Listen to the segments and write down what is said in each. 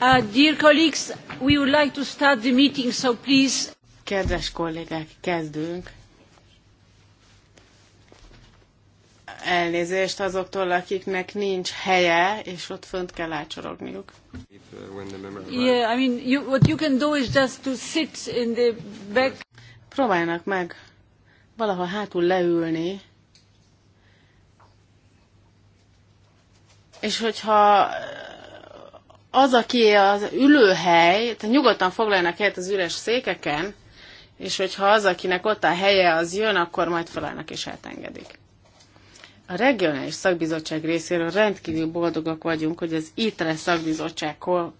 Uh, dear colleagues, we would like to start the meeting, so please. Kedves kollégák, kezdünk. Elnézést azoktól, akiknek nincs helye, és ott fönt kell ácsorogniuk. Yeah, I mean, you, what you can do is just to sit in the back. Próbáljanak meg valahol hátul leülni, És hogyha az, aki az ülőhely, tehát nyugodtan foglaljanak helyet az üres székeken, és hogyha az, akinek ott a helye, az jön, akkor majd felállnak és eltengedik. A regionális szakbizottság részéről rendkívül boldogak vagyunk, hogy az ITRE szakbizottság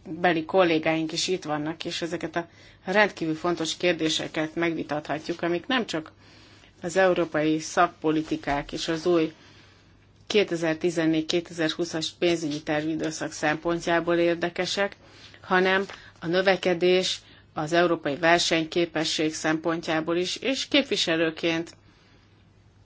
beli kollégáink is itt vannak, és ezeket a rendkívül fontos kérdéseket megvitathatjuk, amik nem csak az európai szakpolitikák és az új 2014-2020-as pénzügyi tervidőszak szempontjából érdekesek, hanem a növekedés, az európai versenyképesség szempontjából is, és képviselőként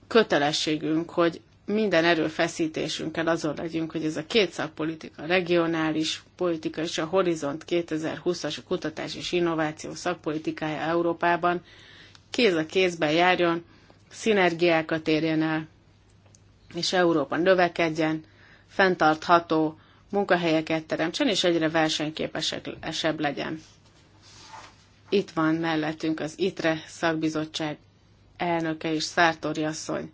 kötelességünk, hogy minden erőfeszítésünkkel azon legyünk, hogy ez a két szakpolitika, a regionális politika és a Horizont 2020-as a kutatás és innováció szakpolitikája Európában kéz a kézben járjon, szinergiákat érjen el, és Európa növekedjen, fenntartható munkahelyeket teremtsen, és egyre versenyképesebb legyen. Itt van mellettünk az ITRE szakbizottság elnöke és Szártori asszony.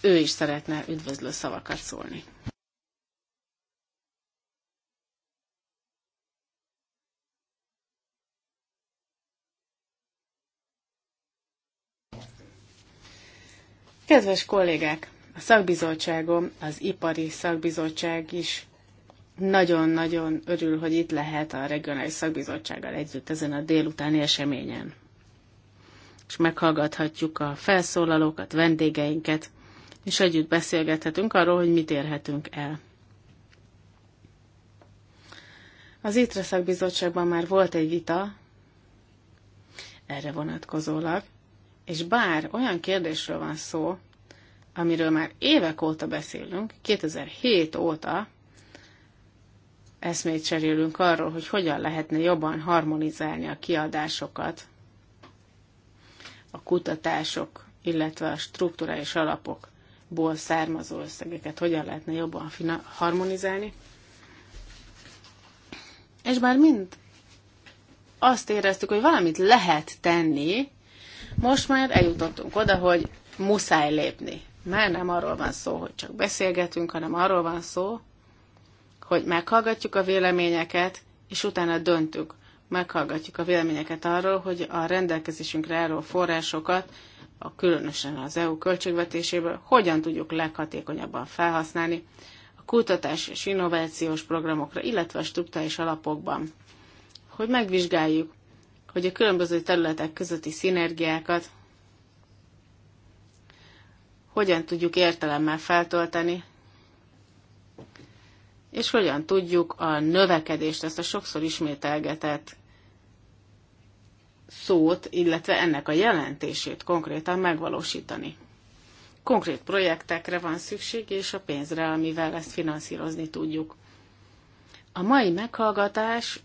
Ő is szeretne üdvözlő szavakat szólni. Kedves kollégák! A szakbizottságom, az ipari szakbizottság is nagyon-nagyon örül, hogy itt lehet a regionális szakbizottsággal együtt ezen a délutáni eseményen. És meghallgathatjuk a felszólalókat, vendégeinket, és együtt beszélgethetünk arról, hogy mit érhetünk el. Az ITRE szakbizottságban már volt egy vita erre vonatkozólag, és bár olyan kérdésről van szó, amiről már évek óta beszélünk, 2007 óta eszmét cserélünk arról, hogy hogyan lehetne jobban harmonizálni a kiadásokat, a kutatások, illetve a strukturális alapokból származó összegeket hogyan lehetne jobban harmonizálni. És már mind azt éreztük, hogy valamit lehet tenni, most már eljutottunk oda, hogy muszáj lépni. Már nem arról van szó, hogy csak beszélgetünk, hanem arról van szó, hogy meghallgatjuk a véleményeket, és utána döntünk. Meghallgatjuk a véleményeket arról, hogy a rendelkezésünkre álló forrásokat, a különösen az EU költségvetéséből, hogyan tudjuk leghatékonyabban felhasználni a kutatás és innovációs programokra, illetve a struktúrális alapokban. Hogy megvizsgáljuk, hogy a különböző területek közötti szinergiákat hogyan tudjuk értelemmel feltölteni, és hogyan tudjuk a növekedést, ezt a sokszor ismételgetett szót, illetve ennek a jelentését konkrétan megvalósítani. Konkrét projektekre van szükség, és a pénzre, amivel ezt finanszírozni tudjuk. A mai meghallgatás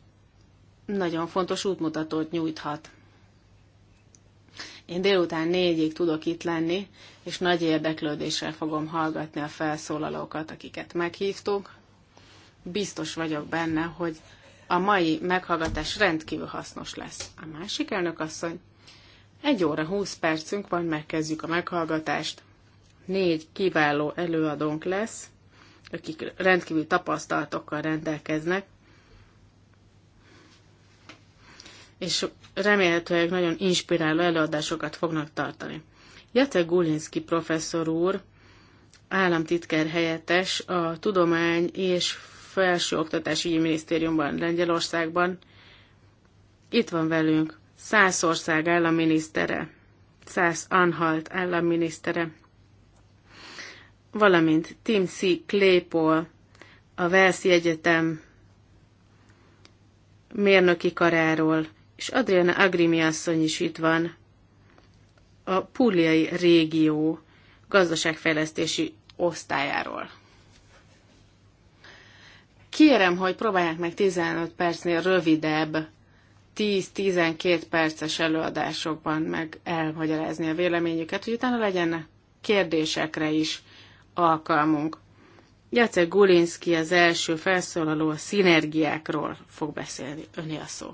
nagyon fontos útmutatót nyújthat én délután négyig tudok itt lenni, és nagy érdeklődéssel fogom hallgatni a felszólalókat, akiket meghívtunk. Biztos vagyok benne, hogy a mai meghallgatás rendkívül hasznos lesz. A másik elnök asszony, egy óra húsz percünk van, megkezdjük a meghallgatást. Négy kiváló előadónk lesz, akik rendkívül tapasztalatokkal rendelkeznek, és remélhetőleg nagyon inspiráló előadásokat fognak tartani. Jate Gulinski professzor úr, államtitkár helyettes a Tudomány és Felsőoktatásügyi Minisztériumban Lengyelországban. Itt van velünk száz ország államminisztere, száz anhalt államminisztere, valamint Tim C. Claypool, a Velszi Egyetem mérnöki karáról és Adriana Agrimi asszony is itt van, a Púliai Régió gazdaságfejlesztési osztályáról. Kérem, hogy próbálják meg 15 percnél rövidebb, 10-12 perces előadásokban meg elmagyarázni a véleményüket, hogy utána legyen kérdésekre is alkalmunk. Jacek Gulinski az első felszólaló a szinergiákról fog beszélni. Öné a szó.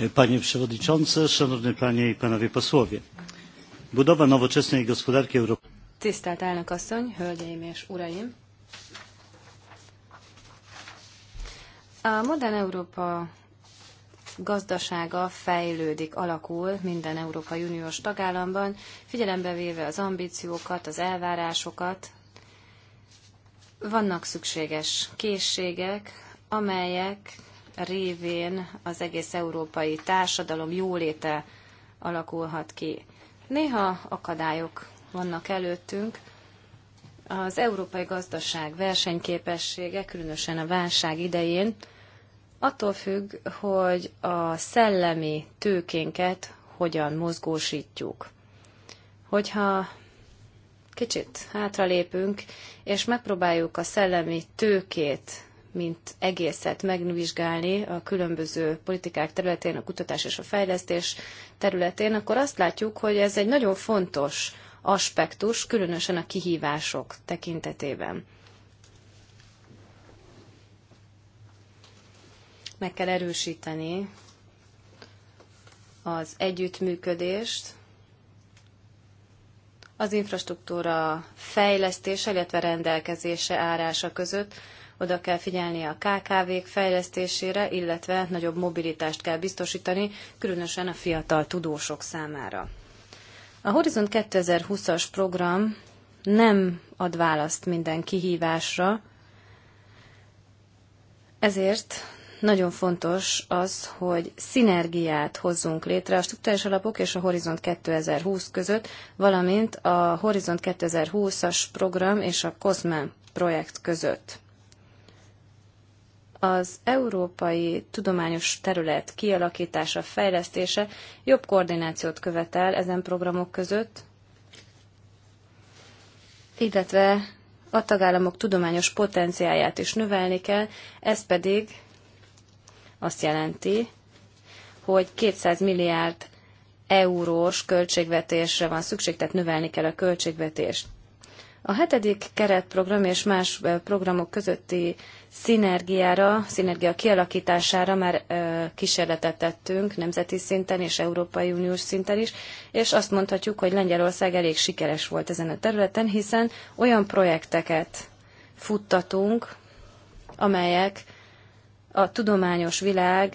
E, panie Przewodniczący, Szanowne Panie i Panowie Posłowie. Budowa nowoczesnej gospodarki europejskiej. Tisztelt elnök asszony, hölgyeim és uraim! A modern Európa gazdasága fejlődik, alakul minden Európai Uniós tagállamban, figyelembe véve az ambíciókat, az elvárásokat. Vannak szükséges készségek, amelyek révén az egész európai társadalom jóléte alakulhat ki. Néha akadályok vannak előttünk. Az európai gazdaság versenyképessége, különösen a válság idején, attól függ, hogy a szellemi tőkénket hogyan mozgósítjuk. Hogyha kicsit hátralépünk, és megpróbáljuk a szellemi tőkét mint egészet megvizsgálni a különböző politikák területén, a kutatás és a fejlesztés területén, akkor azt látjuk, hogy ez egy nagyon fontos aspektus, különösen a kihívások tekintetében. Meg kell erősíteni az együttműködést, az infrastruktúra fejlesztése, illetve rendelkezése árása között, oda kell figyelni a KKV-k fejlesztésére, illetve nagyobb mobilitást kell biztosítani, különösen a fiatal tudósok számára. A Horizon 2020-as program nem ad választ minden kihívásra, ezért nagyon fontos az, hogy szinergiát hozzunk létre a struktúrás alapok és a Horizont 2020 között, valamint a Horizont 2020-as program és a COSME projekt között az európai tudományos terület kialakítása, fejlesztése jobb koordinációt követel ezen programok között, illetve a tagállamok tudományos potenciáját is növelni kell, ez pedig azt jelenti, hogy 200 milliárd eurós költségvetésre van szükség, tehát növelni kell a költségvetést. A hetedik keretprogram és más programok közötti szinergiára, szinergia kialakítására már kísérletet tettünk nemzeti szinten és Európai Uniós szinten is, és azt mondhatjuk, hogy Lengyelország elég sikeres volt ezen a területen, hiszen olyan projekteket futtatunk, amelyek a tudományos világ,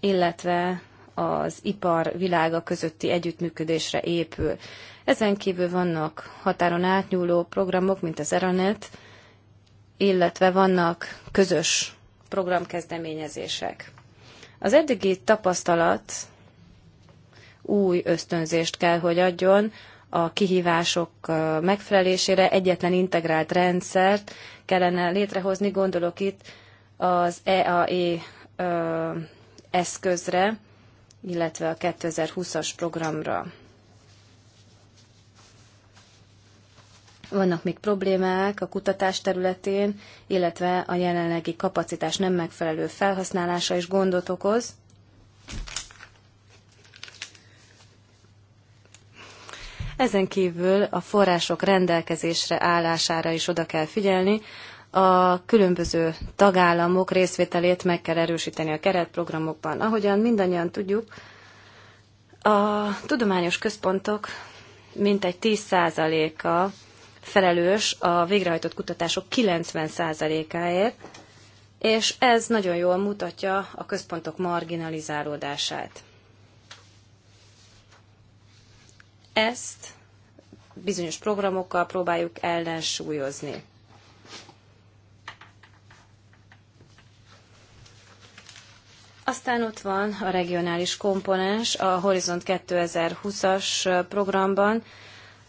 illetve az ipar világa közötti együttműködésre épül. Ezen kívül vannak határon átnyúló programok, mint az Eranet, illetve vannak közös programkezdeményezések. Az eddigi tapasztalat új ösztönzést kell, hogy adjon a kihívások megfelelésére. Egyetlen integrált rendszert kellene létrehozni, gondolok itt az EAE e, eszközre, illetve a 2020-as programra. Vannak még problémák a kutatás területén, illetve a jelenlegi kapacitás nem megfelelő felhasználása is gondot okoz. Ezen kívül a források rendelkezésre állására is oda kell figyelni, a különböző tagállamok részvételét meg kell erősíteni a keretprogramokban. Ahogyan mindannyian tudjuk, a tudományos központok mintegy 10%-a felelős a végrehajtott kutatások 90%-áért, és ez nagyon jól mutatja a központok marginalizálódását. Ezt bizonyos programokkal próbáljuk ellensúlyozni. Aztán ott van a regionális komponens a Horizont 2020-as programban,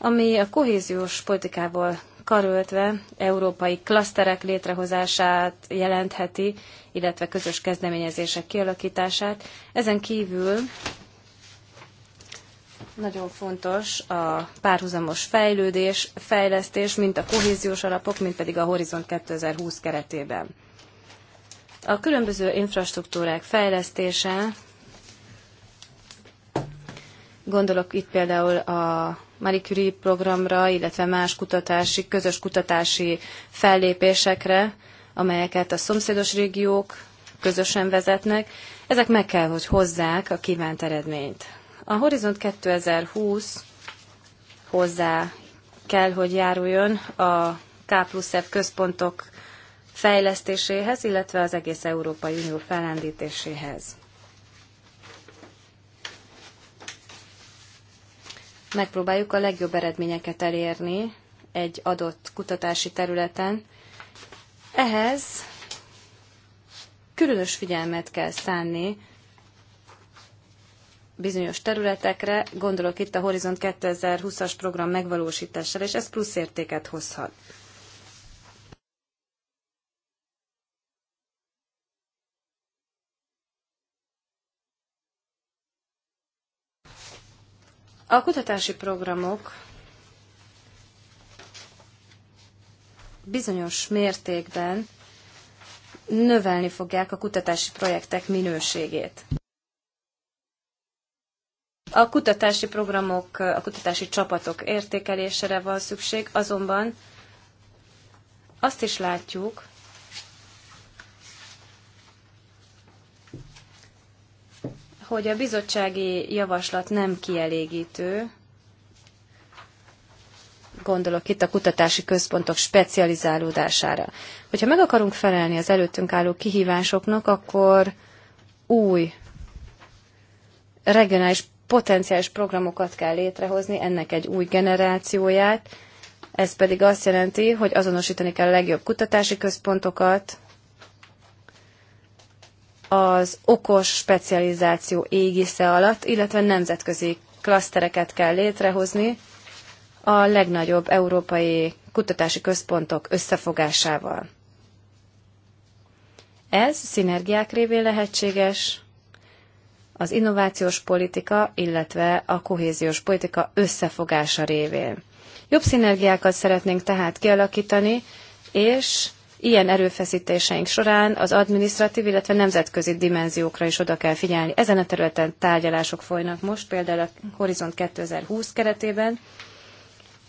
ami a kohéziós politikából karöltve európai klaszterek létrehozását jelentheti, illetve közös kezdeményezések kialakítását. Ezen kívül nagyon fontos a párhuzamos fejlődés, fejlesztés, mint a kohéziós alapok, mint pedig a Horizont 2020 keretében. A különböző infrastruktúrák fejlesztése, gondolok itt például a Marie Curie programra, illetve más kutatási, közös kutatási fellépésekre, amelyeket a szomszédos régiók közösen vezetnek, ezek meg kell, hogy hozzák a kívánt eredményt. A Horizont 2020 hozzá kell, hogy járuljon a K plusz F központok fejlesztéséhez, illetve az egész Európai Unió felendítéséhez. megpróbáljuk a legjobb eredményeket elérni egy adott kutatási területen. Ehhez különös figyelmet kell szánni bizonyos területekre, gondolok itt a Horizont 2020-as program megvalósítására, és ez plusz értéket hozhat. A kutatási programok bizonyos mértékben növelni fogják a kutatási projektek minőségét. A kutatási programok, a kutatási csapatok értékelésére van szükség, azonban azt is látjuk, hogy a bizottsági javaslat nem kielégítő, gondolok itt a kutatási központok specializálódására. Hogyha meg akarunk felelni az előttünk álló kihívásoknak, akkor új regionális potenciális programokat kell létrehozni, ennek egy új generációját. Ez pedig azt jelenti, hogy azonosítani kell a legjobb kutatási központokat, az okos specializáció égisze alatt, illetve nemzetközi klasztereket kell létrehozni a legnagyobb európai kutatási központok összefogásával. Ez szinergiák révén lehetséges, az innovációs politika, illetve a kohéziós politika összefogása révén. Jobb szinergiákat szeretnénk tehát kialakítani, és Ilyen erőfeszítéseink során az administratív, illetve nemzetközi dimenziókra is oda kell figyelni. Ezen a területen tárgyalások folynak most, például a Horizont 2020 keretében.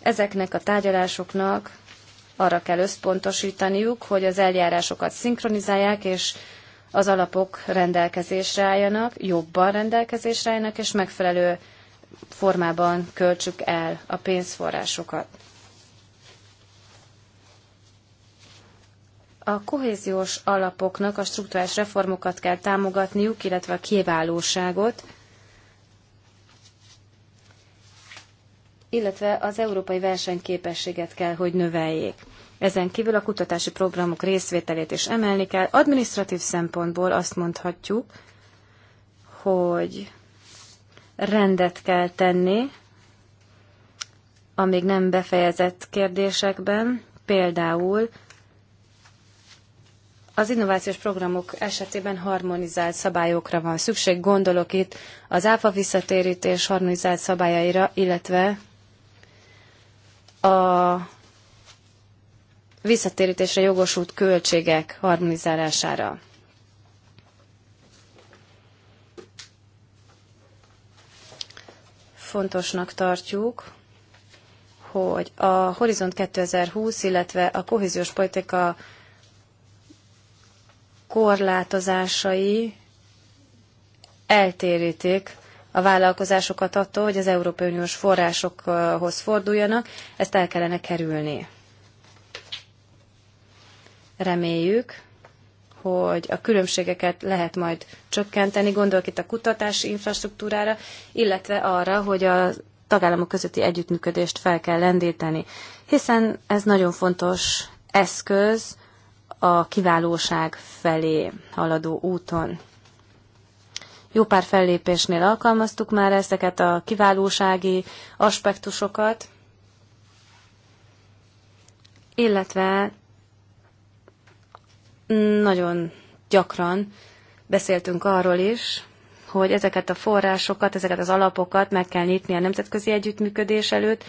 Ezeknek a tárgyalásoknak arra kell összpontosítaniuk, hogy az eljárásokat szinkronizálják, és az alapok rendelkezésre álljanak, jobban rendelkezésre álljanak, és megfelelő formában költsük el a pénzforrásokat. A kohéziós alapoknak a struktúrás reformokat kell támogatniuk, illetve a kiválóságot, illetve az európai versenyképességet kell, hogy növeljék. Ezen kívül a kutatási programok részvételét is emelni kell. Administratív szempontból azt mondhatjuk, hogy rendet kell tenni a még nem befejezett kérdésekben, például az innovációs programok esetében harmonizált szabályokra van szükség. Gondolok itt az áfa visszatérítés harmonizált szabályaira, illetve a visszatérítésre jogosult költségek harmonizálására. Fontosnak tartjuk, hogy a Horizont 2020, illetve a kohéziós politika korlátozásai eltérítik a vállalkozásokat attól, hogy az Európai Uniós forrásokhoz forduljanak, ezt el kellene kerülni. Reméljük, hogy a különbségeket lehet majd csökkenteni, gondolok itt a kutatási infrastruktúrára, illetve arra, hogy a tagállamok közötti együttműködést fel kell lendíteni, hiszen ez nagyon fontos eszköz a kiválóság felé haladó úton. Jó pár fellépésnél alkalmaztuk már ezeket a kiválósági aspektusokat, illetve nagyon gyakran beszéltünk arról is, hogy ezeket a forrásokat, ezeket az alapokat meg kell nyitni a nemzetközi együttműködés előtt,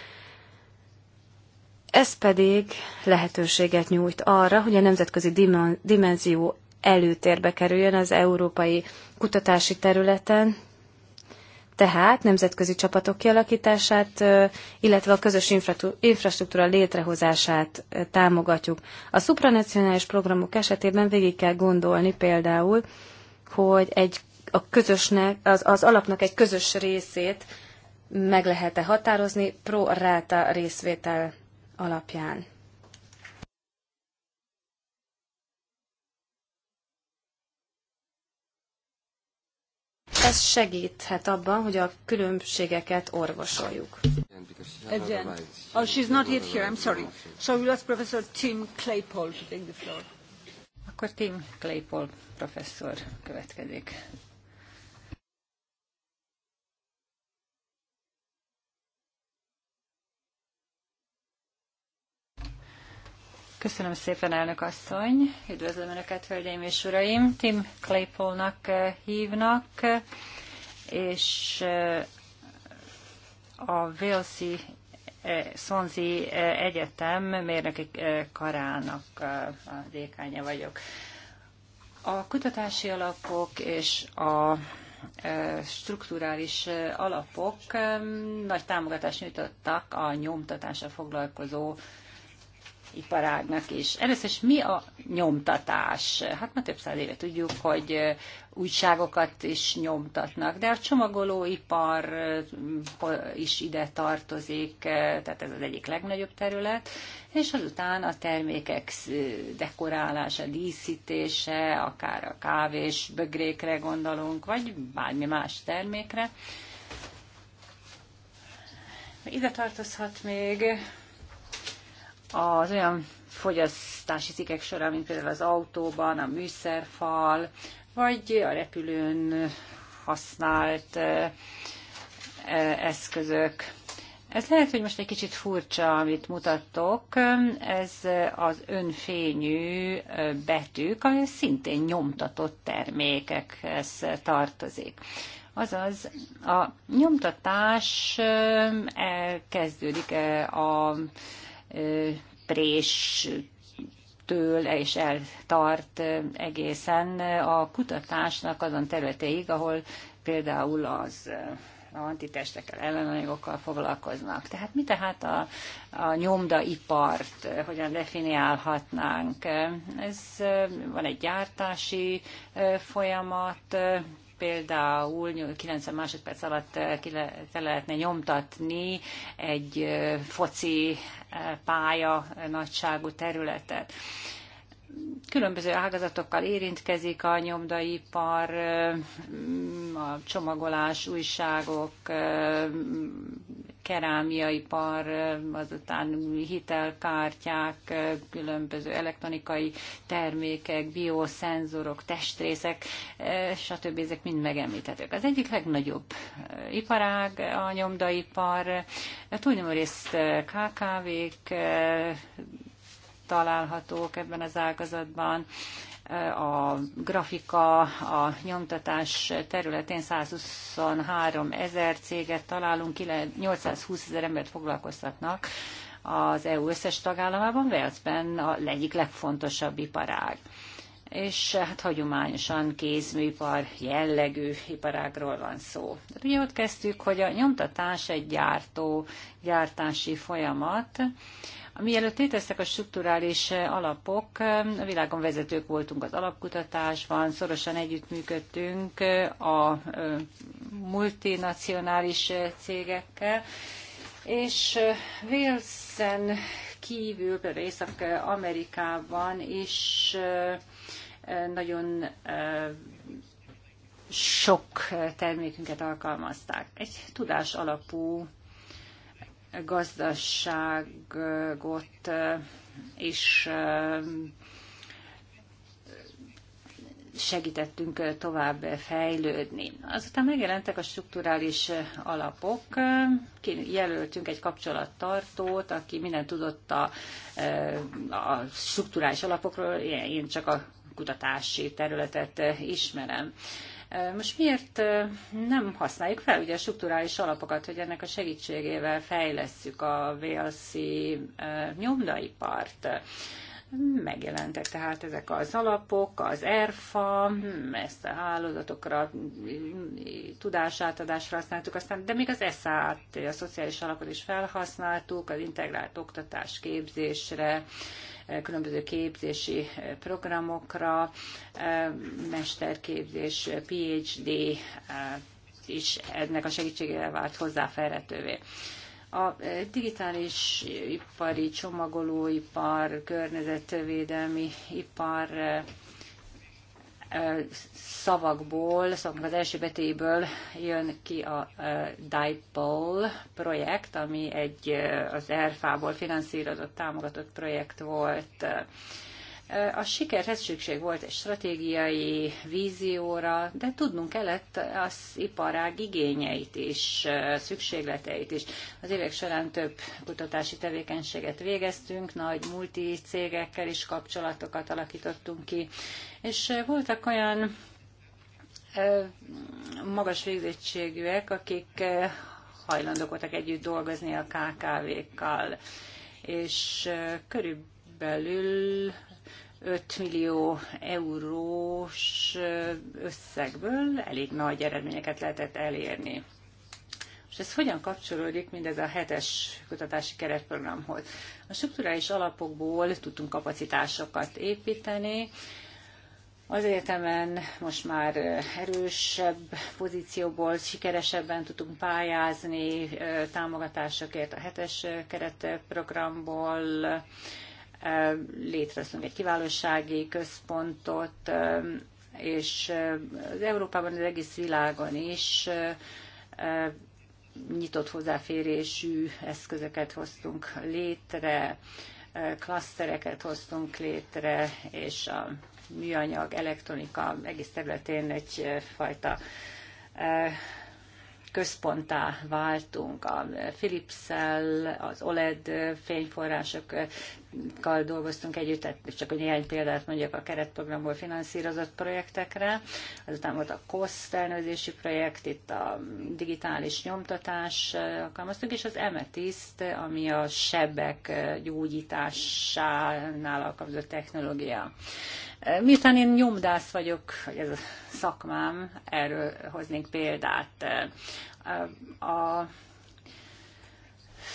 ez pedig lehetőséget nyújt arra, hogy a nemzetközi dimenzió előtérbe kerüljön az európai kutatási területen, tehát nemzetközi csapatok kialakítását, illetve a közös infrastruktúra létrehozását támogatjuk. A szupranacionális programok esetében végig kell gondolni például, hogy egy, a közösnek, az, az alapnak egy közös részét meg lehet-e határozni pro ráta részvétel alapján. Ez segíthet abban, hogy a különbségeket orvosoljuk. Again. Oh, she's not yet here, I'm sorry. So we lost Professor Tim Claypole to take the floor. Akkor Tim Claypole professzor következik. Köszönöm szépen, elnök asszony. Üdvözlöm Önöket, hölgyeim és uraim. Tim Claypoolnak eh, hívnak, és eh, a Walesi eh, Szonzi Egyetem mérnöki karának a dékánya vagyok. A kutatási alapok és a strukturális alapok nagy támogatást nyújtottak a nyomtatásra foglalkozó iparágnak is. Először is mi a nyomtatás? Hát már több száz éve tudjuk, hogy újságokat is nyomtatnak, de a csomagolóipar is ide tartozik, tehát ez az egyik legnagyobb terület, és azután a termékek dekorálása, díszítése, akár a kávés bögrékre gondolunk, vagy bármi más termékre. Ide tartozhat még az olyan fogyasztási cikkek során, mint például az autóban, a műszerfal, vagy a repülőn használt eszközök. Ez lehet, hogy most egy kicsit furcsa, amit mutattok. Ez az önfényű betűk, ami szintén nyomtatott termékekhez tartozik. Azaz a nyomtatás kezdődik a prés től és eltart egészen a kutatásnak azon területeig, ahol például az antitestekkel, ellenanyagokkal foglalkoznak. Tehát mi tehát a, a nyomdaipart hogyan definiálhatnánk? Ez van egy gyártási folyamat, például 90 másodperc alatt eh, le, lehetne nyomtatni egy eh, foci eh, pálya nagyságú területet. Különböző ágazatokkal érintkezik a nyomdaipar, a csomagolás, újságok, kerámiaipar, azután hitelkártyák, különböző elektronikai termékek, bioszenzorok, testrészek, stb. ezek mind megemlíthetők. Az egyik legnagyobb eh, iparág a nyomdaipar, túlnyomó részt eh, KKV-k eh, találhatók ebben az ágazatban, a grafika, a nyomtatás területén 123 ezer céget találunk, 820 ezer embert foglalkoztatnak az EU összes tagállamában, Velszben a egyik legfontosabb iparág és hát hagyományosan kézműipar jellegű iparágról van szó. De hát, ugye ott kezdtük, hogy a nyomtatás egy gyártó, gyártási folyamat, Mielőtt léteztek a strukturális alapok, a világon vezetők voltunk az alapkutatásban, szorosan együttműködtünk a multinacionális cégekkel, és Wilson kívül, például Észak-Amerikában is nagyon sok termékünket alkalmazták. Egy tudás alapú gazdaságot eh, is eh, segítettünk eh, tovább fejlődni. Azután megjelentek a strukturális alapok, jelöltünk egy kapcsolattartót, aki minden tudott a, a strukturális alapokról, én csak a kutatási területet ismerem. Most miért nem használjuk fel ugye a strukturális alapokat, hogy ennek a segítségével fejlesszük a VLC nyomdaipart? megjelentek tehát ezek az alapok, az ERFA, ezt a hálózatokra, tudásátadásra használtuk, aztán, de még az ESZÁT, a szociális alapot is felhasználtuk, az integrált oktatás képzésre, különböző képzési programokra, mesterképzés, PhD is ennek a segítségével vált hozzáférhetővé. A digitális ipari csomagolóipar, környezetvédelmi ipar szavakból, szóval az első betéből jön ki a Dipole projekt, ami egy az Erfából ból finanszírozott, támogatott projekt volt. A sikerhez szükség volt egy stratégiai vízióra, de tudnunk kellett az iparág igényeit is, szükségleteit is. Az évek során több kutatási tevékenységet végeztünk, nagy multi cégekkel is kapcsolatokat alakítottunk ki, és voltak olyan magas végzettségűek, akik hajlandók voltak együtt dolgozni a KKV-kkal, és körülbelül 5 millió eurós összegből elég nagy eredményeket lehetett elérni. És ez hogyan kapcsolódik mindez a hetes kutatási keretprogramhoz? A strukturális alapokból tudtunk kapacitásokat építeni, az egyetemen most már erősebb pozícióból sikeresebben tudunk pályázni támogatásokért a hetes keretprogramból, létrehozunk egy kiválósági központot, és az Európában, az egész világon is nyitott hozzáférésű eszközöket hoztunk létre, klasztereket hoztunk létre, és a műanyag, elektronika egész területén egyfajta központtá váltunk a philips el az OLED fényforrások kal dolgoztunk együtt, tehát csak hogy néhány példát mondjak a keretprogramból finanszírozott projektekre. Azután volt a COSZ elnőzési projekt, itt a digitális nyomtatás alkalmaztunk, és az emetiszt, ami a sebek gyógyításánál alkalmazott technológia. Miután én nyomdász vagyok, hogy ez a szakmám, erről hoznék példát. A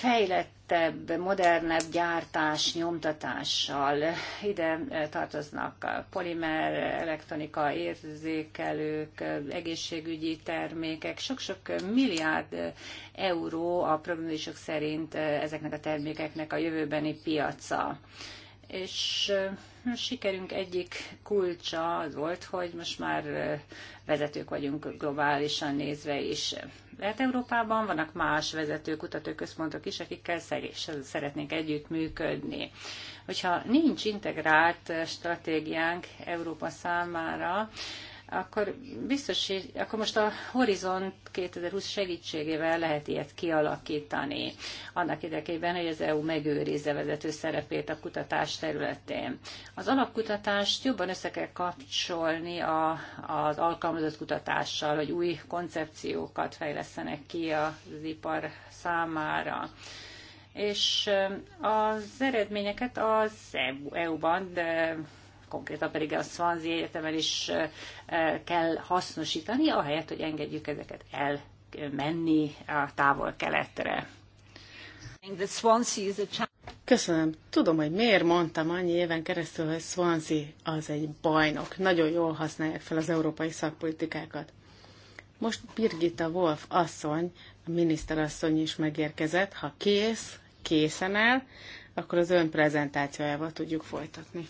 fejlettebb, modernebb gyártás, nyomtatással. Ide tartoznak a polimer, elektronika, érzékelők, egészségügyi termékek. Sok-sok milliárd euró a prognózisok szerint ezeknek a termékeknek a jövőbeni piaca és sikerünk egyik kulcsa az volt, hogy most már vezetők vagyunk globálisan nézve is. Lehet Európában vannak más vezető kutatóközpontok is, akikkel szeretnénk együttműködni. Hogyha nincs integrált stratégiánk Európa számára, akkor biztos, akkor most a Horizont 2020 segítségével lehet ilyet kialakítani, annak érdekében, hogy az EU megőrizze vezető szerepét a kutatás területén. Az alapkutatást jobban össze kell kapcsolni a, az alkalmazott kutatással, hogy új koncepciókat fejlesztenek ki az ipar számára és az eredményeket az EU-ban, de konkrétan pedig a Swansea Egyetemen is kell hasznosítani, ahelyett, hogy engedjük ezeket elmenni a távol keletre. Köszönöm. Tudom, hogy miért mondtam annyi éven keresztül, hogy Swansea az egy bajnok. Nagyon jól használják fel az európai szakpolitikákat. Most Birgitta Wolf asszony, a miniszterasszony is megérkezett. Ha kész, készen el, akkor az ön prezentációjával tudjuk folytatni.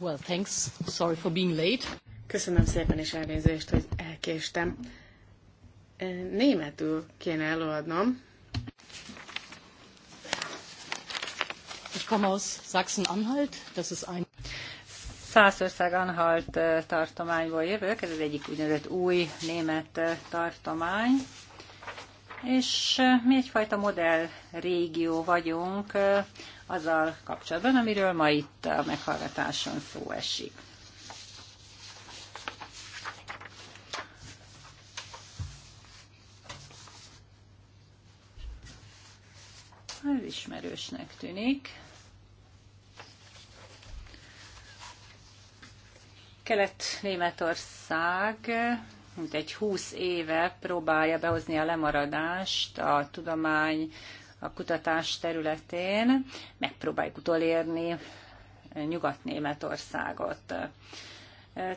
Well, thanks. Sorry for being late. Köszönöm szépen és elnézést, hogy elkéstem. Németül kéne előadnom. Ich komme aus Sachsen-Anhalt. Das ist ein Szászország Anhalt eh, tartományból jövök, ez az egyik úgynevezett új német eh, tartomány, és eh, mi egyfajta modell régió vagyunk azzal kapcsolatban, amiről ma itt a meghallgatáson szó esik. Ez ismerősnek tűnik. Kelet-Németország mint egy 20 éve próbálja behozni a lemaradást a tudomány, a kutatás területén. Megpróbáljuk utolérni Nyugat-Németországot.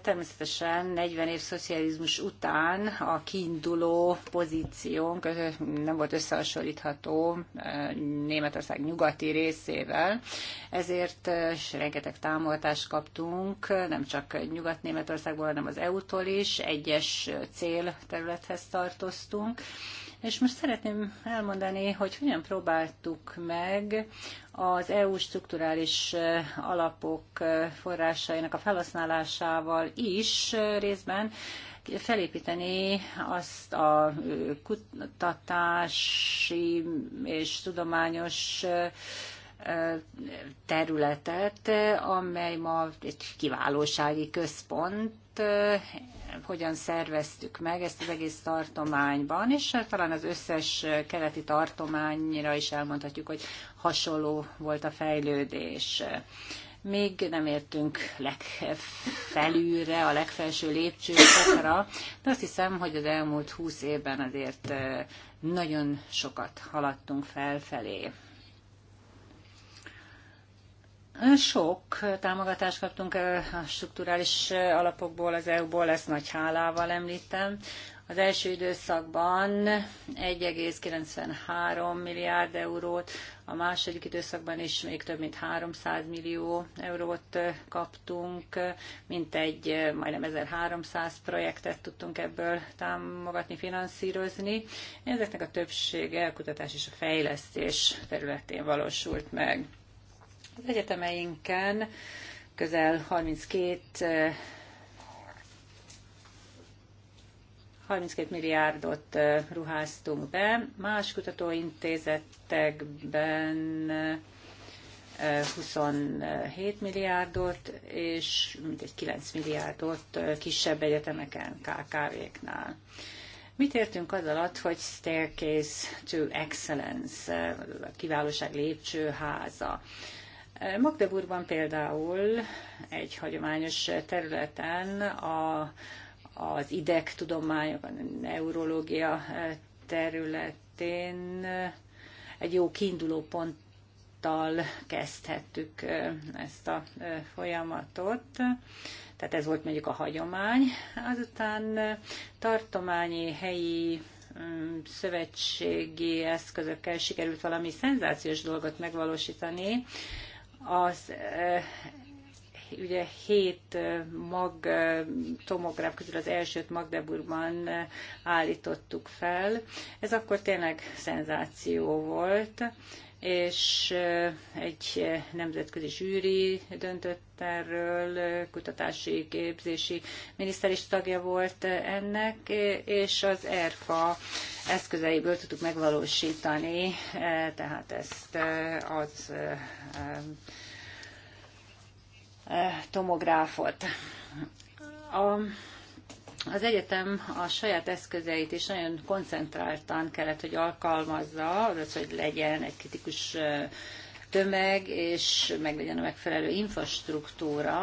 Természetesen 40 év szocializmus után a kiinduló pozíciónk nem volt összehasonlítható eh, Németország nyugati részével, ezért eh, rengeteg támogatást kaptunk, nem csak Nyugat-Németországból, hanem az EU-tól is, egyes célterülethez tartoztunk, és most szeretném elmondani, hogy hogyan próbáltuk meg az EU strukturális eh, alapok eh, forrásainak a felhasználásával is eh, részben felépíteni azt a kutatási és tudományos területet, amely ma egy kiválósági központ, hogyan szerveztük meg ezt az egész tartományban, és talán az összes keleti tartományra is elmondhatjuk, hogy hasonló volt a fejlődés. Még nem értünk legfelülre, a legfelső lépcsőfokra, de azt hiszem, hogy az elmúlt húsz évben azért nagyon sokat haladtunk felfelé. Sok támogatást kaptunk a strukturális alapokból, az EU-ból, ezt nagy hálával említem. Az első időszakban 1,93 milliárd eurót, a második időszakban is még több mint 300 millió eurót kaptunk, mint egy majdnem 1300 projektet tudtunk ebből támogatni, finanszírozni. Ezeknek a többsége a kutatás és a fejlesztés területén valósult meg. Az egyetemeinken közel 32 32 eh, milliárdot eh, ruháztunk be, más kutatóintézetekben 27 eh, milliárdot, és mintegy 9 milliárdot kisebb egyetemeken, KKV-knál. Mit értünk az alatt, hogy staircase to excellence, a kiválóság lépcsőháza? Magdeburgban például egy hagyományos területen a, az ideg tudományok, a neurológia területén egy jó kiinduló ponttal kezdhettük ezt a folyamatot. Tehát ez volt mondjuk a hagyomány. Azután tartományi, helyi szövetségi eszközökkel sikerült valami szenzációs dolgot megvalósítani az ugye hét mag tomográf közül az elsőt Magdeburgban állítottuk fel. Ez akkor tényleg szenzáció volt, és egy nemzetközi zsűri döntött erről, kutatási, képzési miniszter is tagja volt ennek, és az ERFA eszközeiből tudtuk megvalósítani, tehát ezt az tomográfot. A az egyetem a saját eszközeit is nagyon koncentráltan kellett, hogy alkalmazza, az, hogy legyen egy kritikus tömeg, és meg legyen a megfelelő infrastruktúra.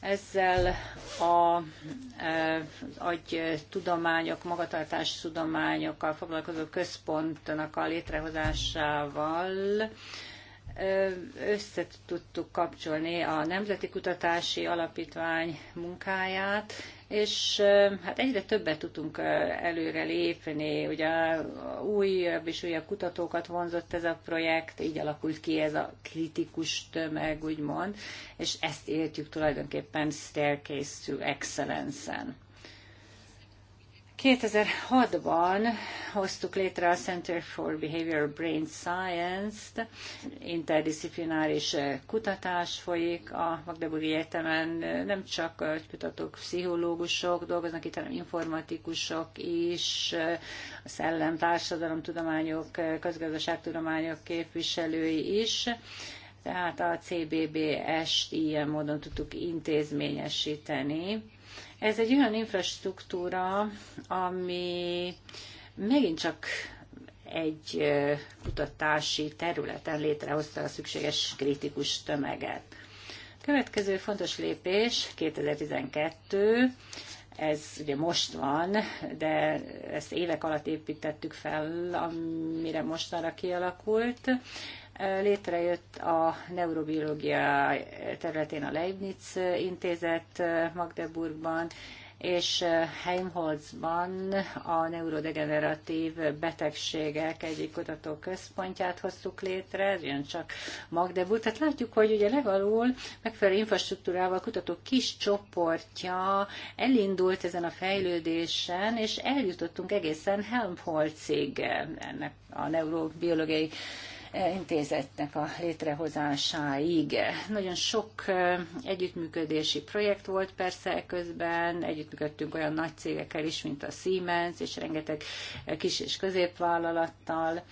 Ezzel a, az agytudományok, magatartási tudományokkal foglalkozó központnak a létrehozásával össze tudtuk kapcsolni a Nemzeti Kutatási Alapítvány munkáját, és hát egyre többet tudtunk előre lépni, ugye újabb és újabb kutatókat vonzott ez a projekt, így alakult ki ez a kritikus tömeg, úgymond, és ezt értjük tulajdonképpen Staircase to Excellence-en. 2006-ban hoztuk létre a Center for Behavioral Brain Science-t, interdisziplináris kutatás folyik a Magdeburgi Egyetemen, nem csak kutatók, pszichológusok dolgoznak itt, hanem informatikusok is, a szellem, társadalomtudományok, közgazdaságtudományok képviselői is. Tehát a CBBS-t ilyen módon tudtuk intézményesíteni ez egy olyan infrastruktúra, ami megint csak egy kutatási területen létrehozta a szükséges kritikus tömeget. Következő fontos lépés 2012, ez ugye most van, de ezt évek alatt építettük fel, amire mostanra kialakult. Létrejött a neurobiológia területén a Leibniz intézet eh, Magdeburgban, és eh, Heimholzban a neurodegeneratív betegségek egyik kutató központját hoztuk létre, ez jön csak Magdeburg. Tehát látjuk, hogy ugye legalul megfelelő infrastruktúrával kutató kis csoportja elindult ezen a fejlődésen, és eljutottunk egészen Helmholtzig ennek a neurobiológiai intézetnek a létrehozásáig. Nagyon sok együttműködési projekt volt persze közben, együttműködtünk olyan nagy cégekkel is, mint a Siemens, és rengeteg kis és középvállalattal,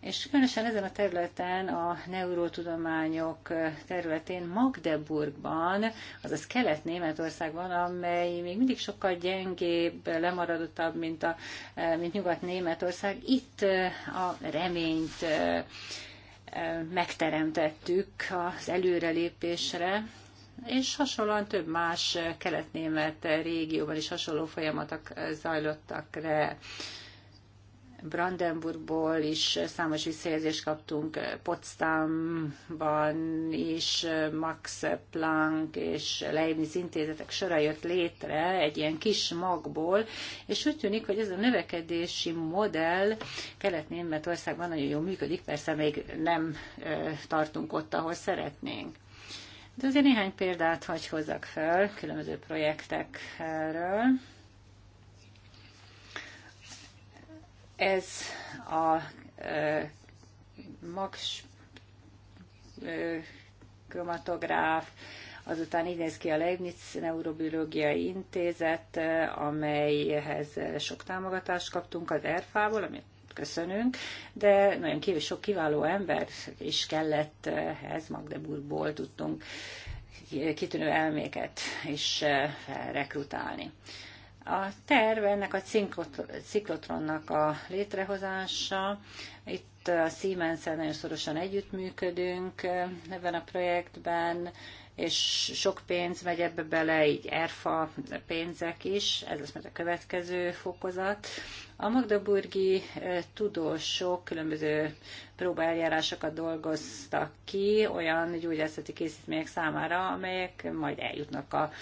és különösen ezen a területen, a neurotudományok területén Magdeburgban, azaz Kelet-Németországban, amely még mindig sokkal gyengébb, lemaradottabb, mint, a, mint Nyugat-Németország, itt a reményt megteremtettük az előrelépésre, és hasonlóan több más keletnémet régióban is hasonló folyamatok zajlottak le. Brandenburgból is számos visszajelzést kaptunk, Potsdamban is Max Planck és Leibniz intézetek sora jött létre egy ilyen kis magból, és úgy tűnik, hogy ez a növekedési modell Kelet-Németországban nagyon jól működik, persze még nem tartunk ott, ahol szeretnénk. De azért néhány példát hagy hozzak fel különböző projektekről. Ez a e, max e, kromatográf, azután így néz ki a Leibniz Neurobiológiai Intézet, amelyhez sok támogatást kaptunk az ERFA-ból, amit köszönünk, de nagyon kívül sok kiváló ember is kellett ehhez, Magdeburgból tudtunk kitűnő elméket is rekrutálni. A terv ennek a ciklotronnak a létrehozása. Itt a siemens nagyon szorosan együttműködünk eh, ebben a projektben, és sok pénz megy ebbe bele, így ERFA pénzek is, ez lesz majd a következő fokozat. A magdeburgi tudósok különböző próbáljárásokat dolgoztak ki olyan gyógyászati készítmények számára, amelyek majd eljutnak a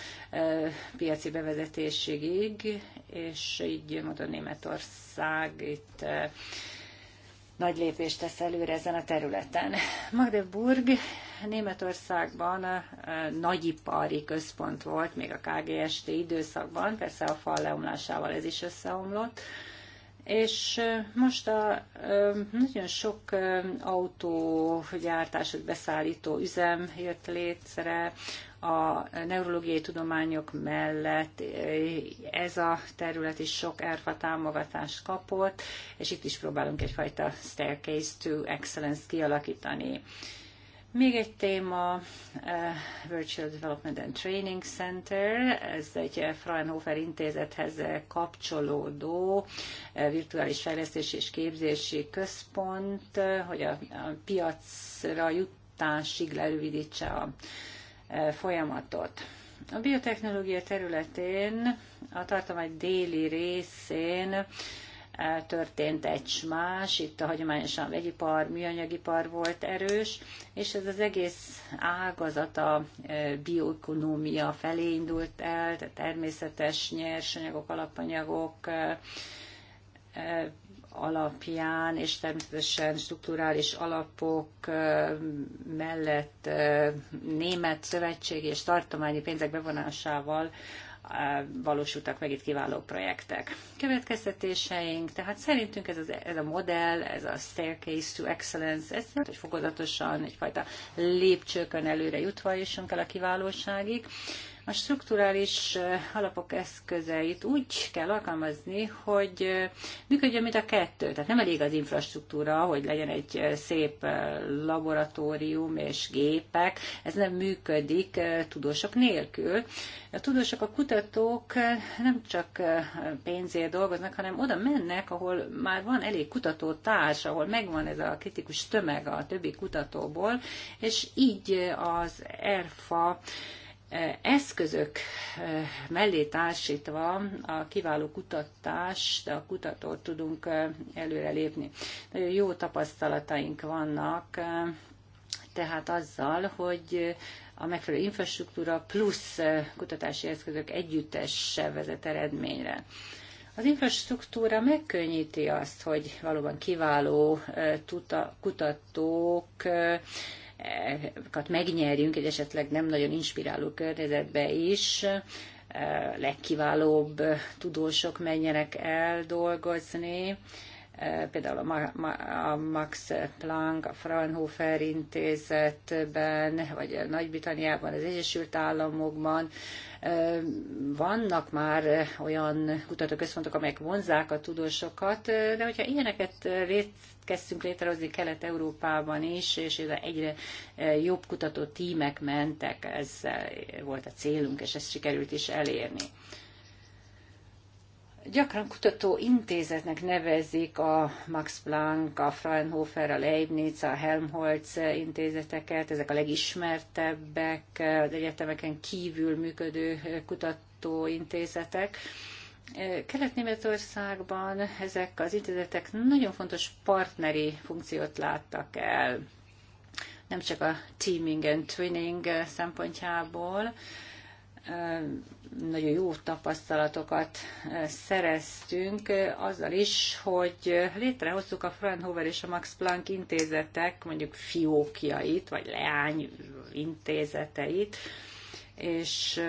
piaci bevezetésig, és így mondom Németország itt nagy lépést tesz előre ezen a területen. Magdeburg Németországban nagyipari központ volt, még a KGST időszakban, persze a fal leomlásával ez is összeomlott, és most a nagyon sok autógyártás, beszállító üzem jött létre, a neurológiai tudományok mellett ez a terület is sok erfa támogatást kapott, és itt is próbálunk egyfajta staircase to excellence kialakítani. Még egy téma, eh, Virtual Development and Training Center, ez egy eh, Fraunhofer intézethez eh, kapcsolódó virtuális fejlesztési és képzési központ, hogy a, piacra jutásig lerövidítse a folyamatot. A biotechnológia területén a tartomány déli részén történt egy más, itt a hagyományosan vegyipar, műanyagipar volt erős, és ez az egész ágazat a e, bioekonómia felé indult el, tehát természetes nyersanyagok, alapanyagok e, e, alapján, és természetesen strukturális alapok mellett német szövetségi és tartományi pénzek bevonásával valósultak meg itt kiváló projektek. Következtetéseink, tehát szerintünk ez, az, ez a modell, ez a staircase to excellence, ez hogy fokozatosan egyfajta lépcsőkön előre jutva jussunk el a kiválóságig, a strukturális alapok eszközeit úgy kell alkalmazni, hogy működjön mint a kettő. Tehát nem elég az infrastruktúra, hogy legyen egy szép laboratórium és gépek. Ez nem működik tudósok nélkül. A tudósok, a kutatók nem csak pénzért dolgoznak, hanem oda mennek, ahol már van elég kutatótárs, ahol megvan ez a kritikus tömeg a többi kutatóból, és így az ERFA eszközök eh, mellé társítva a kiváló kutatást, a kutatót tudunk eh, előrelépni. Nagyon jó tapasztalataink vannak, eh, tehát azzal, hogy a megfelelő infrastruktúra plusz kutatási eszközök együttes vezet eredményre. Az infrastruktúra megkönnyíti azt, hogy valóban kiváló kutatók megnyerjünk egy esetleg nem nagyon inspiráló környezetbe is, eh, legkiválóbb tudósok menjenek el dolgozni, eh, például a Max Planck, a Fraunhofer intézetben, vagy Nagy-Britanniában, az Egyesült Államokban, vannak már olyan kutatóközpontok, amelyek vonzák a tudósokat, de hogyha ilyeneket kezdtünk létrehozni Kelet-Európában is, és egyre jobb kutató tímek mentek, ez volt a célunk, és ezt sikerült is elérni. Gyakran kutató intézetnek nevezik a Max Planck, a Fraunhofer, a Leibniz, a Helmholtz intézeteket, ezek a legismertebbek, az egyetemeken kívül működő kutatóintézetek. Kelet-Németországban ezek az intézetek nagyon fontos partneri funkciót láttak el, nem csak a teaming and twinning szempontjából, nagyon jó tapasztalatokat szereztünk azzal is, hogy létrehoztuk a Fraunhofer és a Max Planck intézetek, mondjuk fiókjait, vagy leány intézeteit, és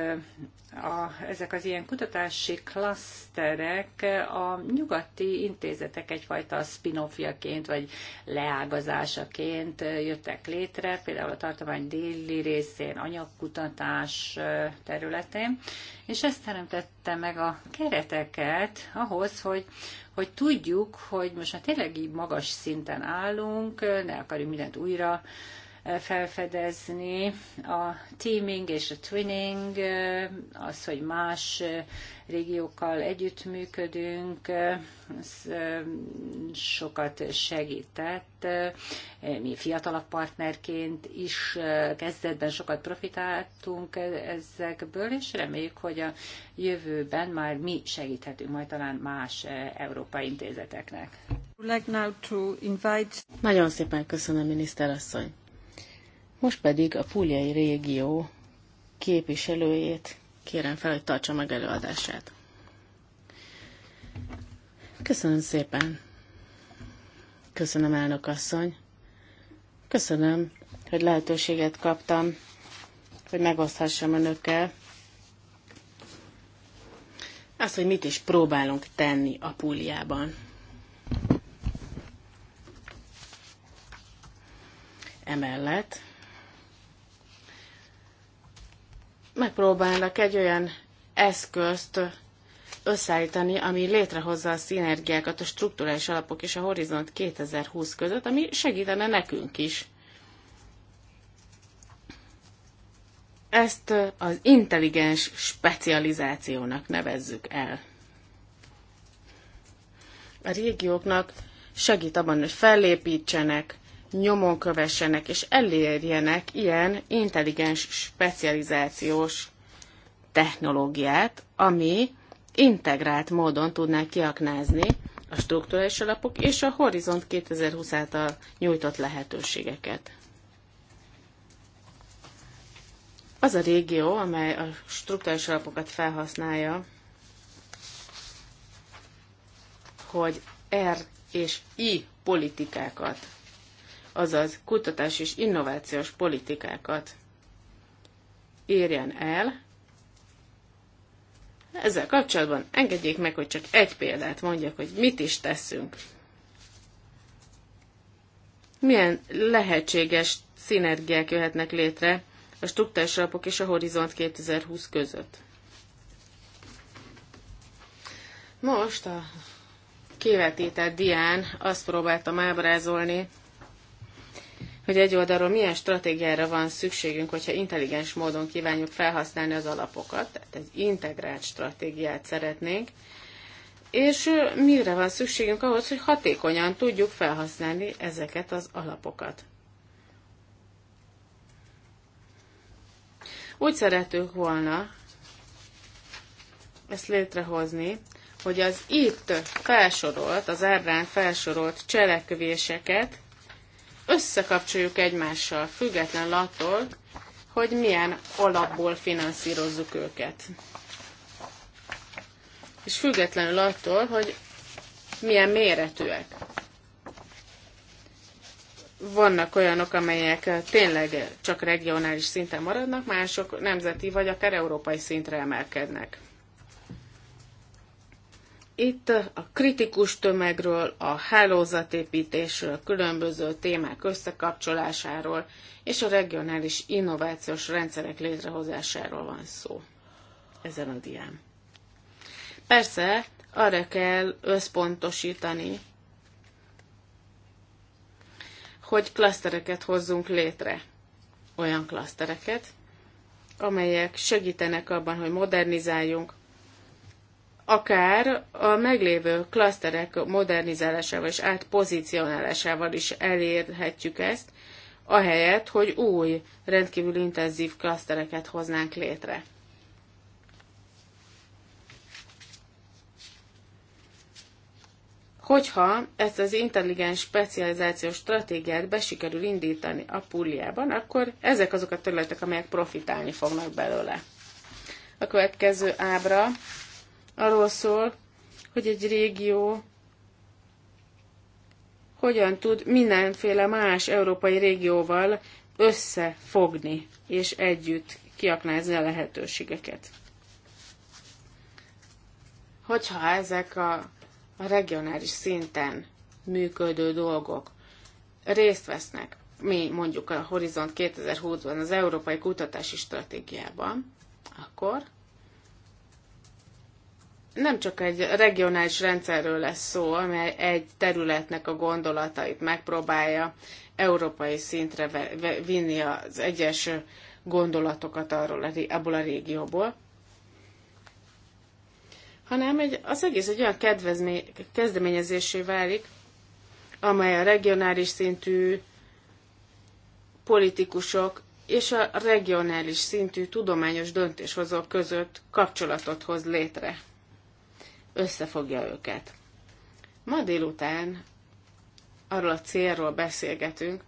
a, ezek az ilyen kutatási klaszterek a nyugati intézetek egyfajta spin-offjaként vagy leágazásaként jöttek létre, például a tartomány déli részén anyagkutatás területén, és ezt teremtette meg a kereteket ahhoz, hogy hogy tudjuk, hogy most már tényleg így magas szinten állunk, ne akarjuk mindent újra felfedezni. A teaming és a twinning, az, hogy más régiókkal együttműködünk, ez sokat segített. Mi fiatalabb partnerként is kezdetben sokat profitáltunk e-, ezekből, és reméljük, hogy a jövőben már mi segíthetünk majd talán más európai intézeteknek. Like Nagyon szépen köszönöm, miniszterasszony. Most pedig a Púliai régió képviselőjét kérem fel, hogy tartsa meg előadását. Köszönöm szépen. Köszönöm, elnök asszony. Köszönöm, hogy lehetőséget kaptam, hogy megoszthassam önökkel azt, hogy mit is próbálunk tenni a Púliában. Emellett megpróbálnak egy olyan eszközt összeállítani, ami létrehozza a szinergiákat a struktúrális alapok és a Horizont 2020 között, ami segítene nekünk is. Ezt az intelligens specializációnak nevezzük el. A régióknak segít abban, hogy fellépítsenek, nyomon kövessenek és elérjenek ilyen intelligens specializációs technológiát, ami integrált módon tudná kiaknázni a struktúrális alapok és a Horizont 2020 által nyújtott lehetőségeket. Az a régió, amely a struktúrális alapokat felhasználja, hogy R és I politikákat azaz kutatás és innovációs politikákat érjen el. Ezzel kapcsolatban engedjék meg, hogy csak egy példát mondjak, hogy mit is teszünk. Milyen lehetséges szinergiák jöhetnek létre a struktúrás alapok és a Horizont 2020 között. Most a kivetített dián azt próbáltam ábrázolni, hogy egy oldalról milyen stratégiára van szükségünk, hogyha intelligens módon kívánjuk felhasználni az alapokat, tehát egy integrált stratégiát szeretnénk, és mire van szükségünk ahhoz, hogy hatékonyan tudjuk felhasználni ezeket az alapokat. Úgy szeretünk volna ezt létrehozni, hogy az itt felsorolt, az ábrán felsorolt cselekvéseket összekapcsoljuk egymással, független attól, hogy milyen alapból finanszírozzuk őket. És függetlenül attól, hogy milyen méretűek. Vannak olyanok, amelyek tényleg csak regionális szinten maradnak, mások nemzeti vagy akár európai szintre emelkednek. Itt a kritikus tömegről, a hálózatépítésről, különböző témák összekapcsolásáról és a regionális innovációs rendszerek létrehozásáról van szó ezen a dián. Persze, arra kell összpontosítani, hogy klasztereket hozzunk létre. Olyan klasztereket, amelyek segítenek abban, hogy modernizáljunk, akár a meglévő klaszterek modernizálásával és átpozícionálásával is elérhetjük ezt, ahelyett, hogy új, rendkívül intenzív klasztereket hoznánk létre. Hogyha ezt az intelligens specializációs stratégiát besikerül sikerül indítani a pulliában, akkor ezek azok a területek, amelyek profitálni fognak belőle. A következő ábra arról szól, hogy egy régió hogyan tud mindenféle más európai régióval összefogni és együtt kiaknázni a lehetőségeket. Hogyha ezek a, a regionális szinten működő dolgok részt vesznek, mi mondjuk a Horizont 2020-ban az Európai Kutatási Stratégiában, akkor nem csak egy regionális rendszerről lesz szó, amely egy területnek a gondolatait megpróbálja európai szintre vinni az egyes gondolatokat arról, abból a régióból, hanem egy, az egész egy olyan kedvezmény, kezdeményezésé válik, amely a regionális szintű politikusok és a regionális szintű tudományos döntéshozók között kapcsolatot hoz létre összefogja őket. Ma délután arról a célról beszélgetünk,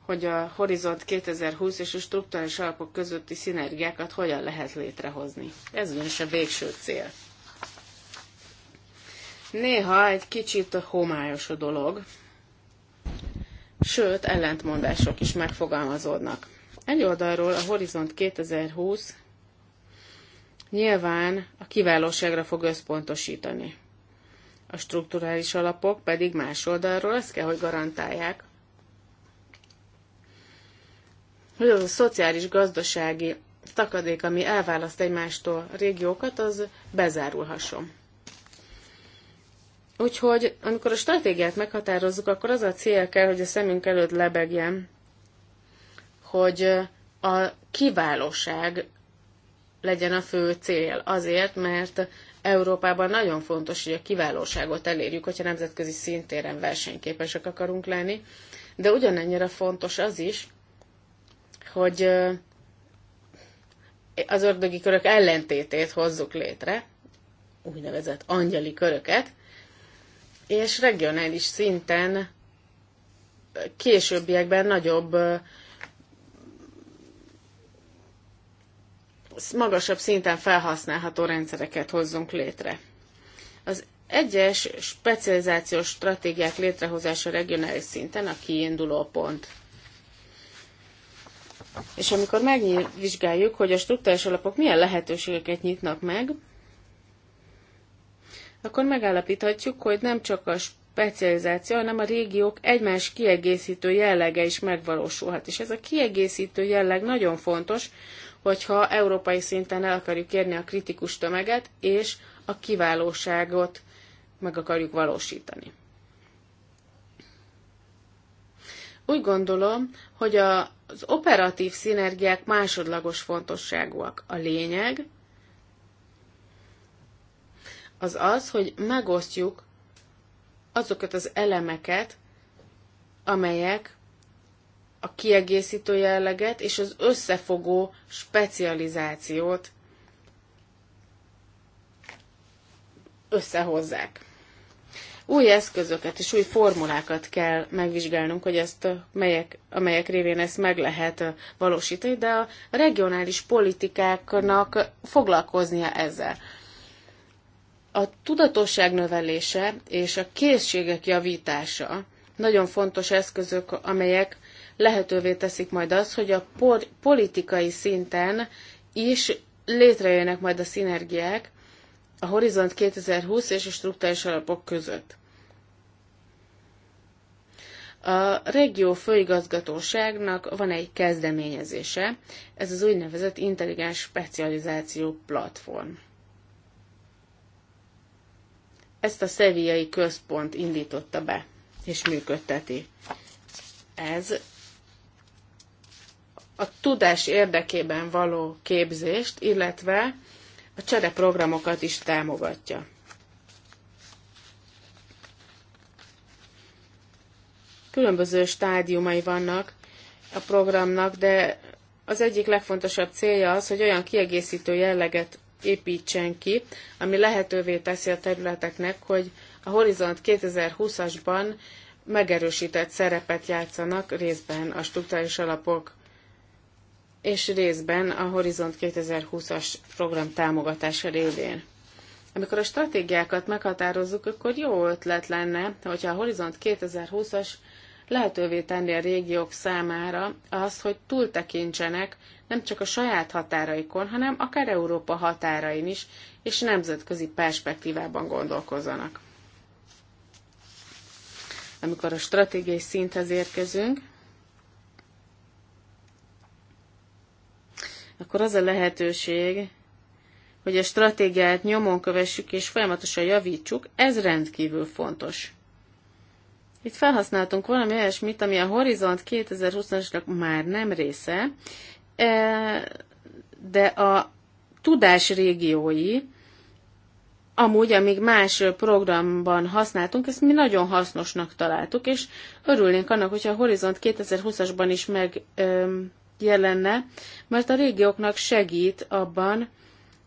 hogy a Horizont 2020 és a struktúrális alapok közötti szinergiákat hogyan lehet létrehozni. Ez ugyanis a végső cél. Néha egy kicsit homályos a dolog, sőt, ellentmondások is megfogalmazódnak. Egy oldalról a Horizont 2020 nyilván a kiválóságra fog összpontosítani. A strukturális alapok pedig más oldalról ezt kell, hogy garantálják, hogy az a szociális-gazdasági takadék ami elválaszt egymástól régiókat, az bezárulhasson. Úgyhogy, amikor a stratégiát meghatározzuk, akkor az a cél kell, hogy a szemünk előtt lebegjen, hogy a kiválóság legyen a fő cél. Azért, mert Európában nagyon fontos, hogy a kiválóságot elérjük, hogyha nemzetközi szintéren versenyképesek akarunk lenni, de ugyanennyire fontos az is, hogy eh, az ördögi körök ellentétét hozzuk létre, úgynevezett angyali köröket, és regionális szinten eh, későbbiekben nagyobb eh, magasabb szinten felhasználható rendszereket hozzunk létre. Az egyes specializációs stratégiák létrehozása regionális szinten a kiinduló pont. És amikor megvizsgáljuk, hogy a struktúrás alapok milyen lehetőségeket nyitnak meg, akkor megállapíthatjuk, hogy nem csak a specializáció, hanem a régiók egymás kiegészítő jellege is megvalósulhat. És ez a kiegészítő jelleg nagyon fontos, hogyha európai szinten el akarjuk érni a kritikus tömeget, és a kiválóságot meg akarjuk valósítani. Úgy gondolom, hogy a, az operatív szinergiák másodlagos fontosságúak. A lényeg az az, hogy megosztjuk azokat az elemeket, amelyek a kiegészítő jelleget és az összefogó specializációt összehozzák. Új eszközöket és új formulákat kell megvizsgálnunk, hogy ezt melyek, amelyek révén ezt meg lehet valósítani, de a regionális politikáknak foglalkoznia ezzel. A tudatosság növelése és a készségek javítása nagyon fontos eszközök, amelyek lehetővé teszik majd azt, hogy a politikai szinten is létrejönnek majd a szinergiák a Horizont 2020 és a struktúrális alapok között. A régió főigazgatóságnak van egy kezdeményezése, ez az úgynevezett intelligens specializáció platform. Ezt a szeviai központ indította be és működteti. Ez a tudás érdekében való képzést, illetve a csereprogramokat is támogatja. Különböző stádiumai vannak a programnak, de az egyik legfontosabb célja az, hogy olyan kiegészítő jelleget építsen ki, ami lehetővé teszi a területeknek, hogy a Horizont 2020-asban megerősített szerepet játszanak részben a struktúrális alapok és részben a Horizont 2020-as program támogatása révén. Amikor a stratégiákat meghatározzuk, akkor jó ötlet lenne, hogyha a Horizont 2020-as lehetővé tenni a régiók számára azt, hogy túltekintsenek nem csak a saját határaikon, hanem akár Európa határain is, és nemzetközi perspektívában gondolkozzanak. Amikor a stratégiai szinthez érkezünk, akkor az a lehetőség, hogy a stratégiát nyomon kövessük és folyamatosan javítsuk, ez rendkívül fontos. Itt felhasználtunk valami olyasmit, ami a Horizont 2020-nak már nem része, e, de a tudás régiói, amúgy, amíg más programban használtunk, ezt mi nagyon hasznosnak találtuk, és örülnénk annak, hogyha a Horizont 2020-asban is meg öm, jelenne, mert a régióknak segít abban,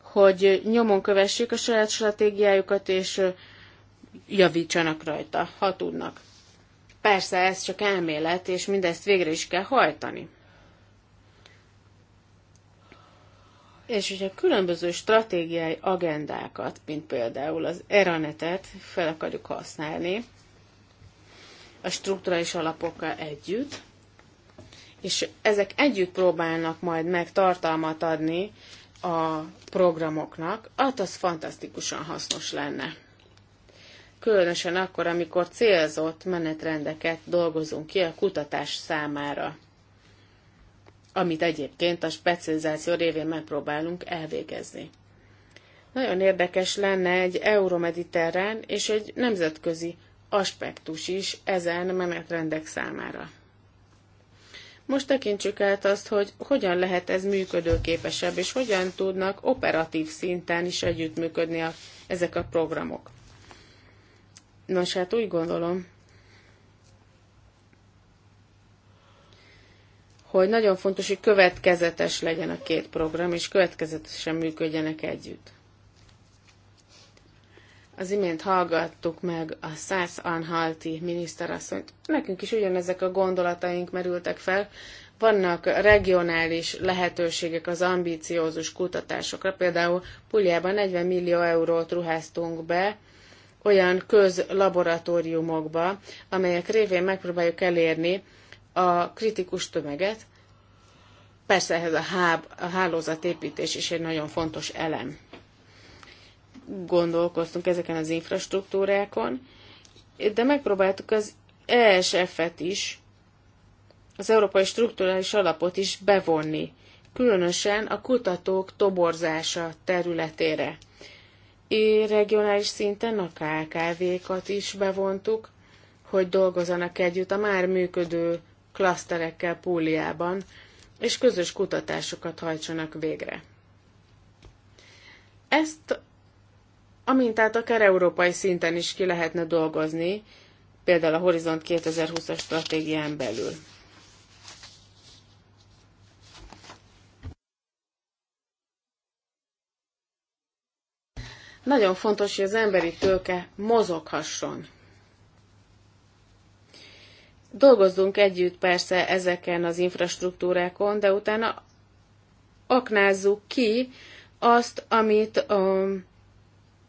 hogy nyomon kövessék a saját stratégiájukat, és javítsanak rajta, ha tudnak. Persze ez csak elmélet, és mindezt végre is kell hajtani. És hogyha különböző stratégiai agendákat, mint például az eranetet fel akarjuk használni, a struktúrális alapokkal együtt, és ezek együtt próbálnak majd meg tartalmat adni a programoknak, az hát az fantasztikusan hasznos lenne. Különösen akkor, amikor célzott menetrendeket dolgozunk ki a kutatás számára, amit egyébként a specializáció révén megpróbálunk elvégezni. Nagyon érdekes lenne egy euromediterrán és egy nemzetközi aspektus is ezen menetrendek számára. Most tekintsük át azt, hogy hogyan lehet ez működőképesebb, és hogyan tudnak operatív szinten is együttműködni a, ezek a programok. Nos, hát úgy gondolom, hogy nagyon fontos, hogy következetes legyen a két program, és következetesen működjenek együtt. Az imént hallgattuk meg a Szász Anhalti miniszterasszonyt. Nekünk is ugyanezek a gondolataink merültek fel. Vannak regionális lehetőségek az ambíciózus kutatásokra. Például Puljában 40 millió eurót ruháztunk be olyan közlaboratóriumokba, amelyek révén megpróbáljuk elérni a kritikus tömeget. Persze ehhez a, háb, a hálózatépítés is egy nagyon fontos elem gondolkoztunk ezeken az infrastruktúrákon, de megpróbáltuk az ESF-et is, az Európai Strukturális Alapot is bevonni, különösen a kutatók toborzása területére. É, regionális szinten a KKV-kat is bevontuk, hogy dolgozzanak együtt a már működő klaszterekkel Púliában, és közös kutatásokat hajtsanak végre. Ezt Amint tehát akár európai szinten is ki lehetne dolgozni, például a Horizont 2020-as stratégián belül. Nagyon fontos, hogy az emberi tőke mozoghasson. Dolgozzunk együtt persze ezeken az infrastruktúrákon, de utána aknázzuk ki azt, amit um,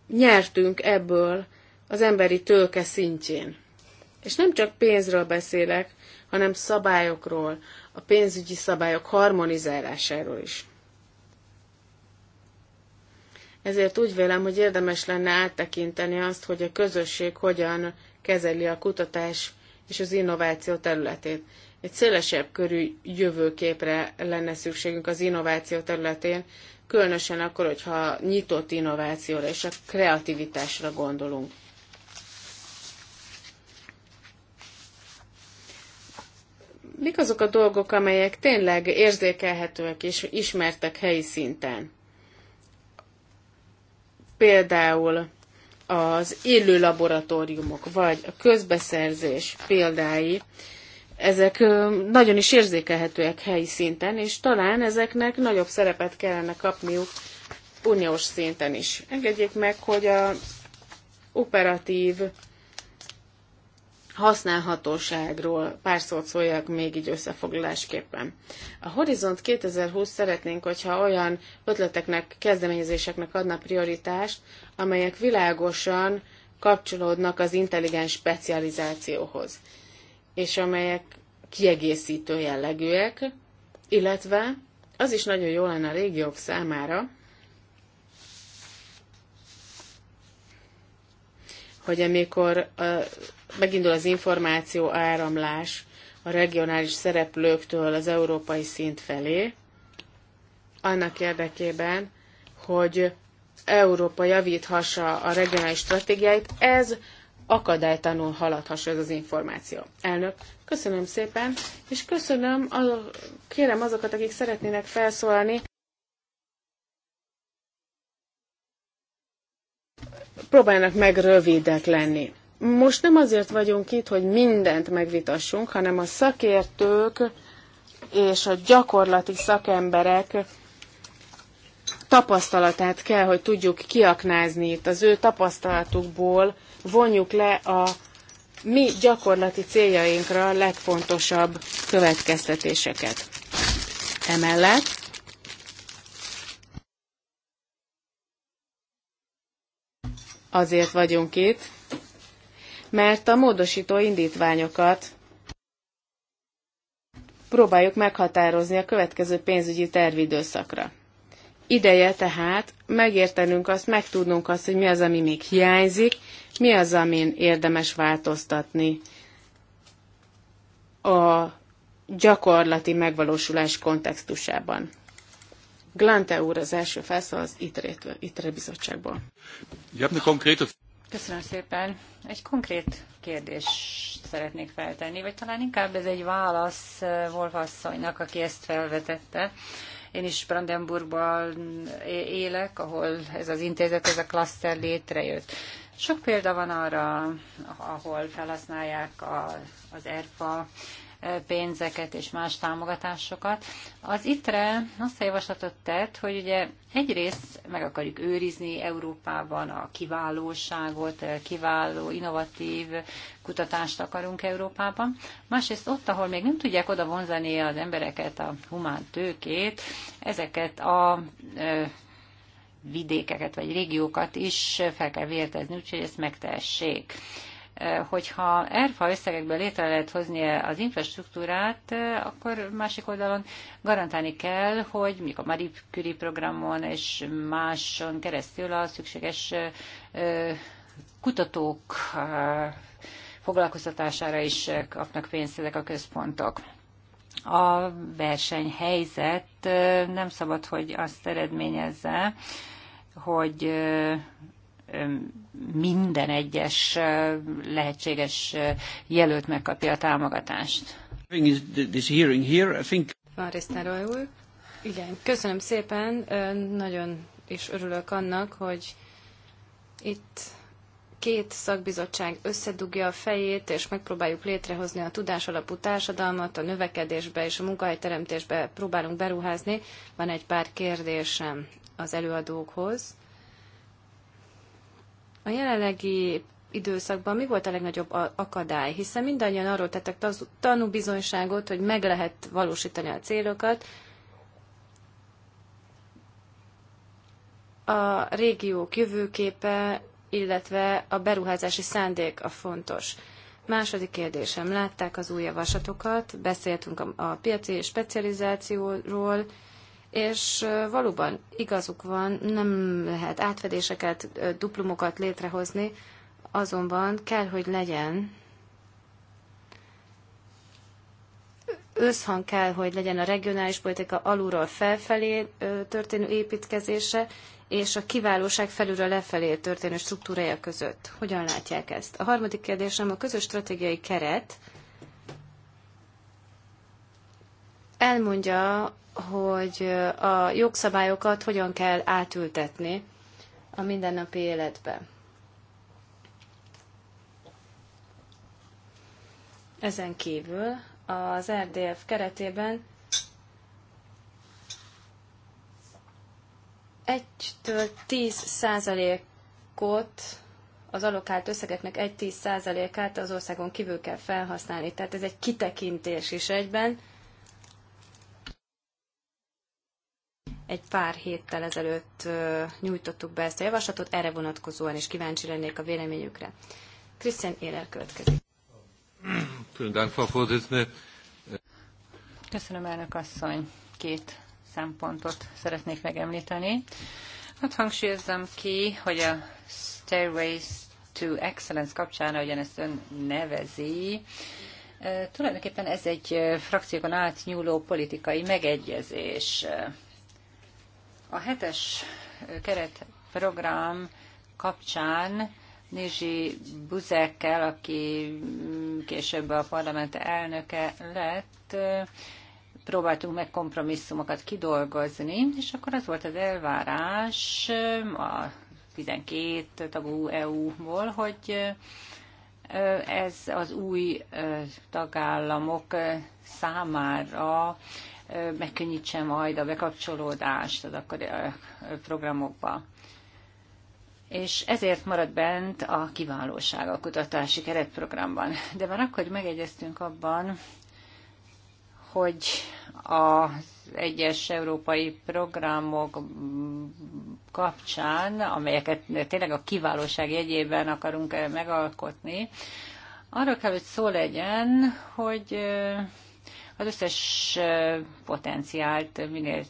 nyertünk ebből az emberi tőke szintjén. És nem csak pénzről beszélek, hanem szabályokról, a pénzügyi szabályok harmonizálásáról is. Ezért úgy vélem, hogy érdemes lenne áttekinteni azt, hogy a közösség hogyan kezeli a kutatás és az innováció területét. Egy szélesebb körű jövőképre lenne szükségünk az innováció területén, különösen akkor, hogyha nyitott innovációra és a kreativitásra gondolunk. Mik azok a dolgok, amelyek tényleg érzékelhetőek és ismertek helyi szinten? Például az élő laboratóriumok, vagy a közbeszerzés példái, ezek nagyon is érzékelhetőek helyi szinten, és talán ezeknek nagyobb szerepet kellene kapniuk uniós szinten is. Engedjék meg, hogy a operatív használhatóságról pár szót szóljak még így összefoglalásképpen. A Horizont 2020 szeretnénk, hogyha olyan ötleteknek, kezdeményezéseknek adna prioritást, amelyek világosan kapcsolódnak az intelligens specializációhoz és amelyek kiegészítő jellegűek, illetve az is nagyon jó lenne a régiók számára, hogy amikor megindul az információ áramlás a regionális szereplőktől az európai szint felé, annak érdekében, hogy Európa javíthassa a regionális stratégiáit, ez akadálytanul haladhasson ez az információ. Elnök, köszönöm szépen, és köszönöm, azok, kérem azokat, akik szeretnének felszólalni, próbálnak meg rövidek lenni. Most nem azért vagyunk itt, hogy mindent megvitassunk, hanem a szakértők és a gyakorlati szakemberek tapasztalatát kell, hogy tudjuk kiaknázni itt. Az ő tapasztalatukból vonjuk le a mi gyakorlati céljainkra a legfontosabb következtetéseket. Emellett azért vagyunk itt, mert a módosító indítványokat próbáljuk meghatározni a következő pénzügyi tervidőszakra. Ideje tehát megértenünk azt, megtudnunk azt, hogy mi az, ami még hiányzik, mi az, amin érdemes változtatni a gyakorlati megvalósulás kontextusában. Glante úr az első felszól az ITRE, ITRE bizottságból. Köszönöm szépen. Egy konkrét kérdést szeretnék feltenni, vagy talán inkább ez egy válasz eh, Wolf asszonynak, aki ezt felvetette. Én is Brandenburgban élek, ahol ez az intézet, ez a klaszter létrejött. Sok példa van arra, ahol felhasználják a, az ERFA pénzeket és más támogatásokat. Az ITRE azt a javaslatot tett, hogy ugye egyrészt meg akarjuk őrizni Európában a kiválóságot, kiváló, innovatív kutatást akarunk Európában. Másrészt ott, ahol még nem tudják oda vonzani az embereket, a humán tőkét, ezeket a vidékeket vagy régiókat is fel kell vértezni, úgyhogy ezt megtehessék. Eh, hogyha erfa összegekből létre lehet hozni az infrastruktúrát, eh, akkor másik oldalon garantálni kell, hogy mondjuk a Marie Curie programon és máson keresztül a szükséges eh, kutatók foglalkoztatására is kapnak pénzt ezek a központok. A versenyhelyzet nem szabad, hogy azt eredményezze, hogy minden egyes lehetséges jelölt megkapja a támogatást. Van Risztároly úr. Igen, köszönöm szépen. Nagyon is örülök annak, hogy itt két szakbizottság összedugja a fejét, és megpróbáljuk létrehozni a tudásalapú társadalmat, a növekedésbe és a munkahelyteremtésbe próbálunk beruházni. Van egy pár kérdésem az előadókhoz. A jelenlegi időszakban mi volt a legnagyobb akadály, hiszen mindannyian arról tettek tanúbizonyságot, hogy meg lehet valósítani a célokat. A régiók jövőképe, illetve a beruházási szándék a fontos. Második kérdésem, látták az új javaslatokat, beszéltünk a, a piaci specializációról, és valóban igazuk van, nem lehet átfedéseket, duplumokat létrehozni, azonban kell, hogy legyen összhang kell, hogy legyen a regionális politika alulról felfelé történő építkezése, és a kiválóság felülről lefelé történő struktúrája között. Hogyan látják ezt? A harmadik kérdésem a közös stratégiai keret, elmondja, hogy a jogszabályokat hogyan kell átültetni a mindennapi életbe. Ezen kívül az RDF keretében egytől 10 százalékot az alokált összegeknek egy 10 százalékát az országon kívül kell felhasználni. Tehát ez egy kitekintés is egyben. Egy pár héttel ezelőtt nyújtottuk be ezt a javaslatot, erre vonatkozóan is kíváncsi lennék a véleményükre. Krisztián Éler következik. Köszönöm, elnök asszony. Két szempontot szeretnék megemlíteni. Hát hangsúlyozzam ki, hogy a Stairways to Excellence kapcsán, ahogyan ezt ön nevezi, tulajdonképpen ez egy frakciókon átnyúló politikai megegyezés. A hetes keretprogram kapcsán Nizsi Buzekkel, aki mm, később a parlament elnöke lett, próbáltunk meg kompromisszumokat kidolgozni, és akkor az volt az elvárás a 12 tagú EU-ból, hogy ez az új tagállamok számára megkönnyítse majd a bekapcsolódást az akkori programokba. És ezért marad bent a kiválóság a kutatási keretprogramban. De már akkor megegyeztünk abban, hogy az egyes európai programok kapcsán, amelyeket tényleg a kiválóság jegyében akarunk megalkotni, arra kell, hogy szó legyen, hogy az összes potenciált minél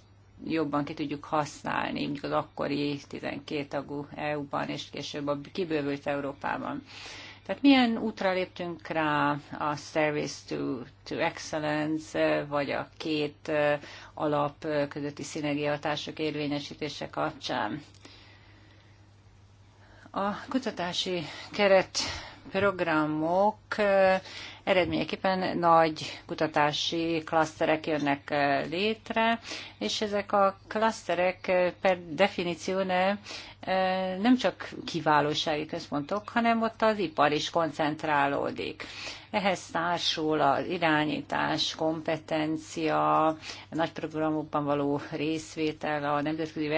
jobban ki tudjuk használni, mondjuk az akkori 12 tagú EU-ban és később a kibővült Európában. Tehát milyen útra léptünk rá a Service to, to Excellence, vagy a két alap közötti szinergiahatások érvényesítése kapcsán? A kutatási keret programok Eredményeképpen nagy kutatási klaszterek jönnek eh, létre, és ezek a klaszterek eh, per definíció eh, nem csak kiválósági központok, hanem ott az ipar is koncentrálódik. Ehhez társul az irányítás, kompetencia, nagy programokban való részvétel, a nemzetközi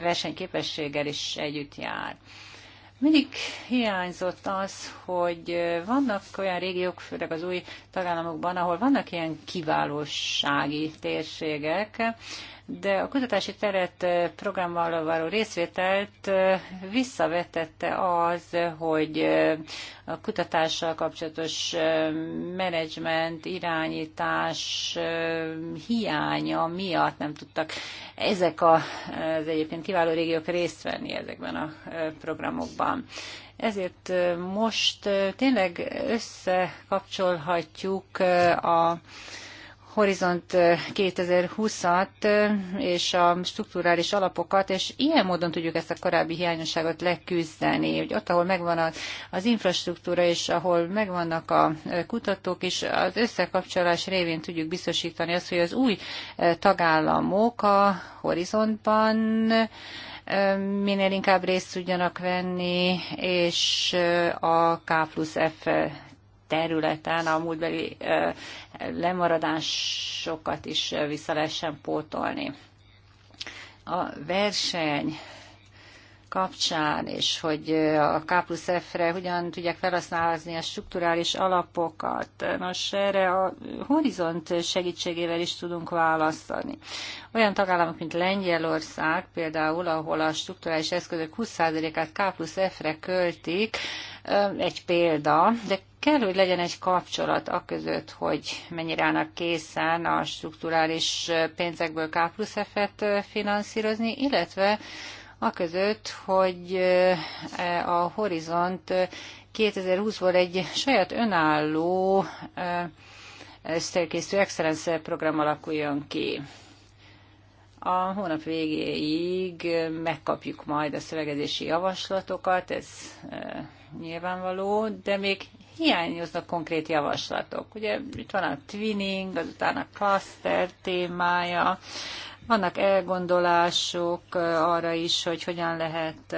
versenyképességgel is együtt jár. Mindig hiányzott az, hogy vannak olyan régiók, főleg az új tagállamokban, ahol vannak ilyen kiválósági térségek, de a kutatási teret eh, programmal való részvételt eh, visszavetette az, hogy eh, a kutatással kapcsolatos menedzsment, irányítás hiánya miatt nem tudtak ezek a, az egyébként kiváló régiók részt venni ezekben a programokban. Ezért most tényleg összekapcsolhatjuk a Horizont 2020-at és a strukturális alapokat, és ilyen módon tudjuk ezt a korábbi hiányosságot leküzdeni. Hogy ott, ahol megvan az infrastruktúra, és ahol megvannak a kutatók is, az összekapcsolás révén tudjuk biztosítani azt, hogy az új tagállamok a horizontban minél inkább részt tudjanak venni, és a K plusz F területen a múltbeli lemaradásokat is vissza lehessen pótolni. A verseny kapcsán, és hogy a K plusz F-re hogyan tudják felhasználni a strukturális alapokat. Nos, erre a horizont segítségével is tudunk választani. Olyan tagállamok, mint Lengyelország például, ahol a strukturális eszközök 20%-át K plusz F-re költik, egy példa, de Kell, hogy legyen egy kapcsolat a között, hogy mennyire állnak készen a strukturális pénzekből K plusz F-et finanszírozni, illetve a között, hogy eh, a Horizont 2020-ból egy saját önálló eh, Staircase to Excellence program alakuljon ki. A hónap végéig megkapjuk majd a szövegezési javaslatokat, ez eh, nyilvánvaló, de még hiányoznak konkrét javaslatok. Ugye itt van a twinning, azután a cluster témája, vannak elgondolások arra is, hogy hogyan lehet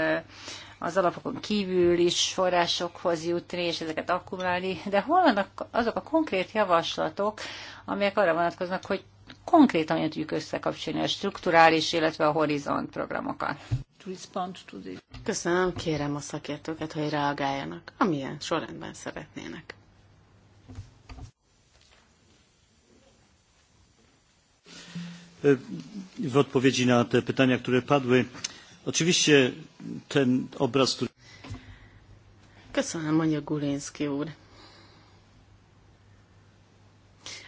az alapokon kívül is forrásokhoz jutni, és ezeket akkumulálni, de hol vannak azok a konkrét javaslatok, amelyek arra vonatkoznak, hogy konkrétan tudjuk összekapcsolni a strukturális, illetve a horizont programokat? to respond to this. Köszönöm, kérem a szakértőket, hogy reagáljanak, amilyen sorrendben szeretnének. E, w odpowiedzi na te pytania, które padły. Oczywiście ten obraz, który... Köszönöm, mondja Gulinszki úr.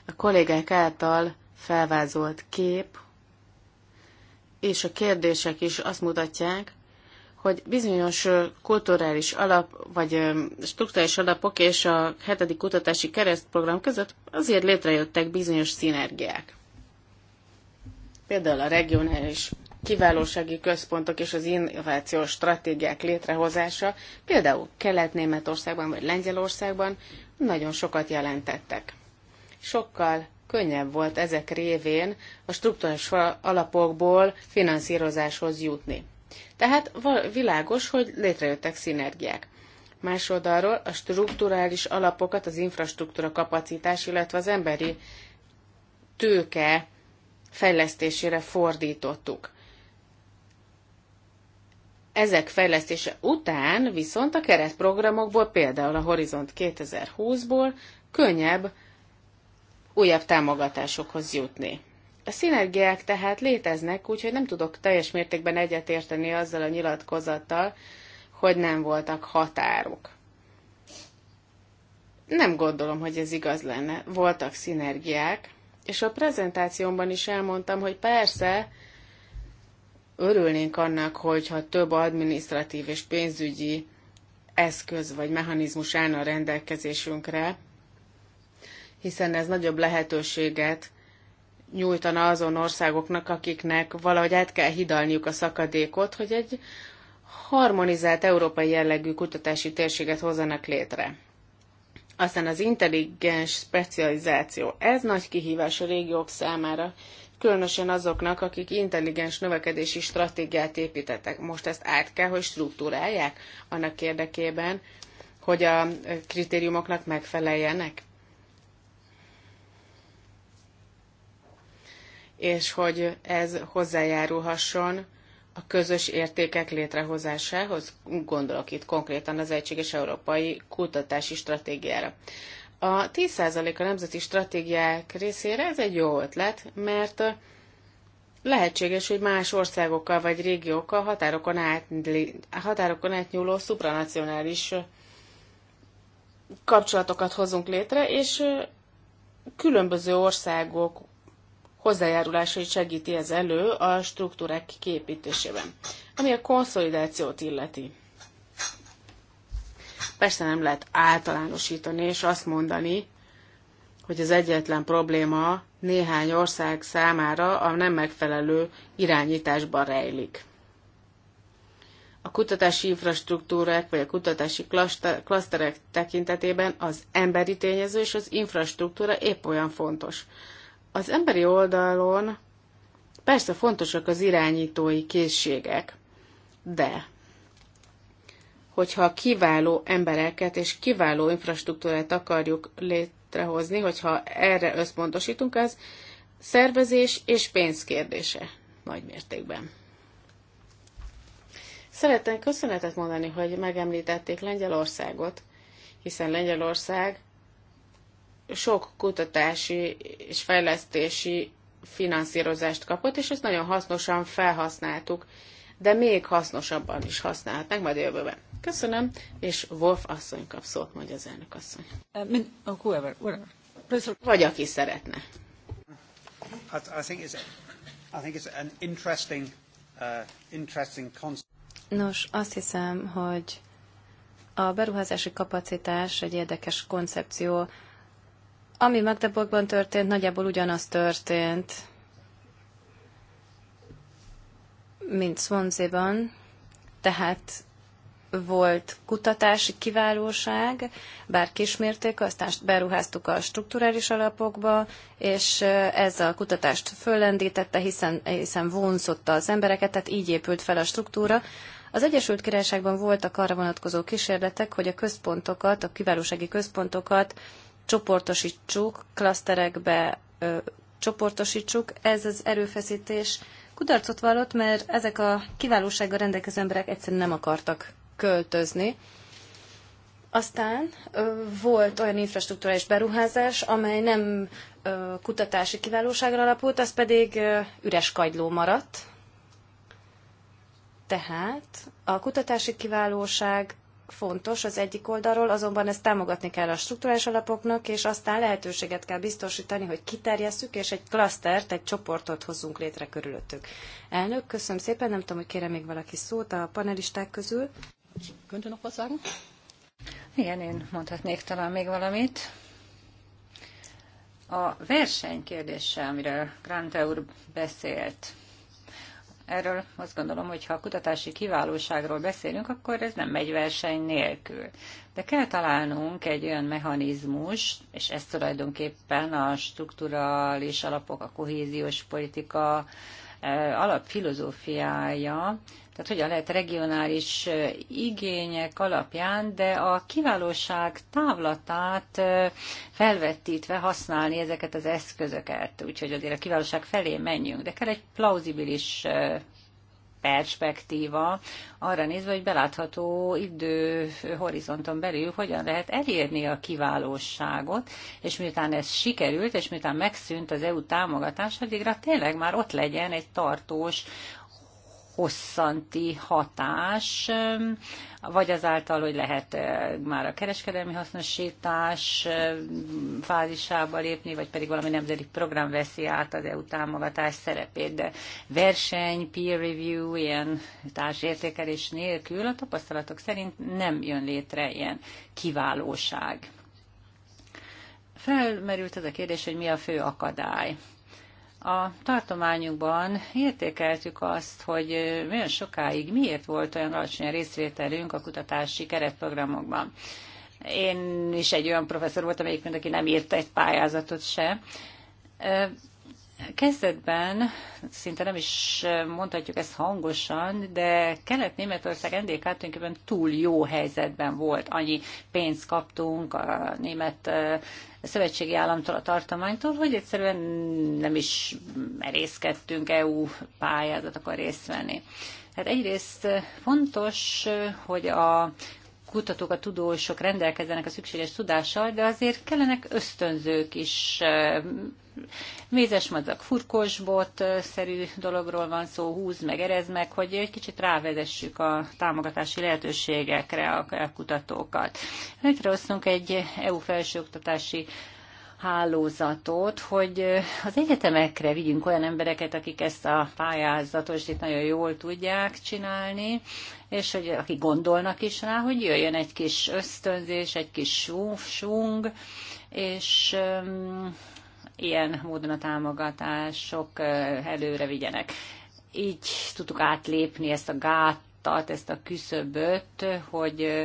A kollégák által felvázolt kép és a kérdések is azt mutatják, hogy bizonyos kulturális alap, vagy struktúrális alapok és a hetedik kutatási keresztprogram között azért létrejöttek bizonyos szinergiák. Például a regionális kiválósági központok és az innovációs stratégiák létrehozása, például Kelet-Németországban vagy Lengyelországban nagyon sokat jelentettek. Sokkal könnyebb volt ezek révén a struktúrás alapokból finanszírozáshoz jutni. Tehát világos, hogy létrejöttek szinergiák. Másoldalról a strukturális alapokat az infrastruktúra kapacitás, illetve az emberi tőke fejlesztésére fordítottuk. Ezek fejlesztése után viszont a keretprogramokból, például a Horizont 2020-ból könnyebb újabb támogatásokhoz jutni. A szinergiák tehát léteznek, úgyhogy nem tudok teljes mértékben egyetérteni azzal a nyilatkozattal, hogy nem voltak határok. Nem gondolom, hogy ez igaz lenne. Voltak szinergiák, és a prezentációmban is elmondtam, hogy persze örülnénk annak, hogyha több administratív és pénzügyi eszköz vagy mechanizmus állna a rendelkezésünkre, hiszen ez nagyobb lehetőséget nyújtana azon országoknak, akiknek valahogy át kell hidalniuk a szakadékot, hogy egy harmonizált európai jellegű kutatási térséget hozzanak létre. Aztán az intelligens specializáció. Ez nagy kihívás a régiók számára, különösen azoknak, akik intelligens növekedési stratégiát építettek. Most ezt át kell, hogy struktúrálják annak érdekében, hogy a kritériumoknak megfeleljenek. és hogy ez hozzájárulhasson a közös értékek létrehozásához, gondolok itt konkrétan az Egységes Európai Kutatási Stratégiára. A 10% a nemzeti stratégiák részére ez egy jó ötlet, mert lehetséges, hogy más országokkal vagy régiókkal határokon, át, határokon átnyúló szupranacionális kapcsolatokat hozunk létre, és különböző országok hozzájárulásait segíti ez elő a struktúrák képítésében, ami a konszolidációt illeti. Persze nem lehet általánosítani és azt mondani, hogy az egyetlen probléma néhány ország számára a nem megfelelő irányításban rejlik. A kutatási infrastruktúrák vagy a kutatási klaszterek tekintetében az emberi tényező és az infrastruktúra épp olyan fontos. Az emberi oldalon persze fontosak az irányítói készségek, de hogyha kiváló embereket és kiváló infrastruktúrát akarjuk létrehozni, hogyha erre összpontosítunk, az szervezés és pénz kérdése nagy mértékben. Szeretnék köszönetet mondani, hogy megemlítették Lengyelországot, hiszen Lengyelország sok kutatási és fejlesztési finanszírozást kapott, és ezt nagyon hasznosan felhasználtuk, de még hasznosabban is használhatnánk majd a jövőben. Köszönöm, és Wolf asszony kap szót, mondja az elnök asszony. Uh, oh, Vagy aki szeretne. Nos, azt hiszem, hogy a beruházási kapacitás egy érdekes koncepció, ami Magdeburgban történt, nagyjából ugyanaz történt, mint Swansea-ban, tehát volt kutatási kiválóság, bár kismérték, aztán beruháztuk a strukturális alapokba, és eh, ez a kutatást föllendítette, hiszen, hiszen vonzotta az embereket, tehát így épült fel a struktúra. Az Egyesült Királyságban voltak arra vonatkozó kísérletek, hogy a központokat, a kiválósági központokat csoportosítsuk, klaszterekbe ö, csoportosítsuk. Ez az erőfeszítés kudarcot vallott, mert ezek a kiválósággal rendelkező emberek egyszerűen nem akartak költözni. Aztán ö, volt olyan infrastruktúrális beruházás, amely nem ö, kutatási kiválóságra alapult, az pedig ö, üres kagyló maradt. Tehát a kutatási kiválóság fontos az egyik oldalról, azonban ezt támogatni kell a strukturális alapoknak, és aztán lehetőséget kell biztosítani, hogy kiterjesszük, és egy klasztert, egy csoportot hozzunk létre körülöttük. Elnök, köszönöm szépen, nem tudom, hogy kérem még valaki szót a panelisták közül. Igen, én mondhatnék talán még valamit. A verseny kérdése, amiről Grant úr beszélt, erről azt gondolom, hogy ha a kutatási kiválóságról beszélünk, akkor ez nem megy verseny nélkül. De kell találnunk egy olyan mechanizmus, és ez tulajdonképpen a strukturális alapok, a kohéziós politika, Eh, alapfilozófiája, tehát hogyan lehet regionális eh, igények alapján, de a kiválóság távlatát eh, felvettítve használni ezeket az eszközöket, úgyhogy azért a kiválóság felé menjünk, de kell egy plauzibilis perspektíva arra nézve, hogy belátható időhorizonton belül hogyan lehet elérni a kiválóságot, és miután ez sikerült, és miután megszűnt az EU támogatás, addigra tényleg már ott legyen egy tartós hosszanti hatás, vagy azáltal, hogy lehet már a kereskedelmi hasznosítás fázisába lépni, vagy pedig valami nemzeti program veszi át az EU támogatás szerepét, de verseny, peer review, ilyen társértékelés nélkül a tapasztalatok szerint nem jön létre ilyen kiválóság. Felmerült az a kérdés, hogy mi a fő akadály. A tartományunkban értékeltük azt, hogy milyen sokáig miért volt olyan alacsony a részvételünk a kutatási keretprogramokban. Én is egy olyan professzor voltam, amelyik mind, aki nem írt egy pályázatot se. Kezdetben, szinte nem is mondhatjuk ezt hangosan, de Kelet-Németország NDK tulajdonképpen túl jó helyzetben volt. Annyi pénzt kaptunk a német szövetségi államtól, a tartománytól, hogy egyszerűen nem is merészkedtünk EU pályázatokon részt venni. Hát egyrészt fontos, hogy a kutatók, a tudósok rendelkezzenek a szükséges tudással, de azért kellenek ösztönzők is. Mézes madzag furkosbot szerű dologról van szó, húz meg, erez meg, hogy egy kicsit rávezessük a támogatási lehetőségekre a kutatókat. Létrehoztunk egy EU felsőoktatási hálózatot, hogy az egyetemekre vigyünk olyan embereket, akik ezt a pályázatot itt nagyon jól tudják csinálni, és hogy akik gondolnak is rá, hogy jöjjön egy kis ösztönzés, egy kis sung, és um, ilyen módon a támogatások uh, előre vigyenek. Így tudtuk átlépni ezt a gátat, ezt a küszöböt, hogy uh,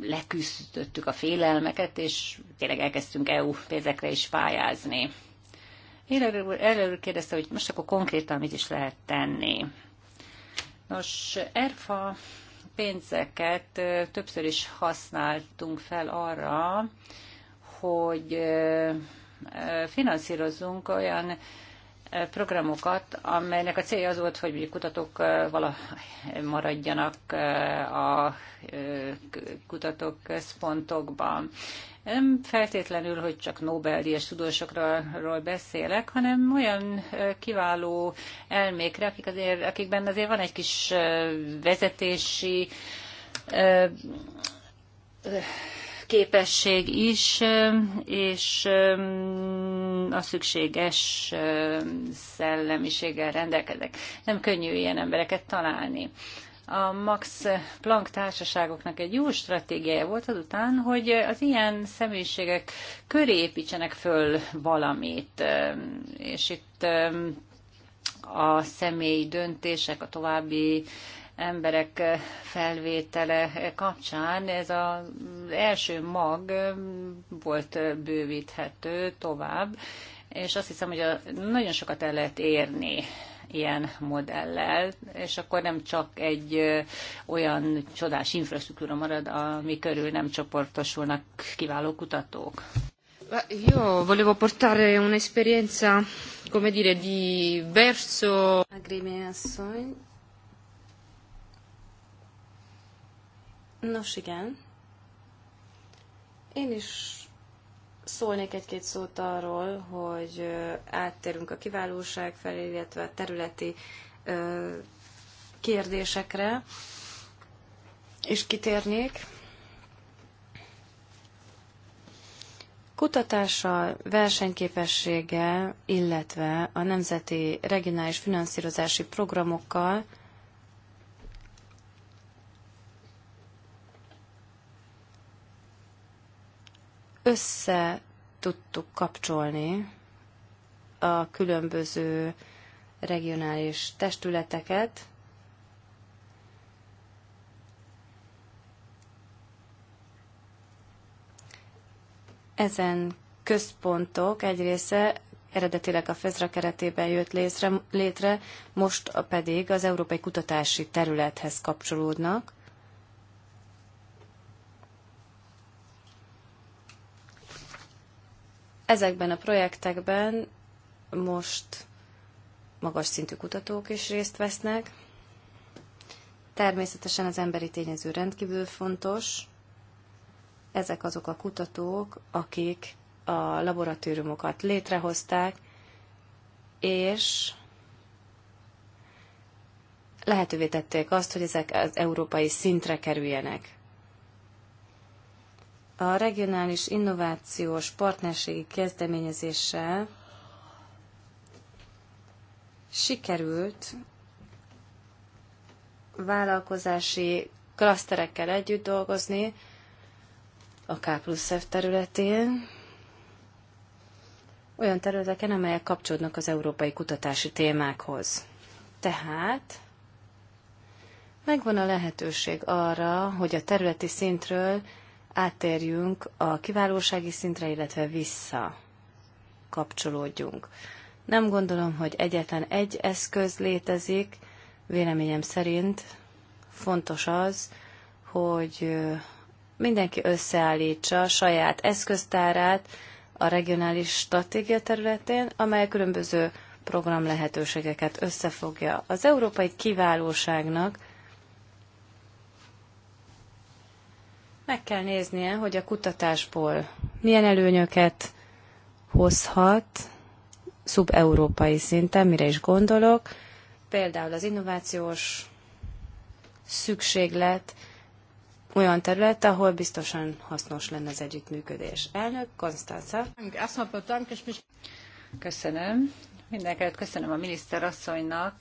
leküzdöttük a félelmeket, és tényleg elkezdtünk EU pénzekre is pályázni. Én erről kérdezte, hogy most akkor konkrétan mit is lehet tenni. Nos, ERFA pénzeket többször is használtunk fel arra, hogy finanszírozzunk olyan programokat, amelynek a célja az volt, hogy mondjuk kutatók vala maradjanak a kutatók központokban. Nem feltétlenül, hogy csak Nobel-díjas tudósokról beszélek, hanem olyan kiváló elmékre, akik azért, akikben azért van egy kis vezetési képesség is, és mm, a szükséges mm, szellemiséggel rendelkezek. Nem könnyű ilyen embereket találni. A Max Planck társaságoknak egy jó stratégiája volt azután, hogy az ilyen személyiségek köré építsenek föl valamit, mm, és itt a személyi döntések, a további emberek felvétele kapcsán ez az első mag volt bővíthető tovább, és azt hiszem, hogy a, nagyon sokat el lehet érni ilyen modellel, és akkor nem csak egy olyan csodás infrastruktúra marad, ami körül nem csoportosulnak kiváló kutatók. Io volevo portare un'esperienza, come dire, di verso... Agrimi Nos igen. Én is szólnék egy-két szót arról, hogy áttérünk a kiválóság felé, illetve a területi kérdésekre, és kitérnék. Kutatással, versenyképességgel, illetve a nemzeti regionális finanszírozási programokkal össze tudtuk kapcsolni a különböző regionális testületeket, Ezen központok egy része eredetileg a FEZRA keretében jött létre, létre, most pedig az európai kutatási területhez kapcsolódnak. Ezekben a projektekben most magas szintű kutatók is részt vesznek. Természetesen az emberi tényező rendkívül fontos. Ezek azok a kutatók, akik a laboratóriumokat létrehozták, és lehetővé tették azt, hogy ezek az európai szintre kerüljenek. A regionális innovációs partnerségi kezdeményezéssel sikerült vállalkozási klaszterekkel együtt dolgozni a K plusz F területén, olyan területeken, amelyek kapcsolódnak az európai kutatási témákhoz. Tehát megvan a lehetőség arra, hogy a területi szintről áttérjünk a kiválósági szintre, illetve vissza kapcsolódjunk. Nem gondolom, hogy egyetlen egy eszköz létezik. Véleményem szerint fontos az, hogy mindenki összeállítsa a saját eszköztárát a regionális stratégia területén, amely különböző program lehetőségeket összefogja. Az európai kiválóságnak Meg kell néznie, hogy a kutatásból milyen előnyöket hozhat sub-európai szinten, mire is gondolok, például az innovációs szükséglet olyan terület, ahol biztosan hasznos lenne az együttműködés. Elnök Konstanza. Köszönöm. Mindenkelőtt köszönöm a miniszter asszonynak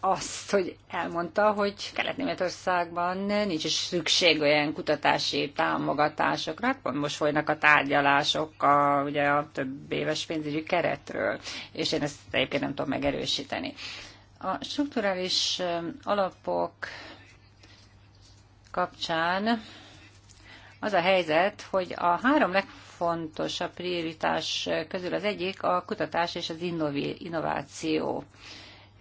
azt, hogy elmondta, hogy Kelet-Németországban nincs is szükség olyan kutatási támogatásokra. Hát pont most folynak a tárgyalások a, ugye a több éves pénzügyi keretről, és én ezt egyébként nem tudom megerősíteni. A strukturális alapok kapcsán az a helyzet, hogy a három legfontosabb prioritás közül az egyik a kutatás és az innováció.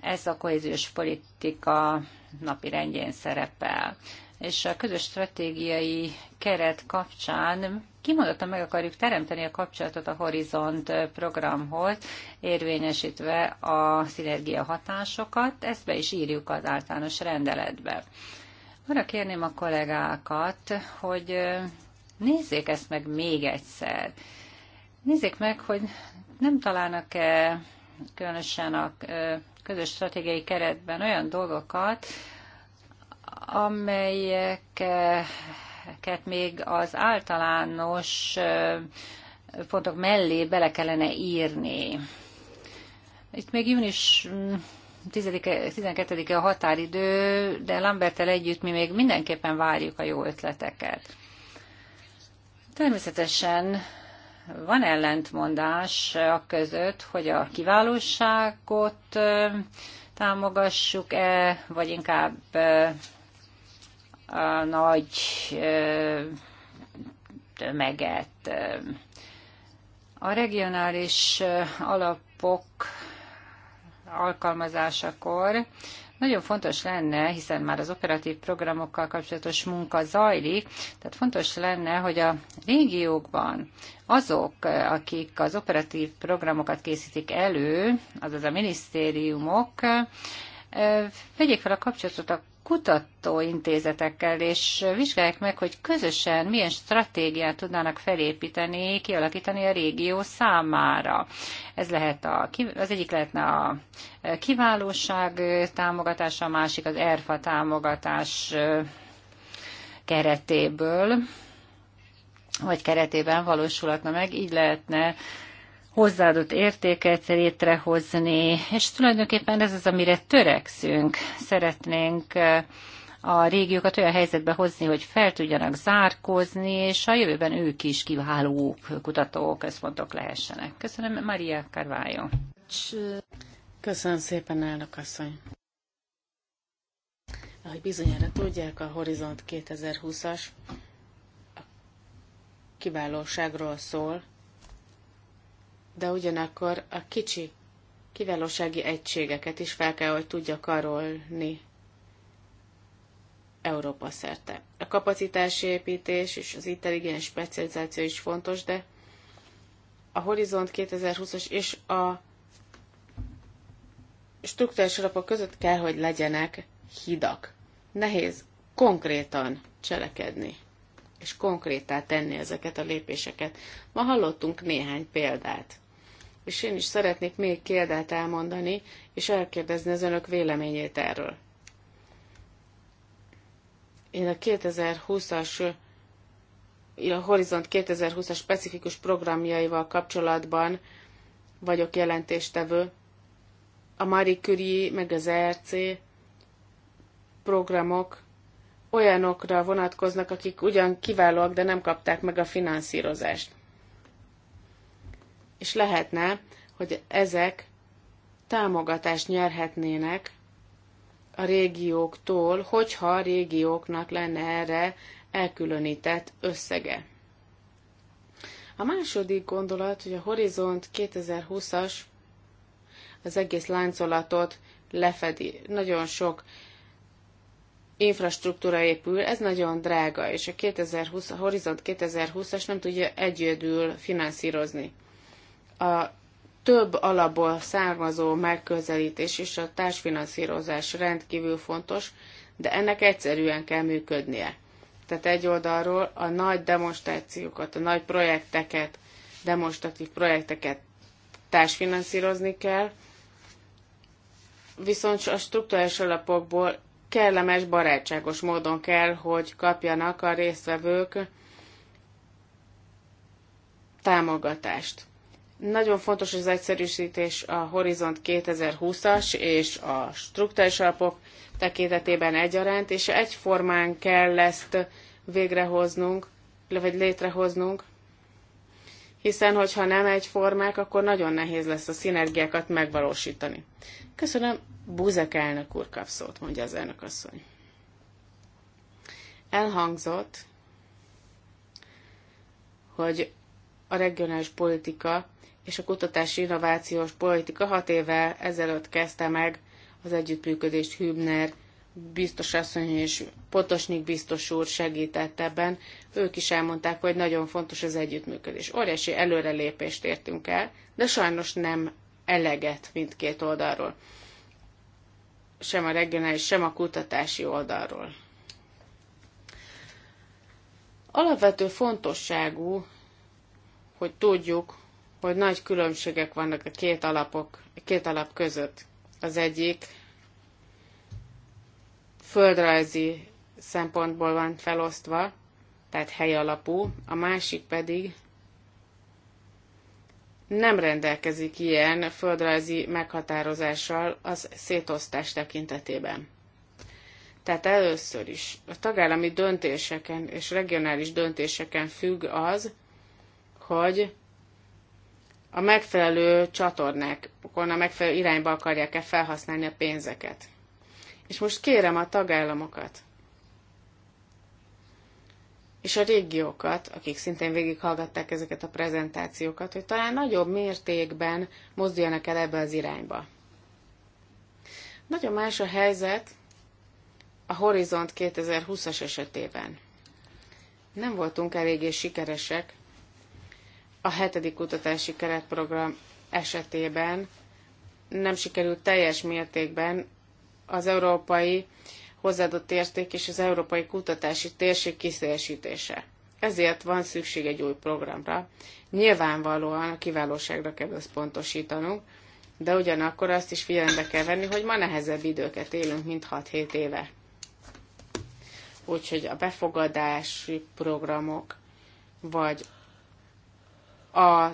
Ez a kohéziós politika napi rendjén szerepel. És a közös stratégiai keret kapcsán kimondottan meg akarjuk teremteni a kapcsolatot a Horizont programhoz, érvényesítve a szinergia hatásokat, ezt be is írjuk az általános rendeletbe. Arra kérném a kollégákat, hogy nézzék ezt meg még egyszer. Nézzék meg, hogy nem találnak-e különösen a közös stratégiai keretben olyan dolgokat, amelyeket még az általános pontok mellé bele kellene írni. Itt még június 12-e mm, a határidő, de Lambertel együtt mi még mindenképpen várjuk a jó ötleteket. Természetesen van ellentmondás a között, hogy a kiválóságot támogassuk-e, vagy inkább a nagy tömeget. A regionális alapok alkalmazásakor nagyon fontos lenne, hiszen már az operatív programokkal kapcsolatos munka zajlik, tehát fontos lenne, hogy a régiókban azok, akik az operatív programokat készítik elő, azaz a minisztériumok, vegyék fel a kapcsolatot a kutatóintézetekkel, és vizsgálják meg, hogy közösen milyen stratégiát tudnának felépíteni, kialakítani a régió számára. Ez lehet a, az egyik lehetne a kiválóság támogatása, a másik az ERFA támogatás keretéből, vagy keretében valósulhatna meg, így lehetne hozzáadott értéket létrehozni, és tulajdonképpen ez az, amire törekszünk. Szeretnénk a régiókat olyan helyzetbe hozni, hogy fel tudjanak zárkozni, és a jövőben ők is kiváló kutatóközpontok lehessenek. Köszönöm, Maria Carvalho. Köszönöm szépen, elnök asszony. Ahogy bizonyára tudják, a Horizont 2020-as kiválóságról szól, de ugyanakkor a kicsi kiválósági egységeket is fel kell, hogy tudja karolni Európa szerte. A kapacitásépítés és az intelligens specializáció is fontos, de a Horizont 2020-as és a struktúrás alapok között kell, hogy legyenek hidak. Nehéz konkrétan cselekedni, és konkrétá tenni ezeket a lépéseket. Ma hallottunk néhány példát és én is szeretnék még példát elmondani, és elkérdezni az önök véleményét erről. Én a 2020-as, a Horizont 2020-as specifikus programjaival kapcsolatban vagyok jelentéstevő. A Marie Curie, meg az ERC programok olyanokra vonatkoznak, akik ugyan kiválóak, de nem kapták meg a finanszírozást és lehetne, hogy ezek támogatást nyerhetnének a régióktól, hogyha a régióknak lenne erre elkülönített összege. A második gondolat, hogy a Horizont 2020-as az egész láncolatot lefedi. Nagyon sok infrastruktúra épül, ez nagyon drága, és a 2020, a Horizont 2020-as nem tudja egyedül finanszírozni a több alapból származó megközelítés és a társfinanszírozás rendkívül fontos, de ennek egyszerűen kell működnie. Tehát egy oldalról a nagy demonstrációkat, a nagy projekteket, demonstratív projekteket társfinanszírozni kell, viszont a struktúrás alapokból kellemes, barátságos módon kell, hogy kapjanak a résztvevők támogatást. Nagyon fontos az egyszerűsítés a Horizont 2020-as és a struktúrális alapok tekintetében egyaránt, és egyformán kell ezt végrehoznunk, vagy létrehoznunk, hiszen hogyha nem egyformák, akkor nagyon nehéz lesz a szinergiákat megvalósítani. Köszönöm, Buzek elnök úr kap szót, mondja az elnök asszony. Elhangzott, hogy a regionális politika és a kutatási innovációs politika hat évvel ezelőtt kezdte meg az együttműködést Hübner biztos asszony és Potosnik biztos úr segített ebben. Ők is elmondták, hogy nagyon fontos az együttműködés. Óriási előrelépést értünk el, de sajnos nem eleget mindkét oldalról. Sem a regionális, sem a kutatási oldalról. Alapvető fontosságú, hogy tudjuk, hogy nagy különbségek vannak a két, alapok, a két alap között. Az egyik földrajzi szempontból van felosztva, tehát hely alapú, a másik pedig nem rendelkezik ilyen földrajzi meghatározással az szétosztás tekintetében. Tehát először is a tagállami döntéseken és regionális döntéseken függ az, hogy a megfelelő csatornákon, a megfelelő irányba akarják-e felhasználni a pénzeket. És most kérem a tagállamokat, és a régiókat, akik szintén végighallgatták ezeket a prezentációkat, hogy talán nagyobb mértékben mozduljanak el ebbe az irányba. Nagyon más a helyzet a Horizont 2020-as esetében. Nem voltunk eléggé sikeresek a hetedik kutatási keretprogram esetében nem sikerült teljes mértékben az európai hozzáadott érték és az európai kutatási térség kiszélesítése. Ezért van szükség egy új programra. Nyilvánvalóan a kiválóságra kell összpontosítanunk, de ugyanakkor azt is figyelembe kell venni, hogy ma nehezebb időket élünk, mint 6-7 éve. Úgyhogy a befogadási programok, vagy a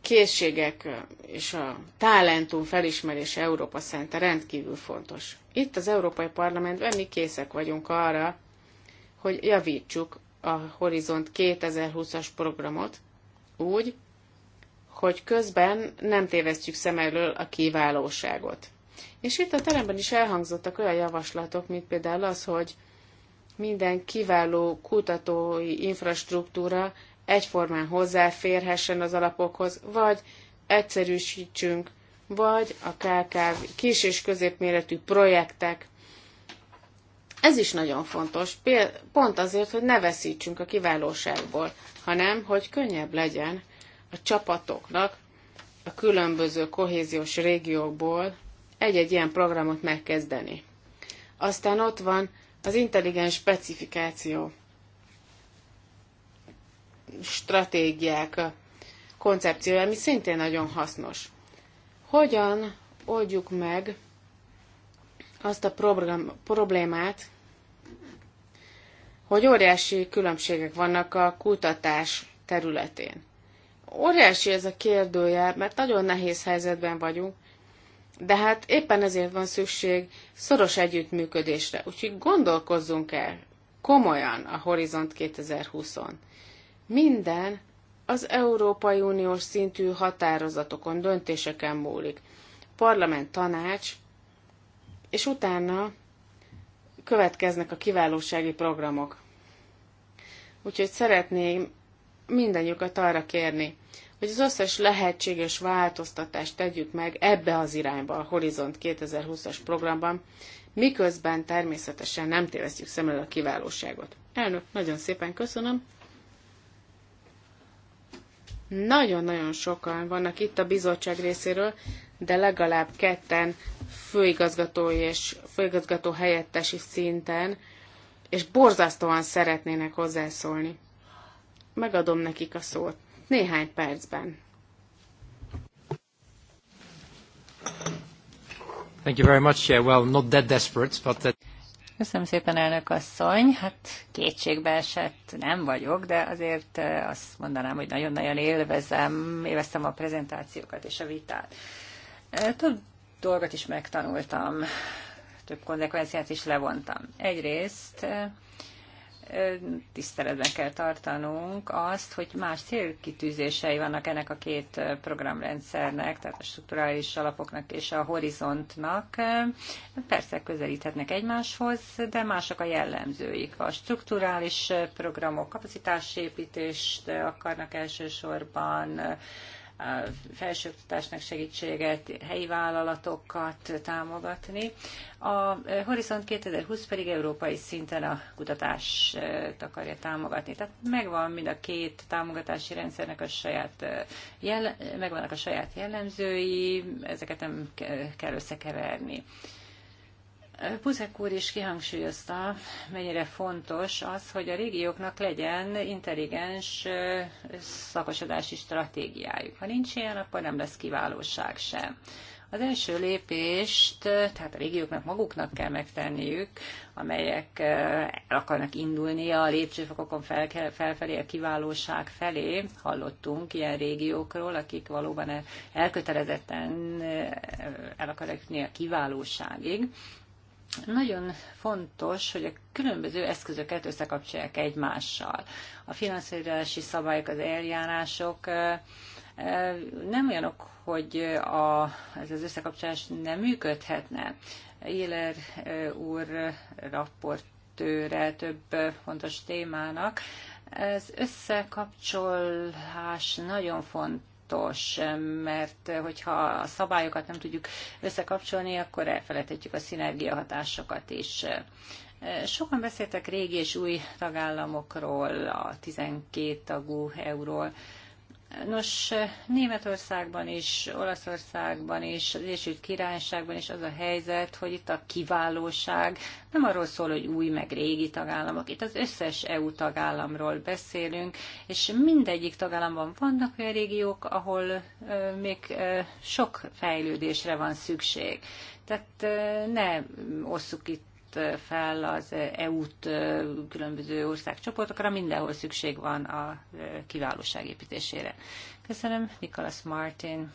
készségek és a talentum felismerése Európa szerte rendkívül fontos. Itt az Európai Parlamentben mi készek vagyunk arra, hogy javítsuk a Horizont 2020-as programot úgy, hogy közben nem tévesztjük szem elől a kiválóságot. És itt a teremben is elhangzottak olyan javaslatok, mint például az, hogy minden kiváló kutatói infrastruktúra egyformán hozzáférhessen az alapokhoz, vagy egyszerűsítsünk, vagy a KKV kis és középméretű projektek. Ez is nagyon fontos, pont azért, hogy ne veszítsünk a kiválóságból, hanem hogy könnyebb legyen a csapatoknak a különböző kohéziós régiókból egy-egy ilyen programot megkezdeni. Aztán ott van az intelligens specifikáció, stratégiák koncepciója, ami szintén nagyon hasznos. Hogyan oldjuk meg azt a program, problémát, hogy óriási különbségek vannak a kutatás területén. Óriási ez a kérdője, mert nagyon nehéz helyzetben vagyunk, de hát éppen ezért van szükség szoros együttműködésre, úgyhogy gondolkozzunk el komolyan a Horizont 2020-on. Minden az Európai Uniós szintű határozatokon, döntéseken múlik. Parlament, tanács, és utána következnek a kiválósági programok. Úgyhogy szeretném mindannyiukat arra kérni, hogy az összes lehetséges változtatást tegyük meg ebbe az irányba a Horizont 2020-as programban, miközben természetesen nem tévesztjük szem a kiválóságot. Elnök, nagyon szépen köszönöm. Nagyon-nagyon sokan vannak itt a bizottság részéről, de legalább ketten főigazgatói és főigazgató helyettesi szinten, és borzasztóan szeretnének hozzászólni. Megadom nekik a szót néhány percben. Thank you very much. Yeah, well, not that desperate, but that... Köszönöm szépen, elnök asszony. Hát kétségbe esett nem vagyok, de azért eh, azt mondanám, hogy nagyon-nagyon élvezem, élveztem a prezentációkat és a vitát. Eh, több dolgot is megtanultam, több konzekvenciát is levontam. Egyrészt eh, tiszteletben kell tartanunk azt, hogy más célkitűzései vannak ennek a két programrendszernek, tehát a strukturális alapoknak és a horizontnak. Persze közelíthetnek egymáshoz, de mások a jellemzőik. A strukturális programok kapacitásépítést akarnak elsősorban, felsőoktatásnak segítséget, helyi vállalatokat támogatni. A Horizont 2020 pedig európai szinten a kutatást akarja támogatni. Tehát megvan mind a két támogatási rendszernek a saját, eh, jell- megvannak a saját jellemzői, ezeket nem kell összekeverni. Puzek úr is kihangsúlyozta, mennyire fontos az, hogy a régióknak legyen intelligens szakosodási stratégiájuk. Ha nincs ilyen, akkor nem lesz kiválóság sem. Az első lépést, tehát a régióknak maguknak kell megtenniük, amelyek el akarnak indulni a lépcsőfokokon fel, felfelé, a kiválóság felé. Hallottunk ilyen régiókról, akik valóban elkötelezetten el akarnak jutni a kiválóságig. Nagyon fontos, hogy a különböző eszközöket összekapcsolják egymással. A finanszírozási szabályok, az eljárások nem olyanok, hogy a, ez az összekapcsolás nem működhetne. Éler úr raportőre több fontos témának. Ez összekapcsolás nagyon fontos fontos, mert hogyha a szabályokat nem tudjuk összekapcsolni, akkor elfelejthetjük a szinergia hatásokat is. Sokan beszéltek régi és új tagállamokról, a 12 tagú euróról. Nos, Németországban is, Olaszországban is, az Egyesült Királyságban is az a helyzet, hogy itt a kiválóság nem arról szól, hogy új meg régi tagállamok, itt az összes EU tagállamról beszélünk, és mindegyik tagállamban vannak olyan régiók, ahol még sok fejlődésre van szükség. Tehát ne osszuk itt fel az EU-t különböző országcsoportokra, mindenhol szükség van a kiválóság építésére. Köszönöm, Nikolas Martin.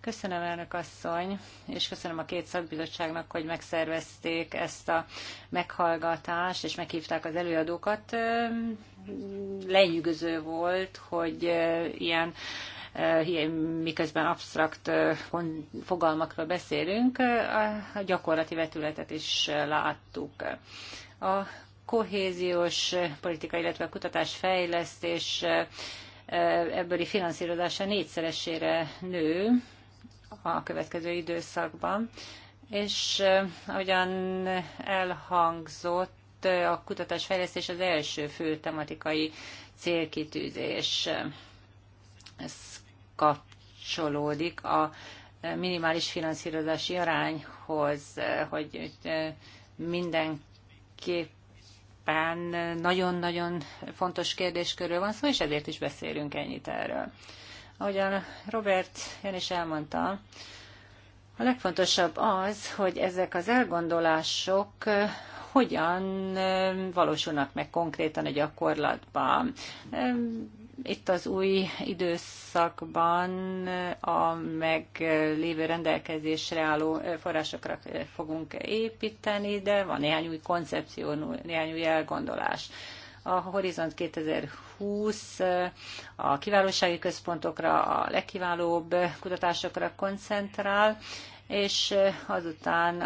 Köszönöm, elnök asszony, és köszönöm a két szakbizottságnak, hogy megszervezték ezt a meghallgatást, és meghívták az előadókat. Lenyűgöző volt, hogy ilyen miközben absztrakt fogalmakról beszélünk, a gyakorlati vetületet is láttuk. A kohéziós politika, illetve a kutatás fejlesztés a finanszírozása négyszeresére nő a következő időszakban, és ahogyan elhangzott, a kutatásfejlesztés az első fő tematikai célkitűzés. Ez kapcsolódik a minimális finanszírozási arányhoz, hogy mindenképpen nagyon-nagyon fontos kérdéskörről van szó, és ezért is beszélünk ennyit erről. Ahogyan Robert én is elmondta, a legfontosabb az, hogy ezek az elgondolások hogyan valósulnak meg konkrétan a gyakorlatban. Itt az új időszakban a meglévő rendelkezésre álló forrásokra fogunk építeni, de van néhány új koncepció, néhány új elgondolás a Horizont 2020 a kiválósági központokra, a legkiválóbb kutatásokra koncentrál, és azután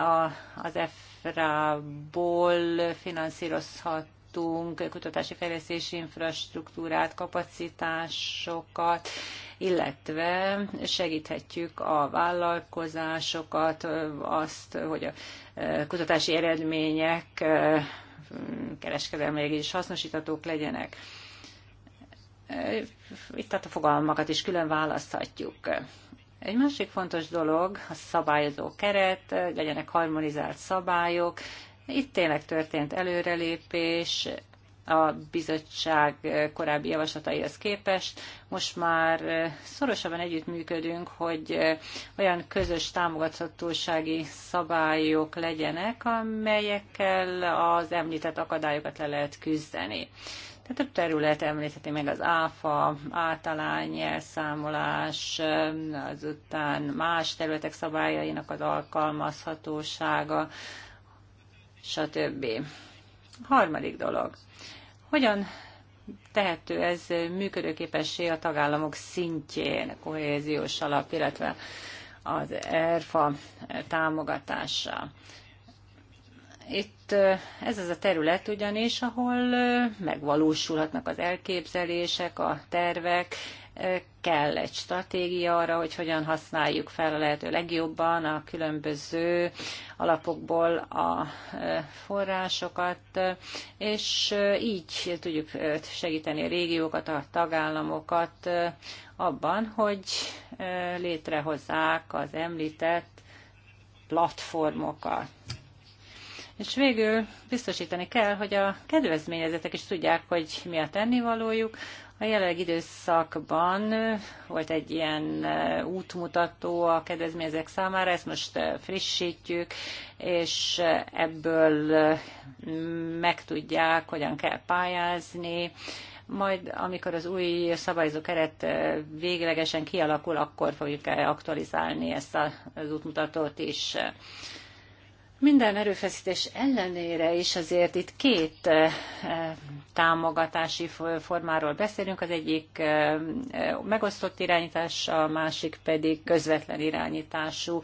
az EFRA-ból finanszírozhat nyújtunk, kutatási fejlesztési infrastruktúrát, kapacitásokat, illetve segíthetjük a vállalkozásokat, azt, hogy a e, kutatási eredmények e, kereskedelmi is hasznosítatók legyenek. E, itt tehát a fogalmakat is külön választhatjuk. Egy másik fontos dolog a szabályozó keret, legyenek harmonizált szabályok, itt tényleg történt előrelépés, a bizottság korábbi javaslataihoz képest. Most már szorosabban együttműködünk, hogy olyan közös támogathatósági szabályok legyenek, amelyekkel az említett akadályokat le lehet küzdeni. Tehát több terület említheti meg az áfa, általány elszámolás, azután más területek szabályainak az alkalmazhatósága, stb. Harmadik dolog. Hogyan tehető ez működőképessé a tagállamok szintjén, a kohéziós alap, illetve az ERFA támogatása. Itt eh, ez az a terület ugyanis, ahol eh, megvalósulhatnak az elképzelések, a tervek, kell egy stratégia arra, hogy hogyan használjuk fel a lehető legjobban a különböző alapokból a e, forrásokat, és e, így tudjuk e, segíteni a régiókat, a tagállamokat abban, hogy létrehozzák az említett platformokat. És végül biztosítani kell, hogy a kedvezményezetek is tudják, hogy mi a tennivalójuk, a jelenleg időszakban volt egy ilyen eh, útmutató a kedvezményezek számára, ezt most eh, frissítjük, és eh, ebből megtudják, hogyan kell pályázni, majd amikor az új szabályozó keret véglegesen kialakul, akkor fogjuk aktualizálni ezt az útmutatót is. Minden erőfeszítés ellenére is azért itt két eh, támogatási formáról beszélünk, az egyik eh, eh, megosztott irányítás, a másik pedig közvetlen irányítású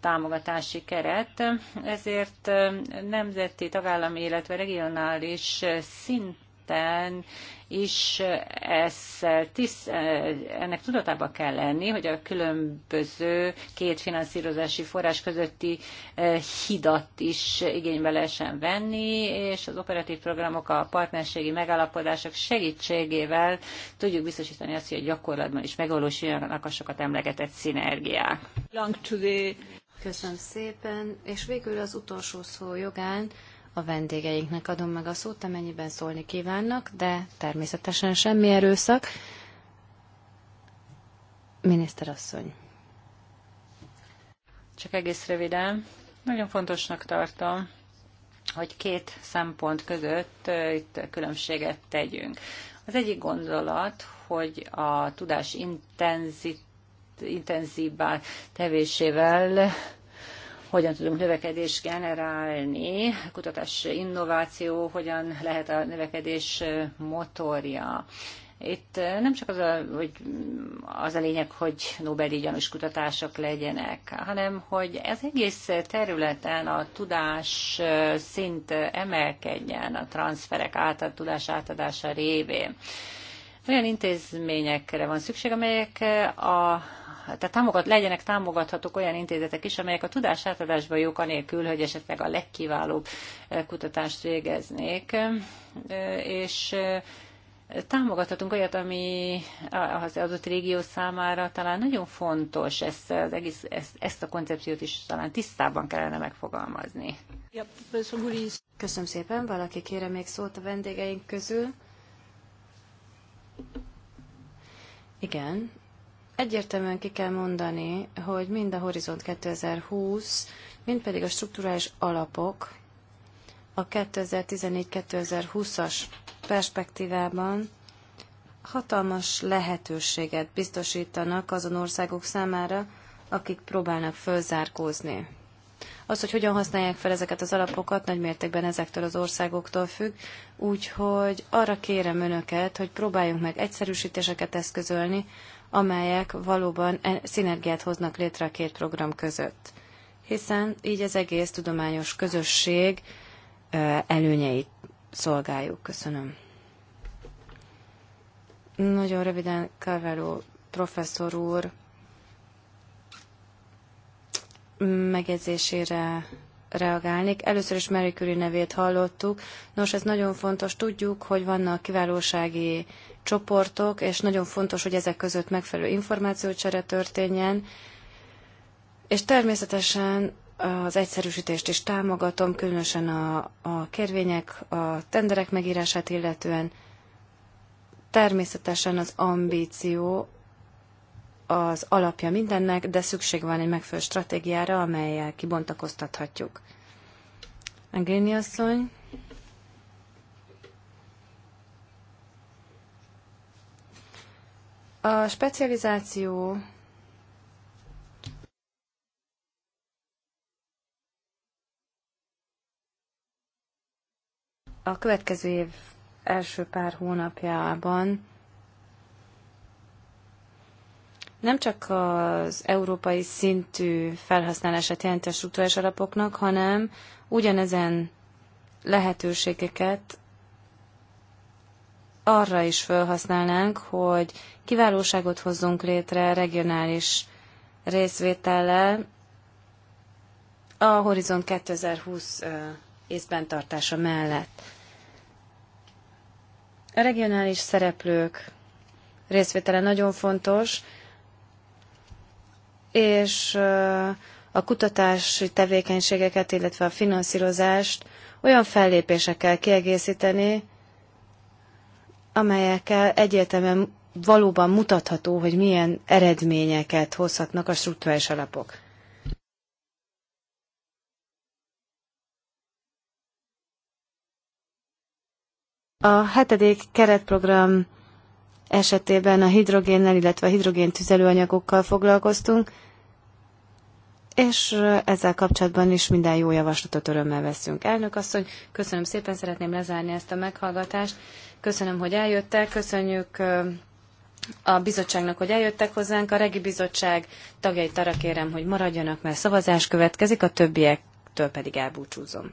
támogatási keret, ezért nemzeti, tagállami, illetve regionális szint területen is ezzel tisz, eh, ennek tudatában kell lenni, hogy a különböző két finanszírozási forrás közötti eh, hidat is igénybe lehessen venni, és az operatív programok, a partnerségi megállapodások segítségével tudjuk biztosítani azt, hogy a gyakorlatban is megvalósuljanak a sokat emlegetett szinergiák. Köszönöm szépen, és végül az utolsó szó jogán a vendégeinknek adom meg a szót, amennyiben szólni kívánnak, de természetesen semmi erőszak. Miniszterasszony. Csak egész röviden. Nagyon fontosnak tartom, hogy két szempont között itt különbséget tegyünk. Az egyik gondolat, hogy a tudás intenzit, intenzívbá tevésével hogyan tudunk növekedést generálni, kutatás, innováció, hogyan lehet a növekedés motorja. Itt nem csak az a, hogy az a lényeg, hogy Nobel-i gyanús kutatások legyenek, hanem hogy ez egész területen a tudás szint emelkedjen a transferek által tudás átadása révén olyan intézményekre van szükség, amelyek eh, a tehát támogat, legyenek támogathatók olyan intézetek is, amelyek a tudás átadásban jók anélkül, hogy esetleg a legkiválóbb eh, kutatást végeznék. Eh, és támogathatunk olyat, ami az adott régió számára talán nagyon fontos, ezt, az egész, ezt, ezt a koncepciót is talán tisztában kellene megfogalmazni. Köszönöm szépen, valaki kérem még szót a vendégeink közül. Igen, egyértelműen ki kell mondani, hogy mind a Horizont 2020, mind pedig a strukturális alapok a 2014-2020-as perspektívában hatalmas lehetőséget biztosítanak azon országok számára, akik próbálnak fölzárkózni. Az, hogy hogyan használják fel ezeket az alapokat, nagy mértékben ezektől az országoktól függ, úgyhogy arra kérem önöket, hogy próbáljunk meg egyszerűsítéseket eszközölni, amelyek valóban e- szinergiát hoznak létre a két program között. Hiszen így az egész tudományos közösség előnyeit szolgáljuk. Köszönöm. Nagyon röviden Carvalho professzor úr megjegyzésére reagálnék. Először is Marie Curie nevét hallottuk. Nos, ez nagyon fontos. Tudjuk, hogy vannak kiválósági csoportok, és nagyon fontos, hogy ezek között megfelelő információcsere történjen. És természetesen az egyszerűsítést is támogatom, különösen a, a kérvények, a tenderek megírását illetően. Természetesen az ambíció az alapja mindennek, de szükség van egy megfelelő stratégiára, amelyel kibontakoztathatjuk. Angéni asszony. A specializáció a következő év első pár hónapjában nem csak az európai szintű felhasználását jelenti a struktúrás alapoknak, hanem ugyanezen lehetőségeket arra is felhasználnánk, hogy kiválóságot hozzunk létre regionális részvétellel a Horizon 2020 észben tartása mellett. A regionális szereplők részvétele nagyon fontos, és a kutatási tevékenységeket, illetve a finanszírozást olyan fellépésekkel kiegészíteni, amelyekkel egyértelműen valóban mutatható, hogy milyen eredményeket hozhatnak a struktúrális alapok. A hetedik keretprogram esetében a hidrogénnel, illetve a hidrogén tüzelőanyagokkal foglalkoztunk, és ezzel kapcsolatban is minden jó javaslatot örömmel veszünk. Elnök asszony, köszönöm szépen, szeretném lezárni ezt a meghallgatást. Köszönöm, hogy eljöttek, köszönjük a bizottságnak, hogy eljöttek hozzánk. A regi bizottság tagjait arra kérem, hogy maradjanak, mert szavazás következik, a többiektől pedig elbúcsúzom.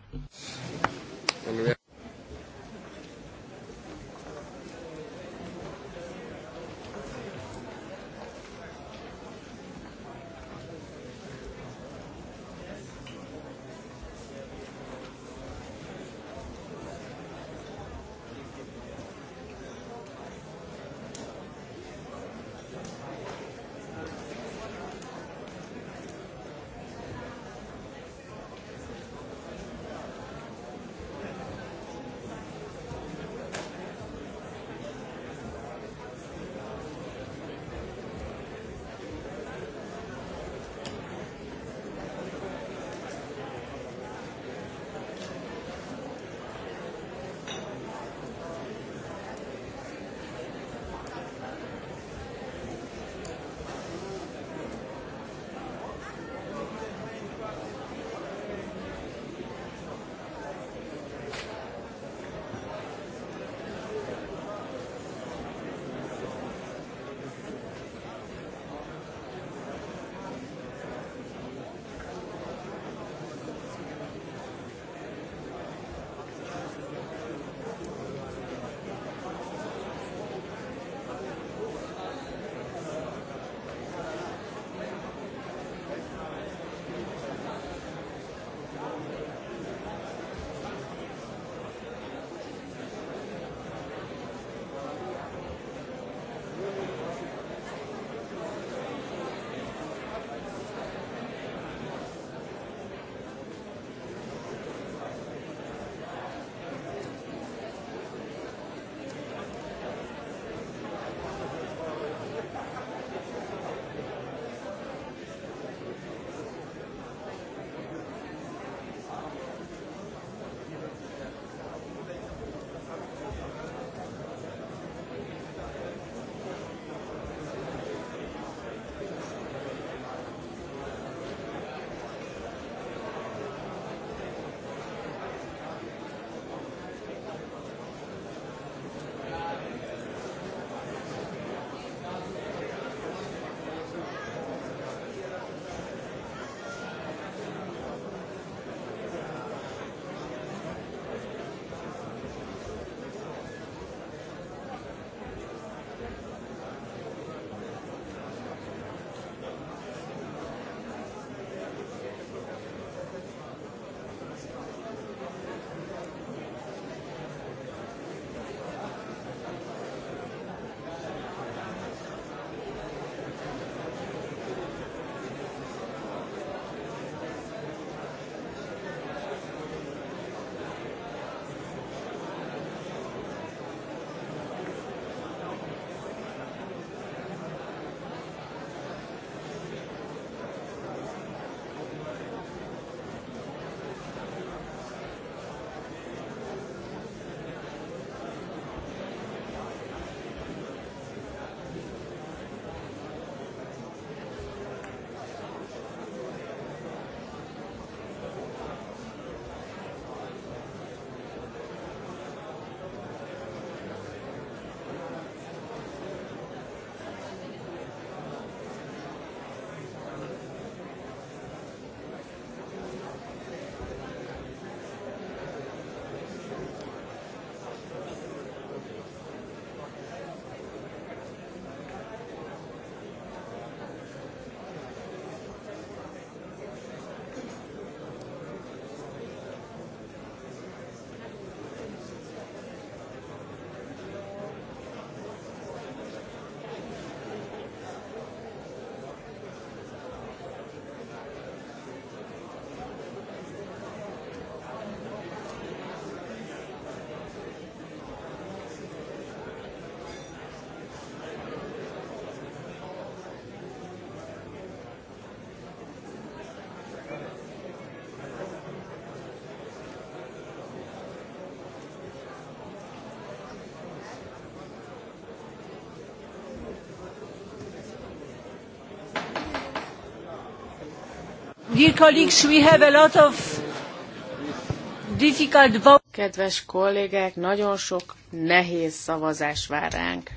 Kedves kollégák, nagyon sok nehéz szavazás vár ránk.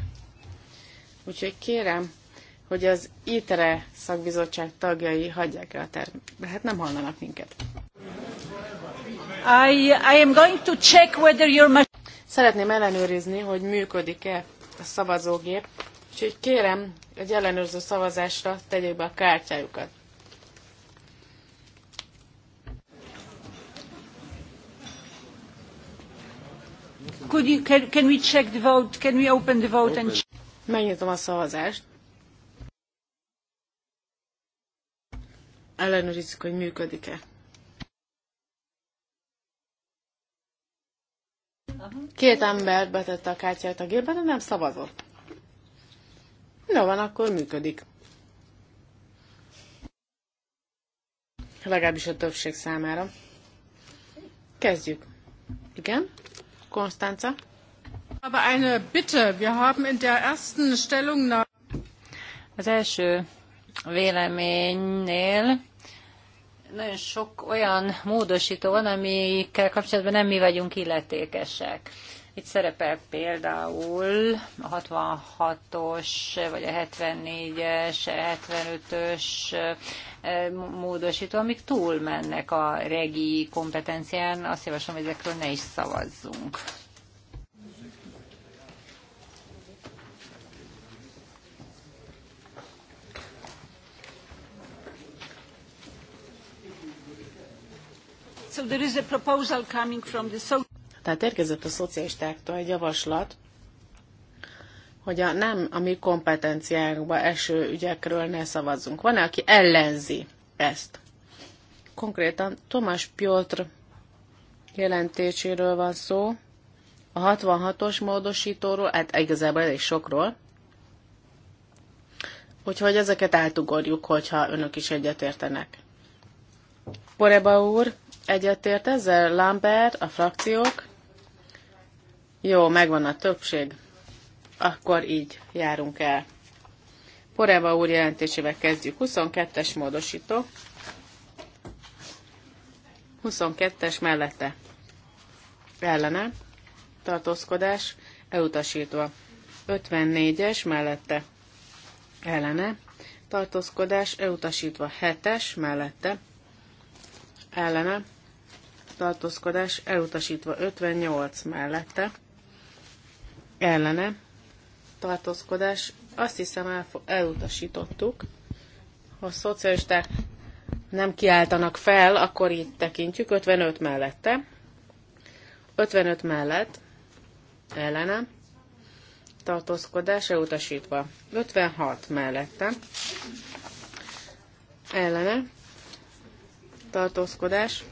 Úgyhogy kérem, hogy az ITRE szakbizottság tagjai hagyják el a termet, hát nem hallanak minket. I, I am going to check whether your machine. Szeretném ellenőrizni, hogy működik-e a szavazógép, úgyhogy kérem, hogy ellenőrző szavazásra tegyék be a kártyájukat. Could you, can, can we check the vote? Can we open the vote open. and check? Megnyitom a szavazást. Ellenőrizzük, hogy működik-e. Két ember betette a kártyát a gépbe, de nem szavazott. Na van, akkor működik. Legalábbis a többség számára. Kezdjük. Igen? Konstanza. Aber eine Bitte, wir haben in der ersten Stellungnahme az első véleménynél nagyon sok olyan módosító van, amikkel kapcsolatban nem mi vagyunk illetékesek. Itt szerepel például a 66-os, vagy a 74-es, 75-ös e, módosító, amik túlmennek a regi kompetencián. Azt javaslom, hogy ezekről ne is szavazzunk. So there is a proposal coming from the social... Tehát érkezett a szocialistáktól egy javaslat, hogy a nem a mi kompetenciánkba eső ügyekről ne szavazzunk. Van-e, aki ellenzi ezt? Konkrétan Tomás Piotr jelentéséről van szó, a 66-os módosítóról, hát igazából elég sokról, Úgyhogy ezeket átugorjuk, hogyha önök is egyetértenek. Poreba úr, egyetért ezzel Lambert, a frakciók? Jó, megvan a többség. Akkor így járunk el. Poreva úr jelentésével kezdjük. 22-es módosító. 22-es mellette. Ellene. Tartózkodás. Elutasítva. 54-es mellette. Ellene. Tartózkodás. Elutasítva. 7-es mellette. Ellene. Tartózkodás. Elutasítva. 58 mellette ellene tartózkodás. Azt hiszem el, elutasítottuk. Ha a szocialisták nem kiáltanak fel, akkor így tekintjük. 55 mellette. 55 mellett ellene tartózkodás elutasítva. 56 mellette ellene tartózkodás.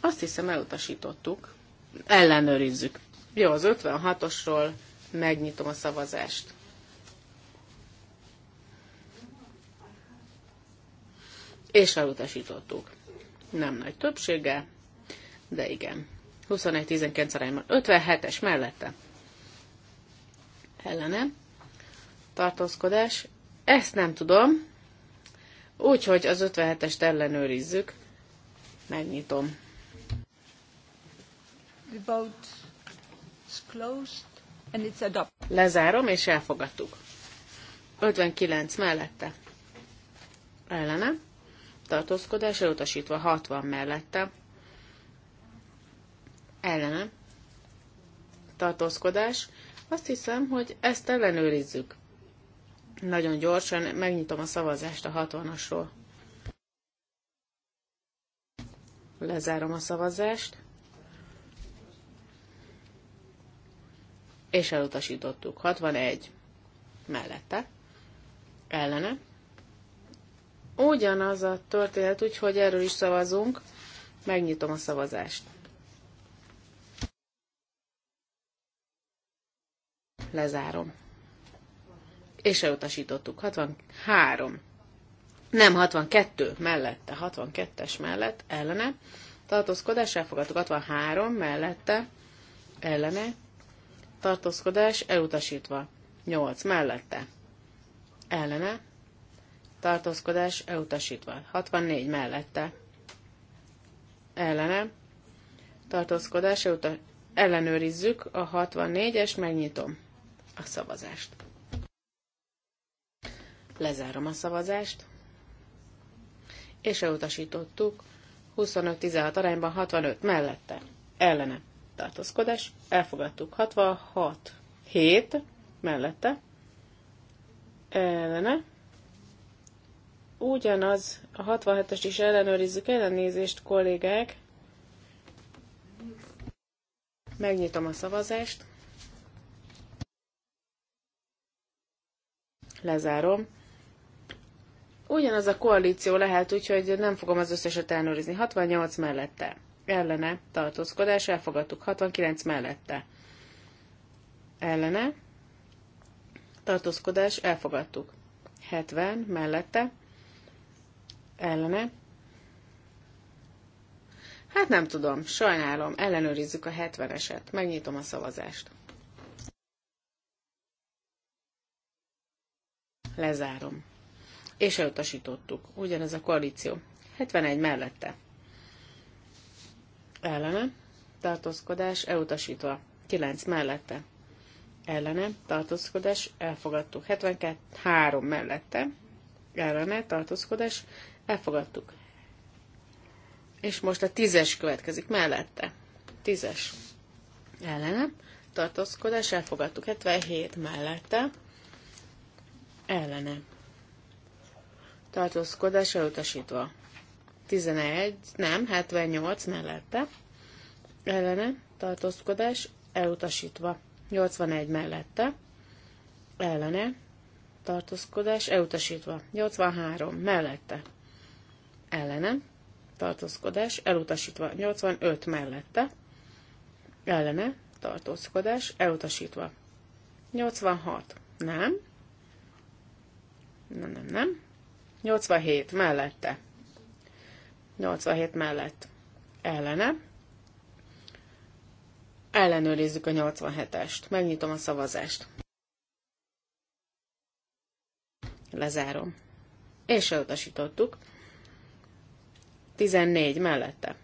Azt hiszem elutasítottuk. Ellenőrizzük. Jó, az 56-osról Megnyitom a szavazást. És elutasítottuk. Nem nagy többsége, de igen. 21-19 arányban. 57-es mellette. Ellene. Tartózkodás. Ezt nem tudom. Úgyhogy az 57-est ellenőrizzük. Megnyitom. The vote is closed. Lezárom, és elfogadtuk. 59 mellette. Ellene. Tartózkodás elutasítva 60 mellette. Ellene. Tartózkodás. Azt hiszem, hogy ezt ellenőrizzük. Nagyon gyorsan megnyitom a szavazást a 60-asról. Lezárom a szavazást. és elutasítottuk. 61 mellette, ellene. Ugyanaz a történet, úgyhogy erről is szavazunk. Megnyitom a szavazást. Lezárom. És elutasítottuk. 63. Nem, 62 mellette, 62-es mellett, ellene. Tartózkodás elfogadtuk. 63 mellette, ellene tartózkodás elutasítva. 8 mellette, ellene, tartózkodás elutasítva. 64 mellette, ellene, tartózkodás elutasítva. Ellenőrizzük a 64 es megnyitom a szavazást. Lezárom a szavazást, és elutasítottuk 25-16 arányban 65 mellette, ellene tartózkodás, elfogadtuk. 66, 7, mellette, ellene, ugyanaz, a 67-est is ellenőrizzük, ellenézést, kollégák, megnyitom a szavazást, lezárom, ugyanaz a koalíció lehet, úgyhogy nem fogom az összeset ellenőrizni. 68 mellette ellene tartózkodás, elfogadtuk 69 mellette ellene tartózkodás, elfogadtuk 70 mellette ellene. Hát nem tudom, sajnálom, ellenőrizzük a 70-eset, megnyitom a szavazást. Lezárom. És elutasítottuk, ugyanez a koalíció. 71 mellette ellene, tartózkodás elutasítva. 9 mellette, ellene, tartózkodás elfogadtuk. 3 mellette, ellene, tartózkodás elfogadtuk. És most a tízes következik mellette. Tízes. Ellene. Tartózkodás. Elfogadtuk. 77 mellette. Ellene. Tartózkodás elutasítva. 11, nem, 78 mellette, ellene, tartózkodás, elutasítva. 81 mellette, ellene, tartózkodás, elutasítva. 83 mellette, ellene, tartózkodás, elutasítva. 85 mellette, ellene, tartózkodás, elutasítva. 86, nem, nem, nem, nem. 87 mellette, 87 mellett ellene. Ellenőrizzük a 87-est. Megnyitom a szavazást. Lezárom. És elutasítottuk. 14 mellette.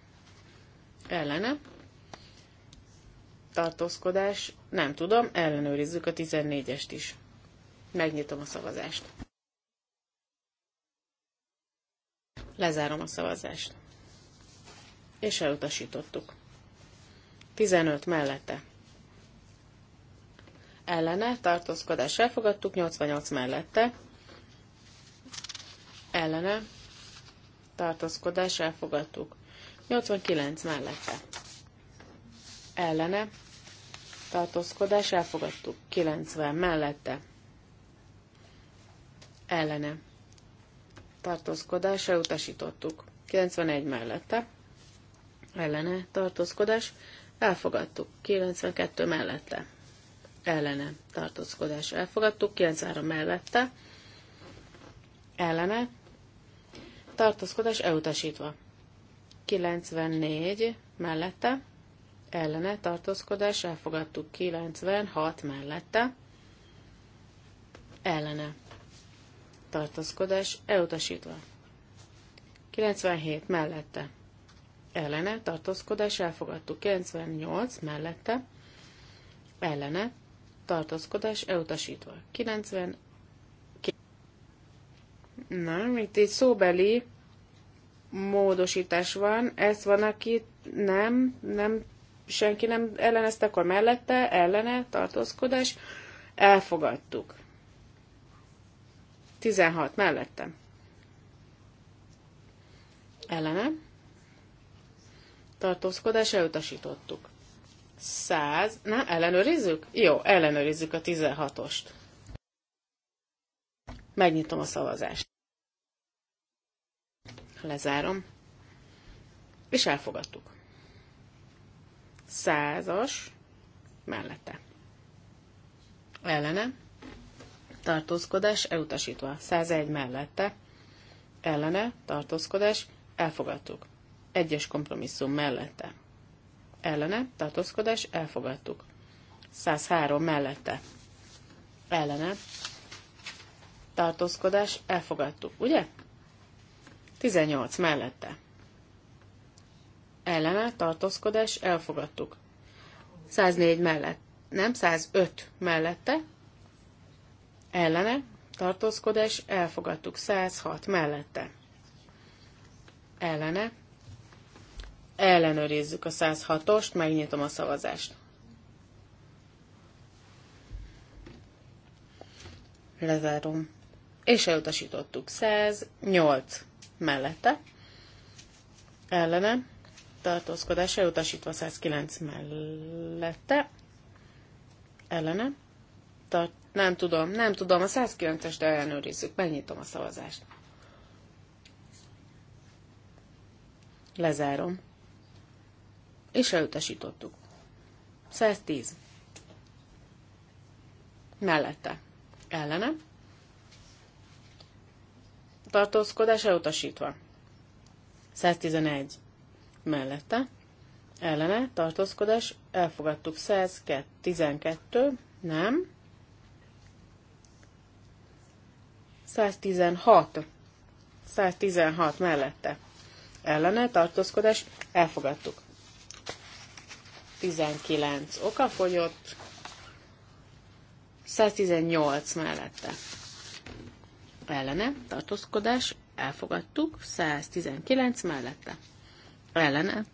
Ellene. Tartózkodás. Nem tudom, ellenőrizzük a 14-est is. Megnyitom a szavazást. Lezárom a szavazást. És elutasítottuk. 15 mellette. Ellene, tartózkodás elfogadtuk, 88 mellette. Ellene, tartózkodás elfogadtuk. 89 mellette. Ellene, tartózkodás elfogadtuk. 90 mellette. Ellene tartózkodás elutasítottuk. 91 mellette ellene tartózkodás elfogadtuk. 92 mellette ellene tartózkodás elfogadtuk. 93 mellette ellene tartózkodás elutasítva. 94 mellette ellene tartózkodás elfogadtuk. 96 mellette ellene tartózkodás elutasítva. 97 mellette ellene tartózkodás elfogadtuk. 98 mellette ellene tartózkodás elutasítva. 90 nem, itt egy szóbeli módosítás van, ez van, aki nem, nem, senki nem ellenezte, akkor mellette, ellene, tartózkodás, elfogadtuk. 16 mellettem. Ellenem. Tartózkodás elutasítottuk. 100. Nem, ellenőrizzük? Jó, ellenőrizzük a 16-ost. Megnyitom a szavazást. Lezárom. És elfogadtuk. 100-as mellette. Ellenem tartózkodás elutasítva. 101 mellette, ellene, tartózkodás, elfogadtuk. Egyes kompromisszum mellette, ellene, tartózkodás, elfogadtuk. 103 mellette, ellene, tartózkodás, elfogadtuk, ugye? 18 mellette. Ellene, tartózkodás, elfogadtuk. 104 mellett, nem, 105 mellette, ellene, tartózkodás, elfogadtuk 106 mellette, ellene, ellenőrizzük a 106-ost, megnyitom a szavazást. Lezárom. És elutasítottuk 108 mellette, ellene, tartózkodás elutasítva 109 mellette, ellene, tart, nem tudom, nem tudom, a 109-est ellenőrizzük, megnyitom a szavazást. Lezárom. És elutasítottuk. 110. Mellette. Ellene. Tartózkodás elutasítva. 111. Mellette. Ellene. Tartózkodás. Elfogadtuk. 112. Nem. 116. 116 mellette. Ellene tartózkodás elfogadtuk. 19 fogyott. 118 mellette. Ellene tartózkodás elfogadtuk, 119 mellette. Ellene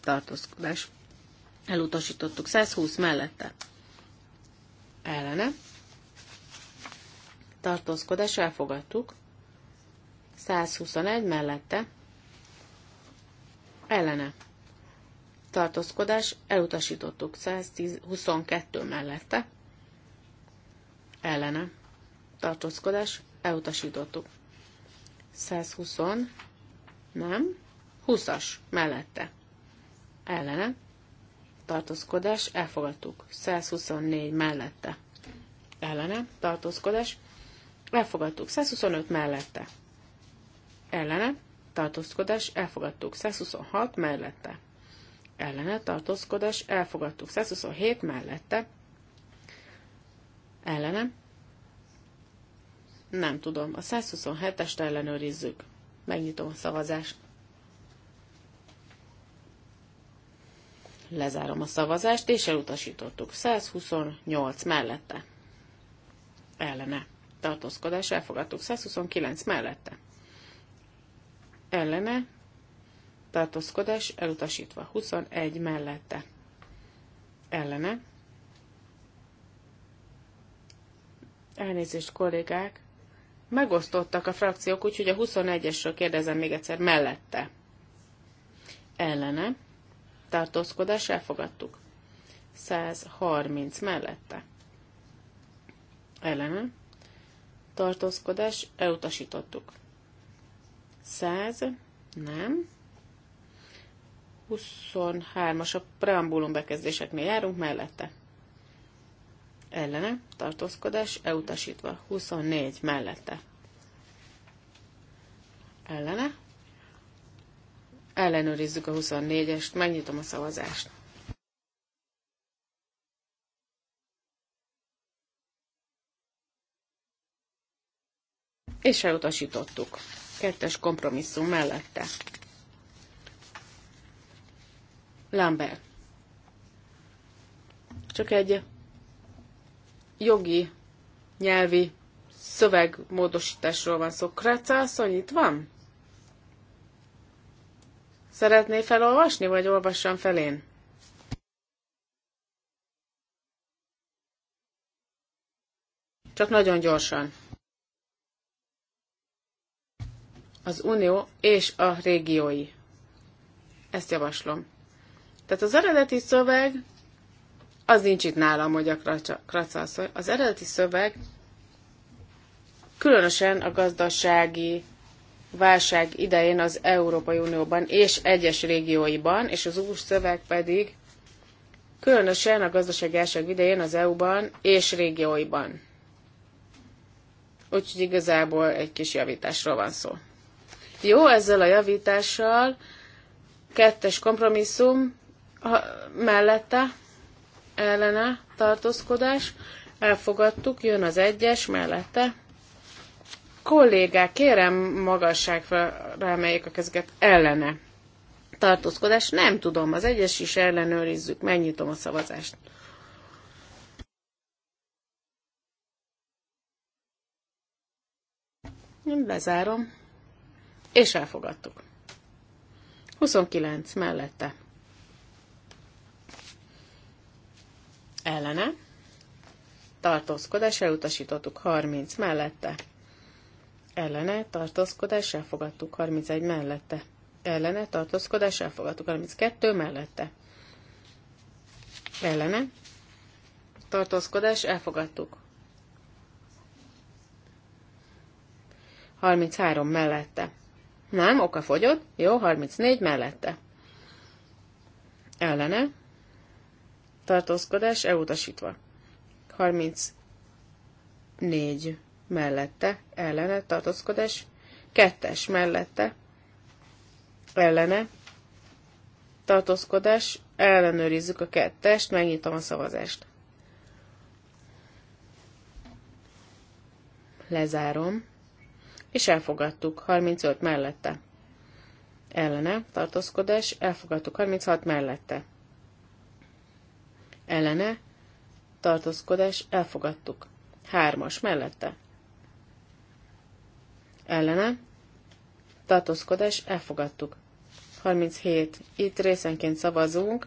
tartózkodás elutasítottuk, 120 mellette. Ellene tartózkodás elfogadtuk. 121 mellette ellene tartózkodás elutasítottuk. 122 mellette ellene tartózkodás elutasítottuk. 120 nem, 20-as mellette ellene tartózkodás elfogadtuk. 124 mellette ellene tartózkodás elfogadtuk 125 mellette. Ellene, tartózkodás, elfogadtuk 126 mellette. Ellene, tartózkodás, elfogadtuk 127 mellette. Ellene, nem tudom, a 127-est ellenőrizzük. Megnyitom a szavazást. Lezárom a szavazást, és elutasítottuk 128 mellette. Ellene tartózkodás elfogadtuk. 129 mellette ellene tartózkodás elutasítva. 21 mellette ellene. Elnézést, kollégák. Megosztottak a frakciók, úgyhogy a 21-esről kérdezem még egyszer mellette. Ellene. Tartózkodás elfogadtuk. 130 mellette. Ellene tartózkodás, elutasítottuk. 100, nem. 23-as a preambulum bekezdéseknél járunk mellette. Ellene, tartózkodás, elutasítva. 24 mellette. Ellene. Ellenőrizzük a 24-est, megnyitom a szavazást. és elutasítottuk. Kettes kompromisszum mellette. Lambert. Csak egy jogi, nyelvi szövegmódosításról van szó. Kráca asszony itt van? Szeretné felolvasni, vagy olvassam felén? Csak nagyon gyorsan. az unió és a régiói. Ezt javaslom. Tehát az eredeti szöveg, az nincs itt nálam, hogy a kraca az eredeti szöveg különösen a gazdasági válság idején az Európai Unióban és egyes régióiban, és az új szöveg pedig különösen a gazdasági válság idején az EU-ban és régióiban. Úgyhogy igazából egy kis javításról van szó jó, ezzel a javítással kettes kompromisszum mellette ellene tartózkodás, elfogadtuk, jön az egyes mellette. Kollégák, kérem magasságra emeljék a kezeket ellene. Tartózkodás, nem tudom, az egyes is ellenőrizzük, megnyitom a szavazást. Lezárom és elfogadtuk. 29 mellette. Ellene. Tartózkodás elutasítottuk 30 mellette. Ellene tartózkodás elfogadtuk 31 mellette. Ellene tartózkodás elfogadtuk 32 mellette. Ellene tartózkodás elfogadtuk 33 mellette nem, oka fogyott. Jó, 34 mellette. Ellene. Tartózkodás elutasítva. 34 mellette. Ellene. Tartózkodás. Kettes mellette. Ellene. Tartózkodás. Ellenőrizzük a kettest. Megnyitom a szavazást. Lezárom és elfogadtuk 35 mellette. Ellene tartózkodás, elfogadtuk 36 mellette. Ellene tartózkodás, elfogadtuk. Hármas mellette. Ellene tartózkodás, elfogadtuk. 37. Itt részenként szavazunk.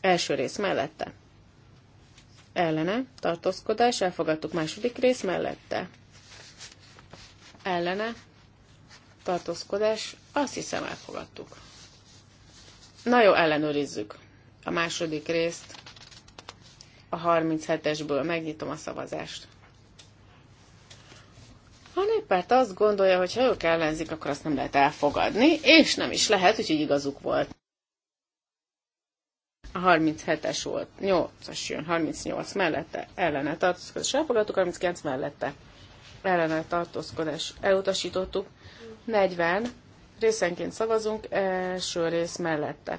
Első rész mellette. Ellene tartózkodás, elfogadtuk második rész mellette ellene, tartózkodás, azt hiszem elfogadtuk. Na jó, ellenőrizzük a második részt a 37-esből. Megnyitom a szavazást. A néppárt azt gondolja, hogy ha ők ellenzik, akkor azt nem lehet elfogadni, és nem is lehet, úgyhogy igazuk volt. A 37-es volt, 8-as jön, 38 mellette, ellene tartózkodás elfogadtuk, 39 mellette ellene tartózkodás elutasítottuk, 40 részenként szavazunk, első rész mellette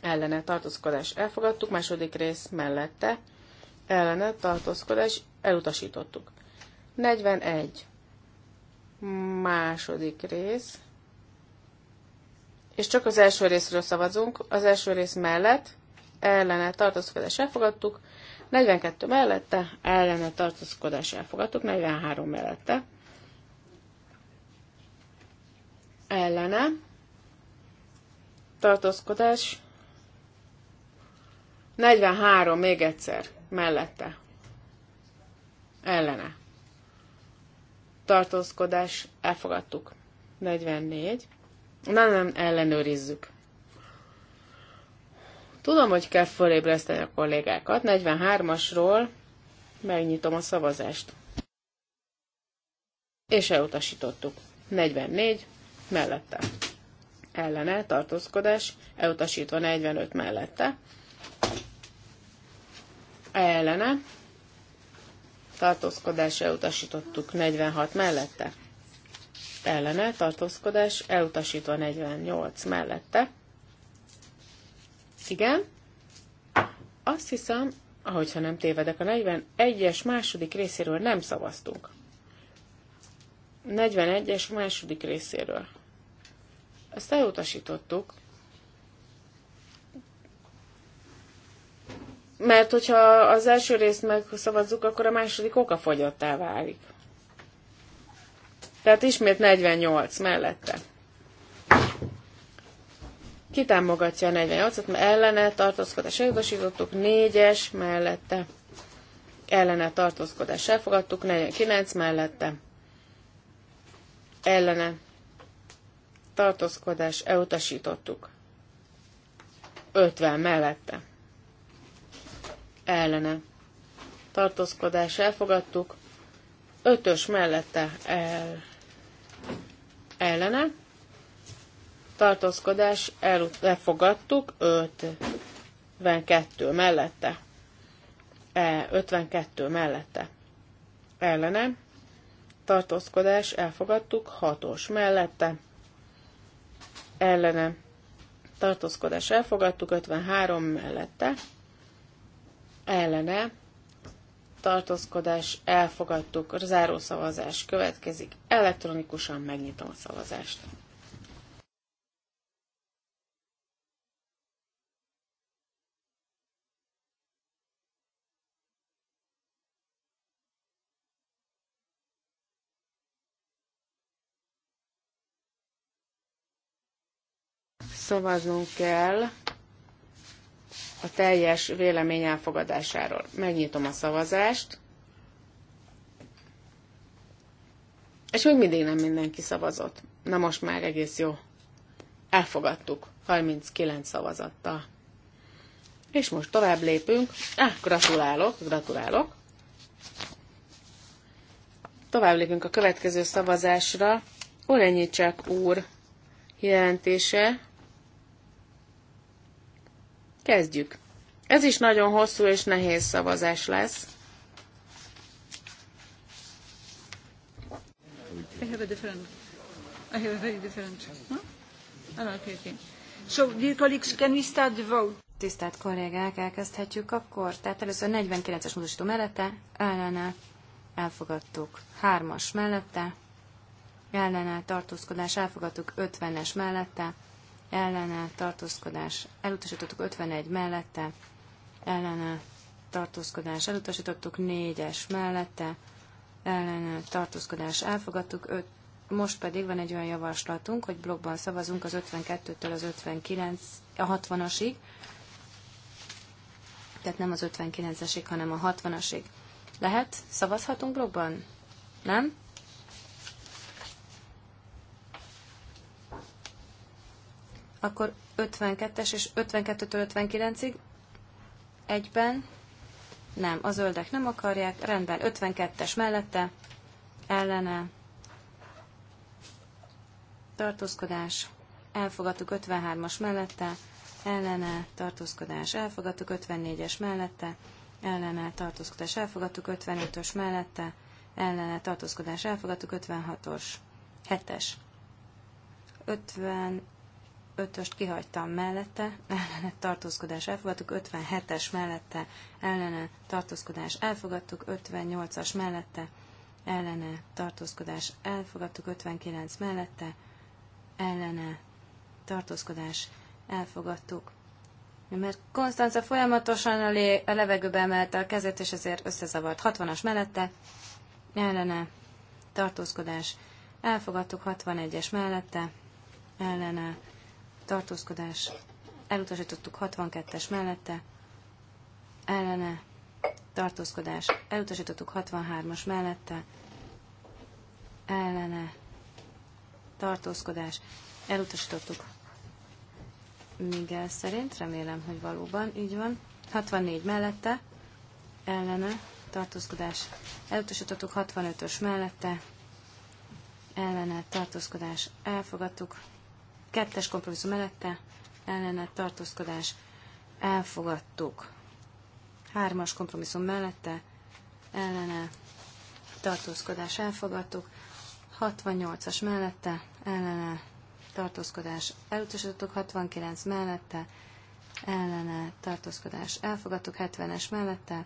ellene tartózkodás elfogadtuk, második rész mellette ellene tartózkodás elutasítottuk. 41. Második rész. És csak az első részről szavazunk. Az első rész mellett ellene tartózkodás elfogadtuk, 42 mellette, ellene tartózkodás elfogadtuk, 43 mellette, ellene tartózkodás, 43 még egyszer mellette, ellene tartózkodás elfogadtuk, 44, nem, nem, ellenőrizzük. Tudom, hogy kell fölébreszteni a kollégákat. 43-asról megnyitom a szavazást. És elutasítottuk. 44 mellette. Ellene tartózkodás, elutasítva 45 mellette. Ellene tartózkodás, elutasítottuk 46 mellette. Ellene tartózkodás, elutasítva 48 mellette igen. Azt hiszem, ahogyha nem tévedek, a 41-es második részéről nem szavaztunk. 41-es második részéről. Ezt elutasítottuk, mert hogyha az első részt megszavazzuk, akkor a második oka fogyottá válik. Tehát ismét 48 mellette. Ki támogatja a 48-at, mert ellene tartózkodás elutasítottuk, 4-es mellette ellene tartózkodás elfogadtuk, 49 mellette ellene tartózkodás elutasítottuk, 50 mellette ellene tartózkodás elfogadtuk, 5-ös mellette el, ellene tartózkodás elfogadtuk, 52 mellette. E, 52 mellette. Ellene. Tartózkodás elfogadtuk, 6-os mellette. Ellene. Tartózkodás elfogadtuk, 53 mellette. Ellene. Tartózkodás elfogadtuk, záró szavazás következik. Elektronikusan megnyitom a szavazást. szavaznunk kell a teljes vélemény elfogadásáról. Megnyitom a szavazást. És még mindig nem mindenki szavazott. Na most már egész jó. Elfogadtuk 39 szavazattal. És most tovább lépünk. Ah, gratulálok, gratulálok. Tovább lépünk a következő szavazásra. csak úr jelentése Kezdjük. Ez is nagyon hosszú és nehéz szavazás lesz. I have a different. I have a very different. Ah, okay, okay. So, dear colleagues, can we start the vote? Tisztelt kollégák, elkezdhetjük akkor. Tehát először 49-es módosító mellette, ellene, elfogadtuk. Hármas mellette, ellene, tartózkodás, elfogadtuk. 50-es mellette, ellene tartózkodás elutasítottuk 51 mellette, ellene tartózkodás elutasítottuk 4-es mellette, ellene tartózkodás elfogadtuk 5 most pedig van egy olyan javaslatunk, hogy blogban szavazunk az 52-től az 59, a 60-asig, tehát nem az 59-esig, hanem a 60-asig. Lehet? Szavazhatunk blogban? Nem? akkor 52-es és 52-től 59-ig egyben, nem, a zöldek nem akarják, rendben, 52-es mellette, ellene, tartózkodás, elfogadtuk 53-as mellette, ellene, tartózkodás, elfogadtuk 54-es mellette, ellene, tartózkodás, elfogadtuk 55-ös mellette, ellene, tartózkodás, elfogadtuk 56-os, 7-es. 50, ötöst kihagytam mellette, ellene tartózkodás elfogadtuk, 57-es mellette, ellene tartózkodás elfogadtuk, 58-as mellette, ellene tartózkodás elfogadtuk, 59 mellette, ellene tartózkodás elfogadtuk. Mert Konstanza folyamatosan a, lé, a levegőbe emelte a kezét, és ezért összezavart. 60-as mellette, ellene tartózkodás elfogadtuk, 61-es mellette, ellene tartózkodás, elutasítottuk 62-es mellette, ellene, tartózkodás, elutasítottuk 63-as mellette, ellene, tartózkodás, elutasítottuk Miguel szerint, remélem, hogy valóban így van, 64 mellette, ellene, tartózkodás, elutasítottuk 65-ös mellette, ellene, tartózkodás, elfogadtuk, Kettes kompromisszum mellette ellene tartózkodás elfogadtuk. Hármas kompromisszum mellette ellene tartózkodás elfogadtuk. 68-as mellette ellene tartózkodás elutasítottuk, 69 mellette ellene tartózkodás elfogadtuk, 70-es mellette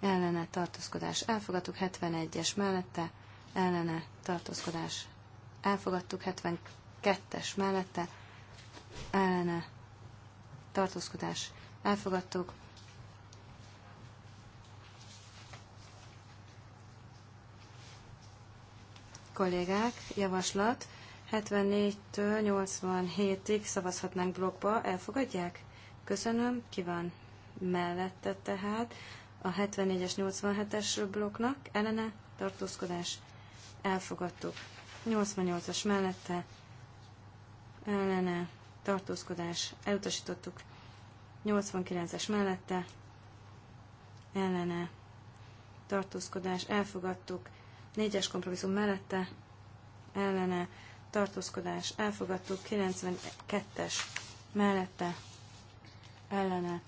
ellene tartózkodás elfogadtuk, 71-es mellette ellene tartózkodás elfogadtuk, kettes mellette ellene tartózkodás elfogadtuk. Kollégák, javaslat 74-től 87-ig szavazhatnánk blogba, elfogadják? Köszönöm, ki van mellette tehát a 74-es 87-es blokknak ellene tartózkodás elfogadtuk. 88-as mellette ellene tartózkodás elutasítottuk. 89-es mellette ellene tartózkodás elfogadtuk. 4-es kompromisszum mellette ellene tartózkodás elfogadtuk. 92-es mellette ellene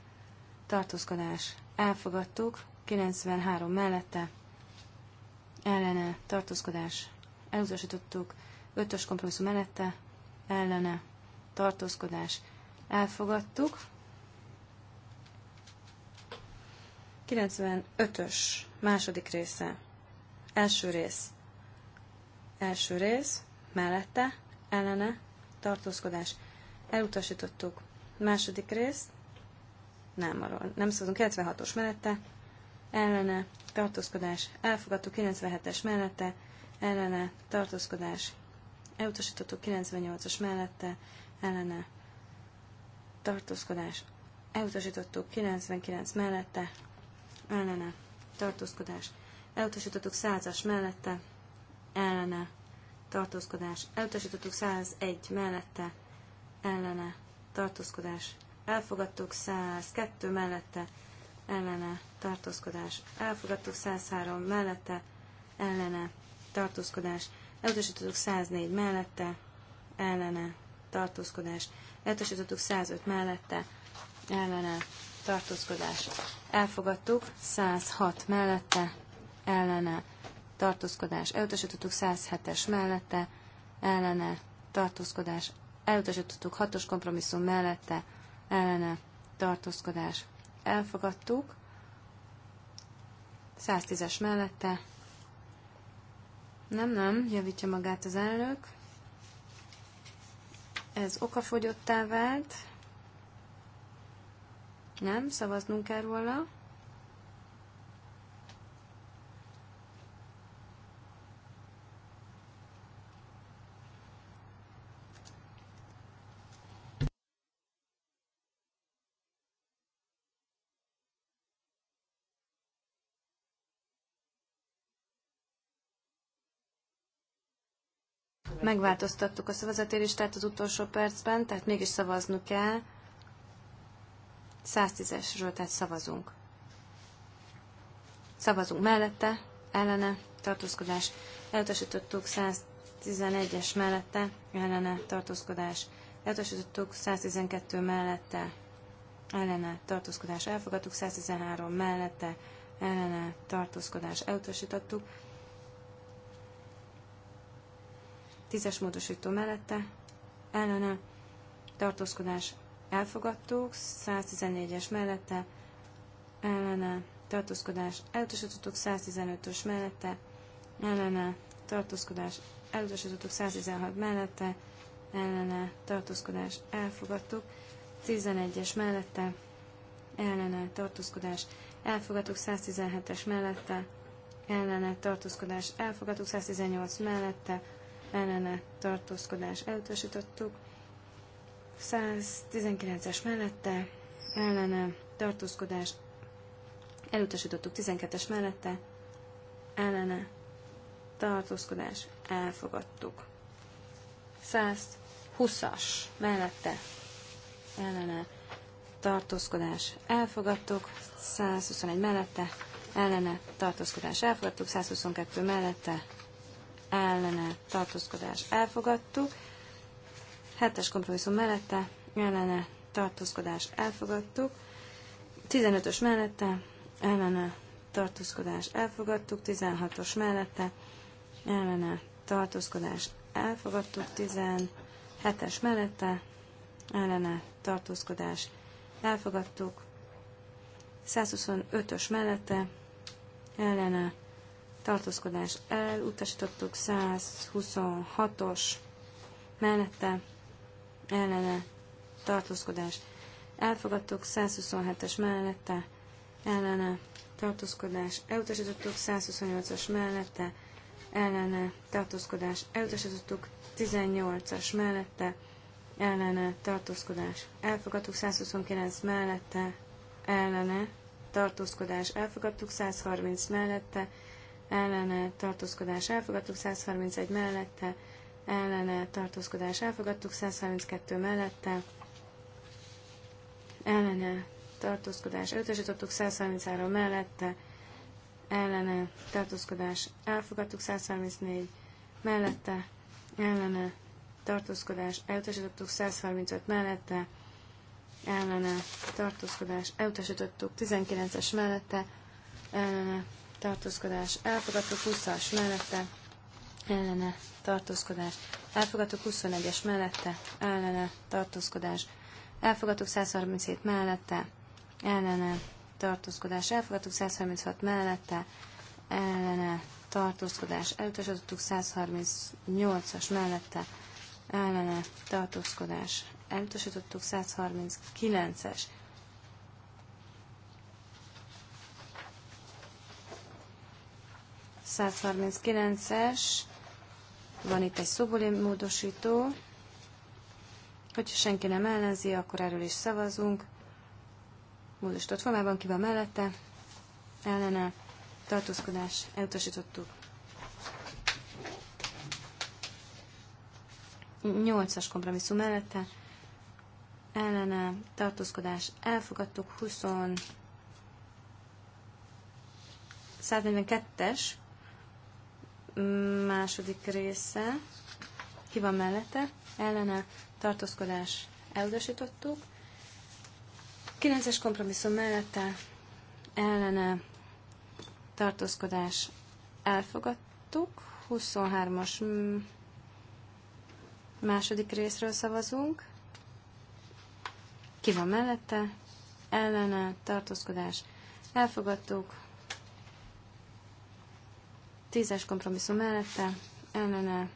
tartózkodás elfogadtuk. 93 mellette ellene tartózkodás elutasítottuk. 5-ös kompromisszum mellette ellene tartózkodás elfogadtuk. 95-ös második része. Első rész. Első rész mellette ellene tartózkodás elutasítottuk. Második rész nem arról. Nem szabadunk 96-os mellette ellene tartózkodás elfogadtuk 97-es mellette ellene tartózkodás elutasítottuk 98-as mellette ellene tartózkodás, elutasítottuk 99 mellette ellene tartózkodás, elutasítottuk 100-as mellette ellene tartózkodás, elutasítottuk 101 mellette ellene tartózkodás, elfogadtuk 102 mellette ellene tartózkodás, elfogadtuk 103 mellette ellene tartózkodás, Elutasítottuk 104 mellette, ellene, tartózkodás. Elutasítottuk 105 mellette, ellene, tartózkodás. Elfogadtuk 106 mellette, ellene, tartózkodás. Elutasítottuk 107-es mellette, ellene, tartózkodás. Elutasítottuk 6-os kompromisszum mellette, ellene, tartózkodás. Elfogadtuk 110-es mellette, nem, nem, javítja magát az elnök. Ez okafogyottá vált. Nem, szavaznunk kell róla. Megváltoztattuk a tehát az utolsó percben, tehát mégis szavaznunk kell. 110-esről, tehát szavazunk. Szavazunk mellette, ellene, tartózkodás. Elutasítottuk 111-es mellette, ellene, tartózkodás. Elutasítottuk 112 mellette, ellene, tartózkodás. Elfogadtuk 113 mellette, ellene, tartózkodás. Elutasítottuk Tízes módosító mellette ellene tartózkodás elfogadtuk, 114-es mellette ellene tartózkodás elutasítottuk, 115-ös mellette ellene tartózkodás elutasítottuk, 116 mellette ellene tartózkodás elfogadtuk, 11-es mellette ellene tartózkodás elfogadtuk, 117-es mellette ellene tartózkodás elfogadtuk, 118 mellette ellene tartózkodás elutasítottuk, 119-es mellette ellene tartózkodás elutasítottuk, 12-es mellette ellene tartózkodás elfogadtuk. 120-as mellette ellene tartózkodás elfogadtuk, 121 mellette ellene tartózkodás elfogadtuk, 122 mellette ellene tartózkodás elfogadtuk. Hetes kompromisszum mellette ellene tartózkodás elfogadtuk. 15-ös mellette ellene tartózkodás elfogadtuk. 16-os mellette ellene tartózkodás elfogadtuk. 17-es mellette ellene tartózkodás elfogadtuk. 125-ös mellette ellene tartózkodás elutasítottuk, 126-os mellette ellene tartózkodás elfogadtuk, 127-es mellette ellene tartózkodás elutasítottuk, 128-as mellette ellene tartózkodás elutasítottuk, 18-as mellette ellene tartózkodás elfogadtuk, 129 mellette ellene tartózkodás elfogadtuk, 130 mellette ellene tartózkodás elfogadtuk, 131 mellette ellene tartózkodás elfogadtuk, 132 mellette ellene tartózkodás elutasítottuk, 133 mellette ellene tartózkodás elfogadtuk, 134 mellette ellene tartózkodás elutasítottuk, 135 mellette ellene tartózkodás elutasítottuk, 19-es mellette ellene tartózkodás, elfogadtuk 20-as mellette, ellene, tartózkodás, elfogadtuk 21-es mellette, ellene, tartózkodás, elfogadtuk 137 mellette, ellene, tartózkodás, elfogadtuk 136 mellette, ellene, tartózkodás, elutasítottuk 138-as mellette, ellene, tartózkodás, elutasítottuk 139-es 139-es, van itt egy szobori módosító. Hogyha senki nem ellenzi, akkor erről is szavazunk. Módosított formában ki van mellette, ellene, tartózkodás, elutasítottuk. 8-as kompromisszum mellette, ellene, tartózkodás, elfogadtuk, 20 142-es Második része. Ki van mellette? Ellene tartózkodás elutasítottuk. Kilences kompromisszum mellette ellene tartózkodás elfogadtuk. 23-as mm, második részről szavazunk. Ki van mellette? Ellene tartózkodás elfogadtuk. Tízes kompromisszum mellette, ellene,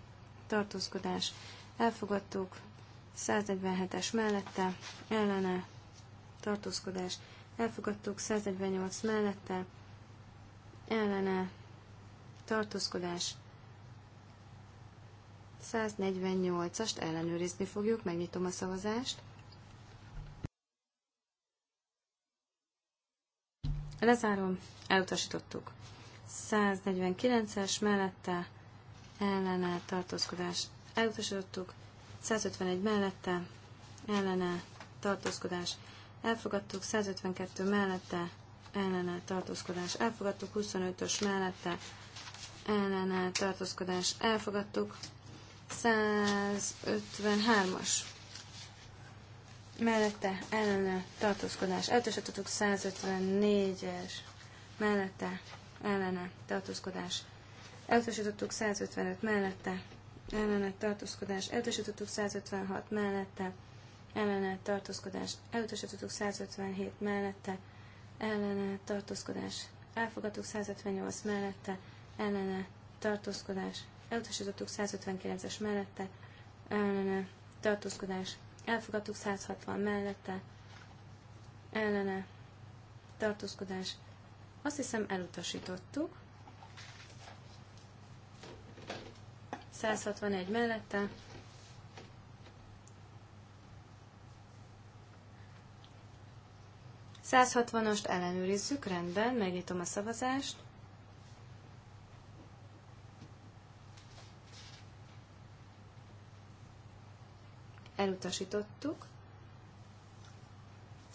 tartózkodás, elfogadtuk. 147-es mellette, ellene, tartózkodás, elfogadtuk. 148 mellette, ellene, tartózkodás, 148-ast ellenőrizni fogjuk, megnyitom a szavazást. Lezárom, elutasítottuk. 149-es mellette ellene tartózkodás elutasítottuk, 151 mellette ellene tartózkodás elfogadtuk, 152 mellette ellene tartózkodás elfogadtuk, 25-ös mellette ellene tartózkodás elfogadtuk, 153-as mellette ellene tartózkodás elutasítottuk, 154-es mellette ellene tartózkodás. Elutasítottuk 155 mellette, ellene tartózkodás. Elutasítottuk 156 mellette, ellene tartózkodás. Elutasítottuk 157 mellette, ellene tartózkodás. Elfogadtuk 158 mellette, ellene tartózkodás. Elutasítottuk 159-es mellette, ellene tartózkodás. Elfogadtuk 160 mellette, ellene tartózkodás. Azt hiszem elutasítottuk. 161 mellette. Százhatvanost ellenőrizzük, rendben, megnyitom a szavazást. Elutasítottuk.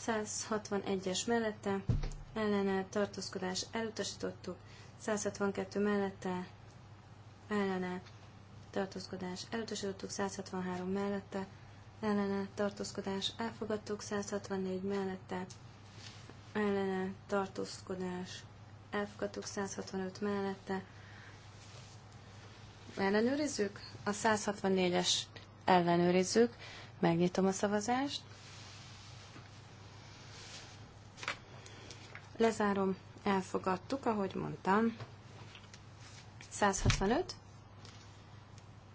161-es mellette ellene tartózkodás elutasítottuk, 162 mellette ellene tartózkodás elutasítottuk, 163 mellette ellene tartózkodás elfogadtuk, 164 mellette ellene tartózkodás elfogadtuk, 165 mellette ellenőrizzük, a 164-es ellenőrizzük, megnyitom a szavazást, lezárom, elfogadtuk, ahogy mondtam. 165,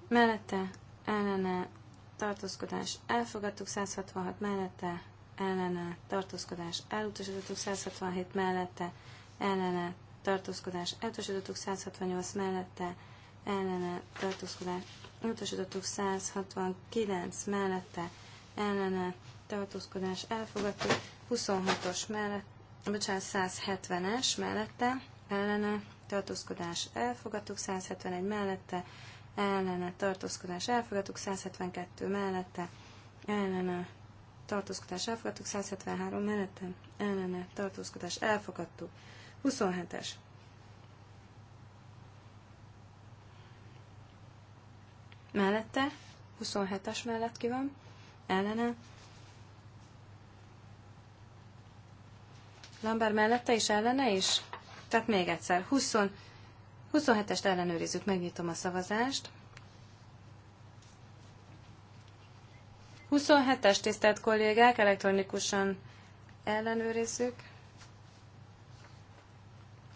mellette ellene tartózkodás elfogadtuk, 166 mellette ellene tartózkodás elutasítottuk, 167 mellette ellene tartózkodás elutasítottuk, 168 mellette ellene tartózkodás elutasítottuk, 169 mellette ellene tartózkodás elfogadtuk, 26-os mellette bocsánat, 170-es mellette, ellene, tartózkodás elfogadtuk, 171 mellette, ellene, tartózkodás elfogadtuk, 172 mellette, ellene, tartózkodás elfogadtuk, 173 mellette, ellene, tartózkodás elfogadtuk, 27-es. Mellette, 27-es mellett ki van, ellene, Lambert mellette is ellene is? Tehát még egyszer, 20, 27-est ellenőrizzük, megnyitom a szavazást. 27-es tisztelt kollégák, elektronikusan ellenőrizzük.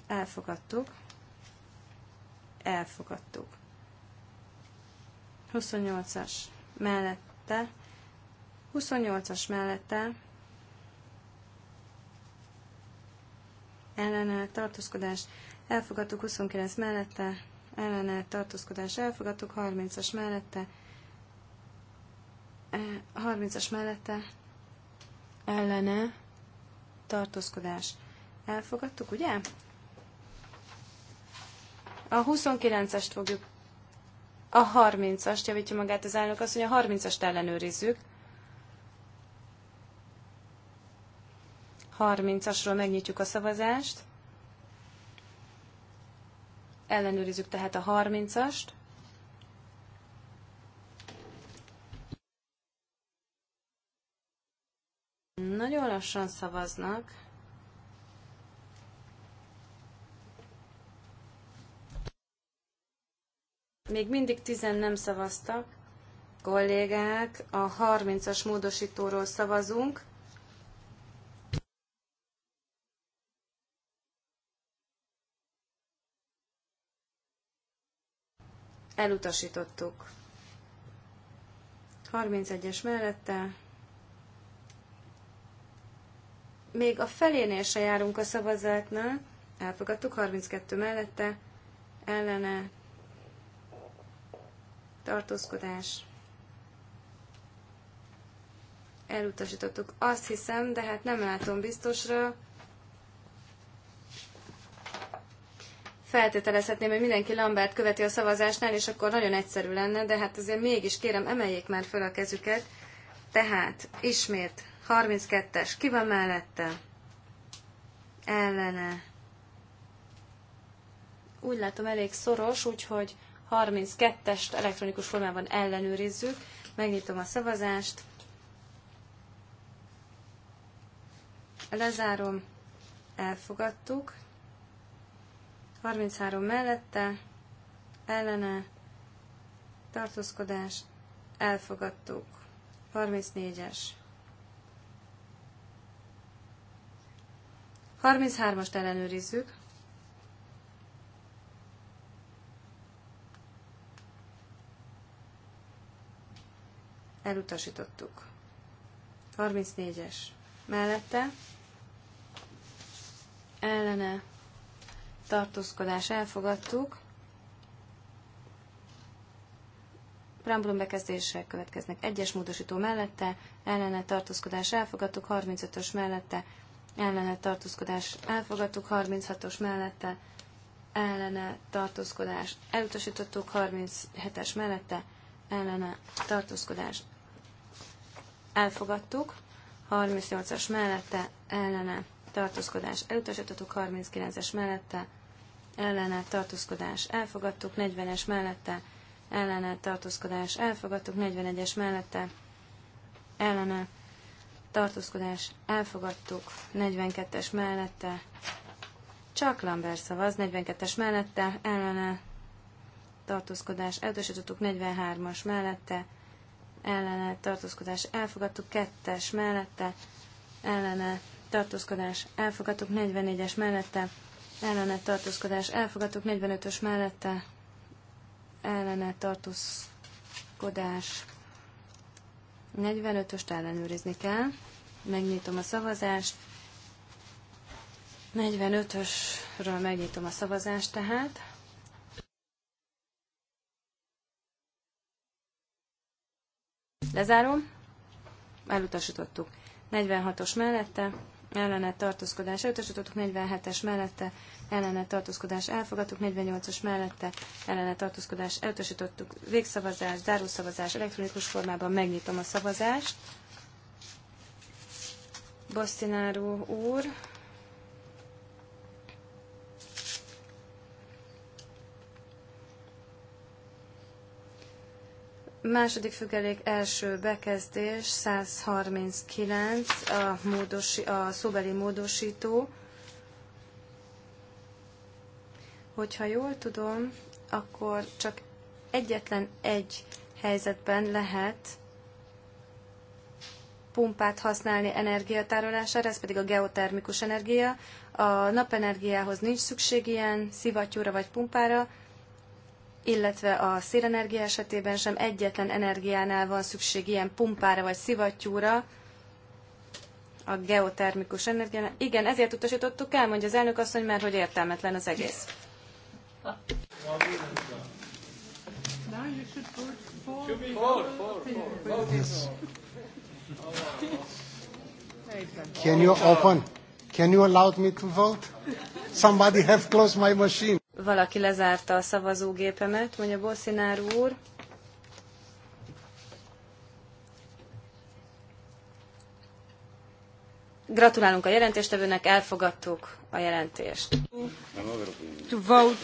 Elfogadtuk. Elfogadtuk. 28-as mellette. 28-as mellette ellene tartózkodás elfogadtuk, 29 mellette ellene tartózkodás elfogadtuk, 30-as mellette 30-as eh, mellette ellene tartózkodás elfogadtuk, ugye? A 29-est fogjuk a 30-ast, javítja magát az elnök azt, mondja, a 30-ast ellenőrizzük. 30-asról megnyitjuk a szavazást. Ellenőrizzük tehát a 30-ast. Nagyon lassan szavaznak. Még mindig tizen nem szavaztak. Kollégák, a 30-as módosítóról szavazunk. elutasítottuk. 31-es mellette. Még a felénél se járunk a szavazatnál. Elfogadtuk 32 mellette. Ellene tartózkodás. Elutasítottuk. Azt hiszem, de hát nem látom biztosra. feltételezhetném, hogy mindenki Lambert követi a szavazásnál, és akkor nagyon egyszerű lenne, de hát azért mégis kérem, emeljék már föl a kezüket. Tehát, ismét, 32-es, ki van mellette? Ellene. Úgy látom, elég szoros, úgyhogy 32-est elektronikus formában ellenőrizzük. Megnyitom a szavazást. Lezárom. Elfogadtuk. 33 mellette, ellene, tartózkodás, elfogadtuk. 34-es. 33-ast ellenőrizzük. Elutasítottuk. 34-es. Mellette, ellene, tartózkodás elfogadtuk. Preambulum bekezdések következnek. Egyes módosító mellette, ellene tartózkodás elfogadtuk, 35-ös mellette, ellene tartózkodás elfogadtuk, 36-os mellette, ellene tartózkodás elutasítottuk, 37-es mellette, ellene tartózkodás elfogadtuk, 38-as mellette, ellene tartózkodás elutasítottuk, 39-es mellette, ellene tartózkodás elfogadtuk, 40-es mellette ellene tartózkodás elfogadtuk, 41-es mellette ellene tartózkodás elfogadtuk, 42-es mellette csak Lambert szavaz, 42-es mellette ellene tartózkodás elutasítottuk, 43-as mellette ellene tartózkodás elfogadtuk, 2-es mellette ellene tartózkodás elfogadtuk, 44-es mellette ellene tartózkodás elfogadtuk, 45-ös mellette ellene tartózkodás 45-öst ellenőrizni kell. Megnyitom a szavazást. 45-ösről megnyitom a szavazást tehát. Lezárom. Elutasítottuk. 46-os mellette ellene tartózkodás elutasítottuk, 47-es mellette ellene tartózkodás elfogadtuk, 48-as mellette ellene tartózkodás elutasítottuk, végszavazás, zárószavazás, elektronikus formában megnyitom a szavazást. Bosszináró úr, Második függelék első bekezdés 139 a, módosi, a szóbeli módosító. Hogyha jól tudom, akkor csak egyetlen egy helyzetben lehet pumpát használni energiatárolására, ez pedig a geotermikus energia. A napenergiához nincs szükség ilyen szivattyúra vagy pumpára, illetve a szélenergia esetében sem egyetlen energiánál van szükség ilyen pumpára vagy szivattyúra, a geotermikus energiánál. Igen, ezért utasítottuk el, mondja az elnök asszony, mert hogy értelmetlen az egész. Can you open? Can you allow me to vote? Somebody have closed my machine. Valaki lezárta a szavazógépemet, mondja Bosszinár úr. Gratulálunk a jelentéstevőnek, elfogadtuk a jelentést. To vote.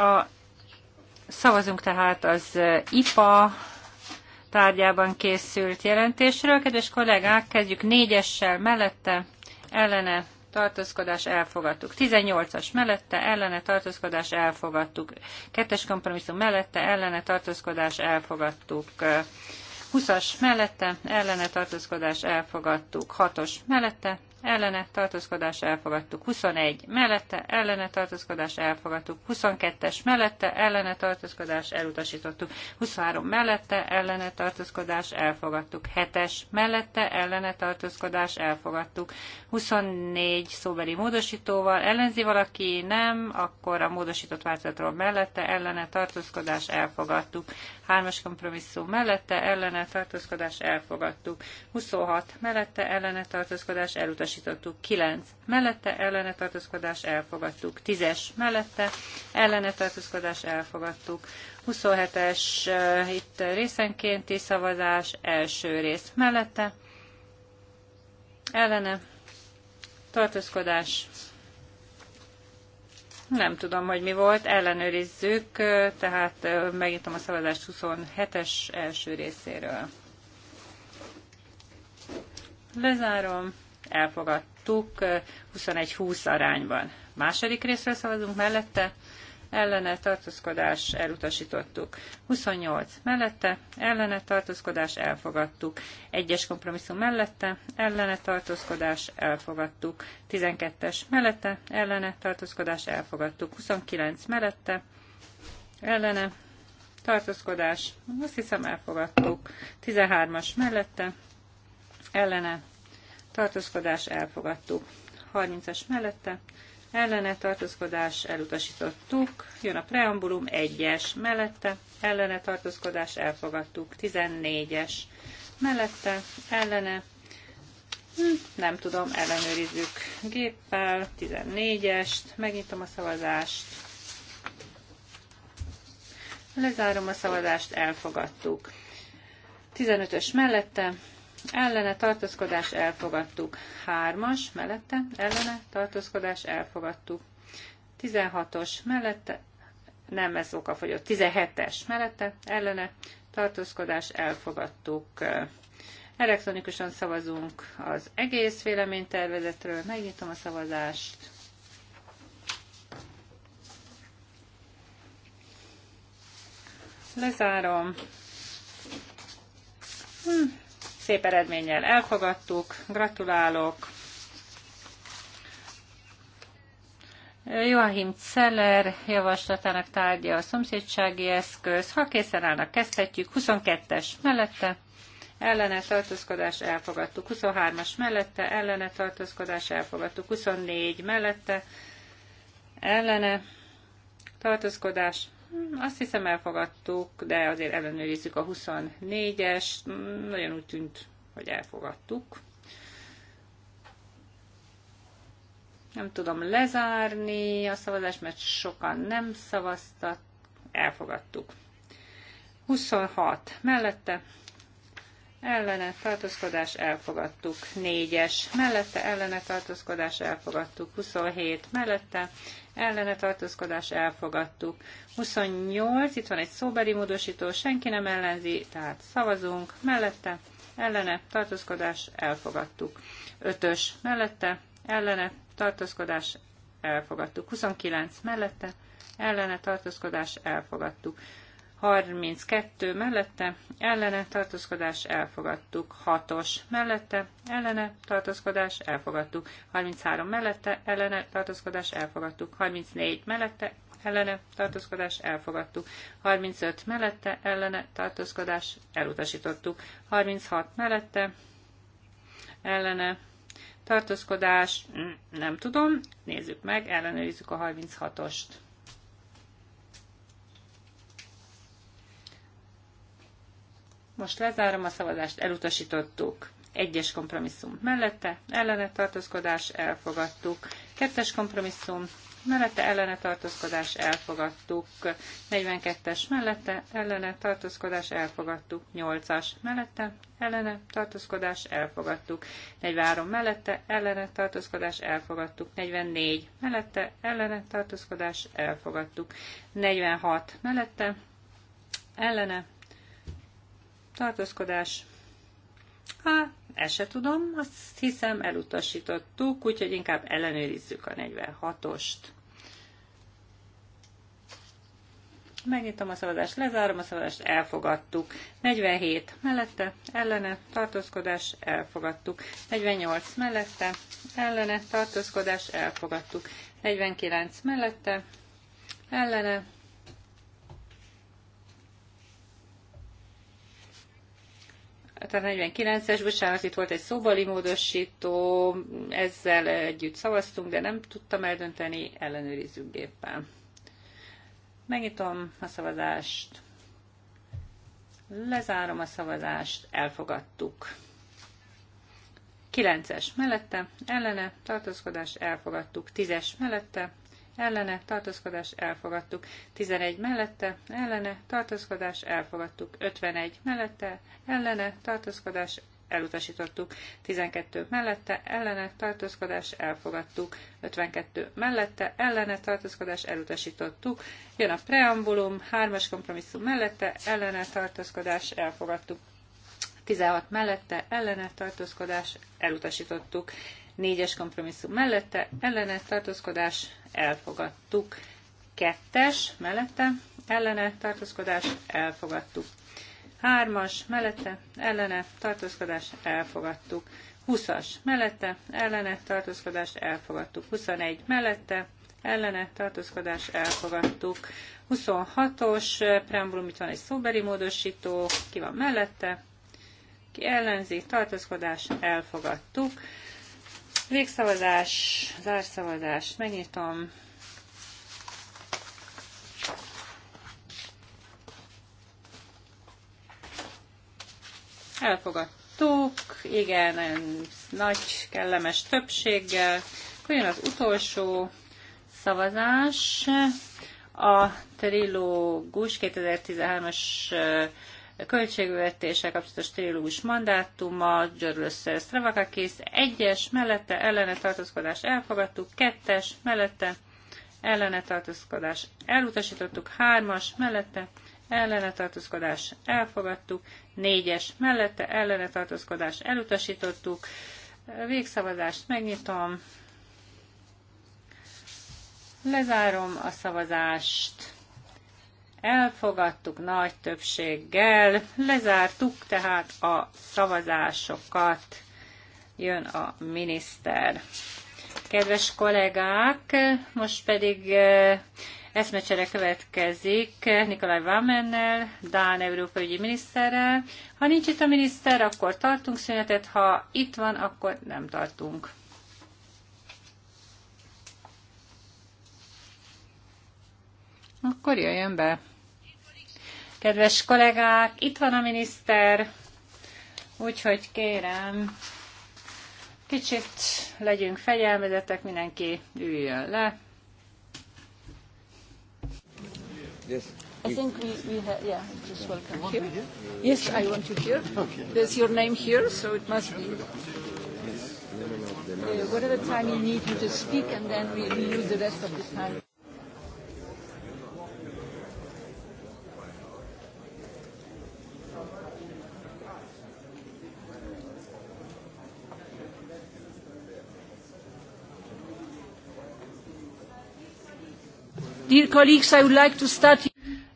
A, szavazunk tehát az eh, IPA tárgyában készült jelentésről. Kedves kollégák, kezdjük négyessel mellette, ellene tartózkodás elfogadtuk. 18-as mellette ellene tartózkodás elfogadtuk. Kettes kompromisszum mellette ellene tartózkodás elfogadtuk. 20-as mellette ellene tartózkodás elfogadtuk. 6-os mellette ellene tartózkodás elfogadtuk. 21 mellette ellene tartózkodás elfogadtuk. 22-es mellette ellene tartózkodás elutasítottuk. 23 mellette ellene tartózkodás elfogadtuk. 7-es mellette ellene tartózkodás elfogadtuk. 24 szóbeli módosítóval ellenzi valaki, nem, akkor a módosított változatról mellette ellene tartózkodás elfogadtuk hármas kompromisszum mellette ellene tartózkodás elfogadtuk. 26 mellette ellene tartózkodás elutasítottuk. 9 mellette ellene tartózkodás elfogadtuk. 10-es mellette ellene tartózkodás elfogadtuk. 27-es eh, itt részenkénti szavazás első rész mellette ellene tartózkodás nem tudom, hogy mi volt, ellenőrizzük, tehát megnyitom a szavazást 27-es első részéről. Lezárom, elfogadtuk 21-20 arányban. Második részről szavazunk mellette, ellene tartózkodás elutasítottuk. 28 mellette ellene tartózkodás elfogadtuk. Egyes kompromisszum mellette ellene tartózkodás elfogadtuk. 12-es mellette ellene tartózkodás elfogadtuk. 29 mellette ellene tartózkodás, azt hiszem elfogadtuk. 13-as mellette ellene tartózkodás elfogadtuk. 30-as mellette ellene tartózkodás elutasítottuk, jön a preambulum 1-es, mellette ellene tartózkodás elfogadtuk, 14-es, mellette ellene, hm, nem tudom, ellenőrizzük géppel, 14-est, megnyitom a szavazást, lezárom a szavazást, elfogadtuk. 15-ös mellette, ellene tartózkodás elfogadtuk. Hármas, mellette, ellene tartózkodás elfogadtuk. 16-os, mellette, nem ez okafogyott, 17-es, mellette, ellene tartózkodás elfogadtuk. Elektronikusan szavazunk az egész véleménytervezetről. Megnyitom a szavazást. Lezárom. Hm, Szép eredménnyel elfogadtuk, gratulálok. Joachim Celler javaslatának tárgya a szomszédsági eszköz. Ha készen állnak, kezdhetjük. 22-es mellette ellene tartózkodás elfogadtuk. 23-as mellette ellene tartózkodás elfogadtuk. 24 mellette ellene tartózkodás azt hiszem elfogadtuk, de azért ellenőrizzük a 24-es. Nagyon úgy tűnt, hogy elfogadtuk. Nem tudom lezárni a szavazást, mert sokan nem szavaztak. Elfogadtuk. 26 mellette ellene tartózkodás elfogadtuk. 4-es mellette ellene tartózkodás elfogadtuk. 27 mellette ellene tartózkodás elfogadtuk. 28, itt van egy szóbeli módosító, senki nem ellenzi, tehát szavazunk mellette ellene tartózkodás elfogadtuk. 5-ös mellette ellene tartózkodás elfogadtuk. 29 mellette ellene tartózkodás elfogadtuk. 32 mellette, ellene tartózkodás elfogadtuk. 6-os mellette, ellene tartózkodás elfogadtuk. 33 mellette, ellene tartózkodás elfogadtuk. 34 mellette, ellene tartózkodás elfogadtuk. 35 mellette, ellene tartózkodás elutasítottuk. 36 mellette, ellene tartózkodás, mm, nem tudom, nézzük meg, ellenőrizzük a 36-ost. Most lezárom a szavazást, elutasítottuk. Egyes kompromisszum mellette, ellene tartózkodás, elfogadtuk. Kettes kompromisszum mellette, ellene tartózkodás, elfogadtuk. 42-es mellette, ellene tartózkodás, elfogadtuk. 8-as mellette, ellene tartózkodás, elfogadtuk. 43 mellette, ellene tartózkodás, elfogadtuk. 44 mellette, ellene tartózkodás, elfogadtuk. 46 mellette, ellene tartózkodás. Hát, ezt se tudom, azt hiszem elutasítottuk, úgyhogy inkább ellenőrizzük a 46-ost. Megnyitom a szavazást, lezárom a szavazást, elfogadtuk. 47 mellette, ellene, tartózkodás, elfogadtuk. 48 mellette, ellene, tartózkodás, elfogadtuk. 49 mellette, ellene, tehát 49-es, bocsánat, itt volt egy szóbali módosító, ezzel együtt szavaztunk, de nem tudtam eldönteni, ellenőrizzük gépen. Megnyitom a szavazást, lezárom a szavazást, elfogadtuk. 9-es mellette, ellene, tartózkodás, elfogadtuk. 10-es mellette, ellene tartózkodás elfogadtuk. 11 mellette ellene tartózkodás elfogadtuk. 51 mellette ellene tartózkodás elutasítottuk. 12 mellette ellene tartózkodás elfogadtuk. 52 mellette ellene tartózkodás elutasítottuk. Jön a preambulum, 3-as kompromisszum mellette ellene tartózkodás elfogadtuk. 16 mellette ellene tartózkodás elutasítottuk négyes kompromisszum mellette, ellene tartózkodás elfogadtuk. Kettes mellette, ellene tartózkodás elfogadtuk. Hármas mellette, ellene tartózkodás elfogadtuk. 20-as mellette, ellene tartózkodás elfogadtuk. 21 mellette, ellene tartózkodás elfogadtuk. 26-os eh, preambulum, itt van egy szóbeli módosító, ki van mellette, ki ellenzi, tartózkodás elfogadtuk. Végszavazás, zárszavazás, megnyitom. Elfogadtuk, igen, nagy, kellemes többséggel. Akkor jön az utolsó szavazás. A trilógus 2013-as költségvetéssel kapcsolatos trilógus mandátuma, Györlösszer Stravakakis, egyes, mellette ellene tartózkodás elfogadtuk, kettes, mellette ellene tartózkodás elutasítottuk, hármas, mellette ellene tartózkodás elfogadtuk, négyes, mellette ellene tartózkodás elutasítottuk, végszavazást megnyitom, lezárom a szavazást elfogadtuk nagy többséggel, lezártuk tehát a szavazásokat, jön a miniszter. Kedves kollégák, most pedig eh, eszmecsere következik Nikolaj Vámennel, Dán Európai Ügyi Miniszterrel. Ha nincs itt a miniszter, akkor tartunk szünetet, ha itt van, akkor nem tartunk. Akkor jöjjön be! Kedves kollégák, itt van a miniszter, úgyhogy kérem, kicsit legyünk fegyelmezetek, mindenki üljön le. Yes. I think we, we have, yeah, just welcome here. Yes, I want you here. There's your name here, so it must be. Uh, whatever time you need, you just speak, and then we, we use the rest of the time.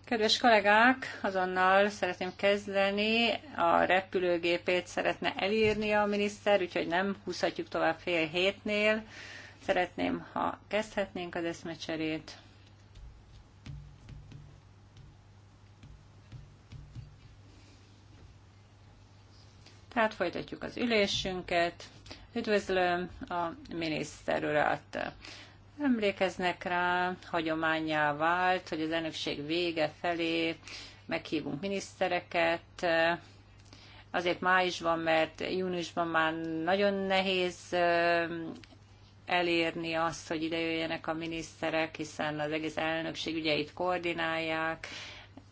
Kedves kollégák, azonnal szeretném kezdeni. A repülőgépét szeretne elírni a miniszter, úgyhogy nem húzhatjuk tovább fél hétnél. Szeretném, ha kezdhetnénk az eszmecserét. Tehát folytatjuk az ülésünket. Üdvözlöm a miniszter urat! Emlékeznek rá, hagyományá vált, hogy az elnökség vége felé meghívunk minisztereket, azért májusban, mert júniusban már nagyon nehéz elérni azt, hogy ide jöjjenek a miniszterek, hiszen az egész elnökség ügyeit koordinálják,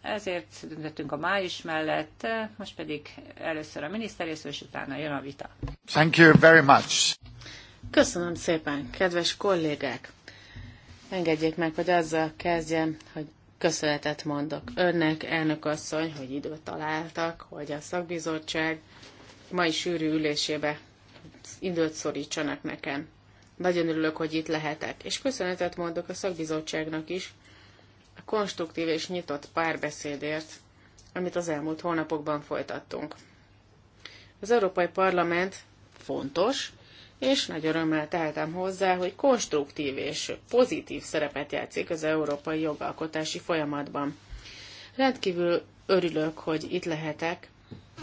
ezért döntöttünk a május mellett, most pedig először a miniszter és utána jön a vita. Thank you very much. Köszönöm szépen, kedves kollégák! Engedjék meg, hogy azzal kezdjem, hogy köszönetet mondok önnek, elnök asszony, hogy időt találtak, hogy a szakbizottság mai sűrű ülésébe időt szorítsanak nekem. Nagyon örülök, hogy itt lehetek, és köszönetet mondok a szakbizottságnak is a konstruktív és nyitott párbeszédért, amit az elmúlt hónapokban folytattunk. Az Európai Parlament fontos, és nagy örömmel tehetem hozzá, hogy konstruktív és pozitív szerepet játszik az európai jogalkotási folyamatban. Rendkívül örülök, hogy itt lehetek,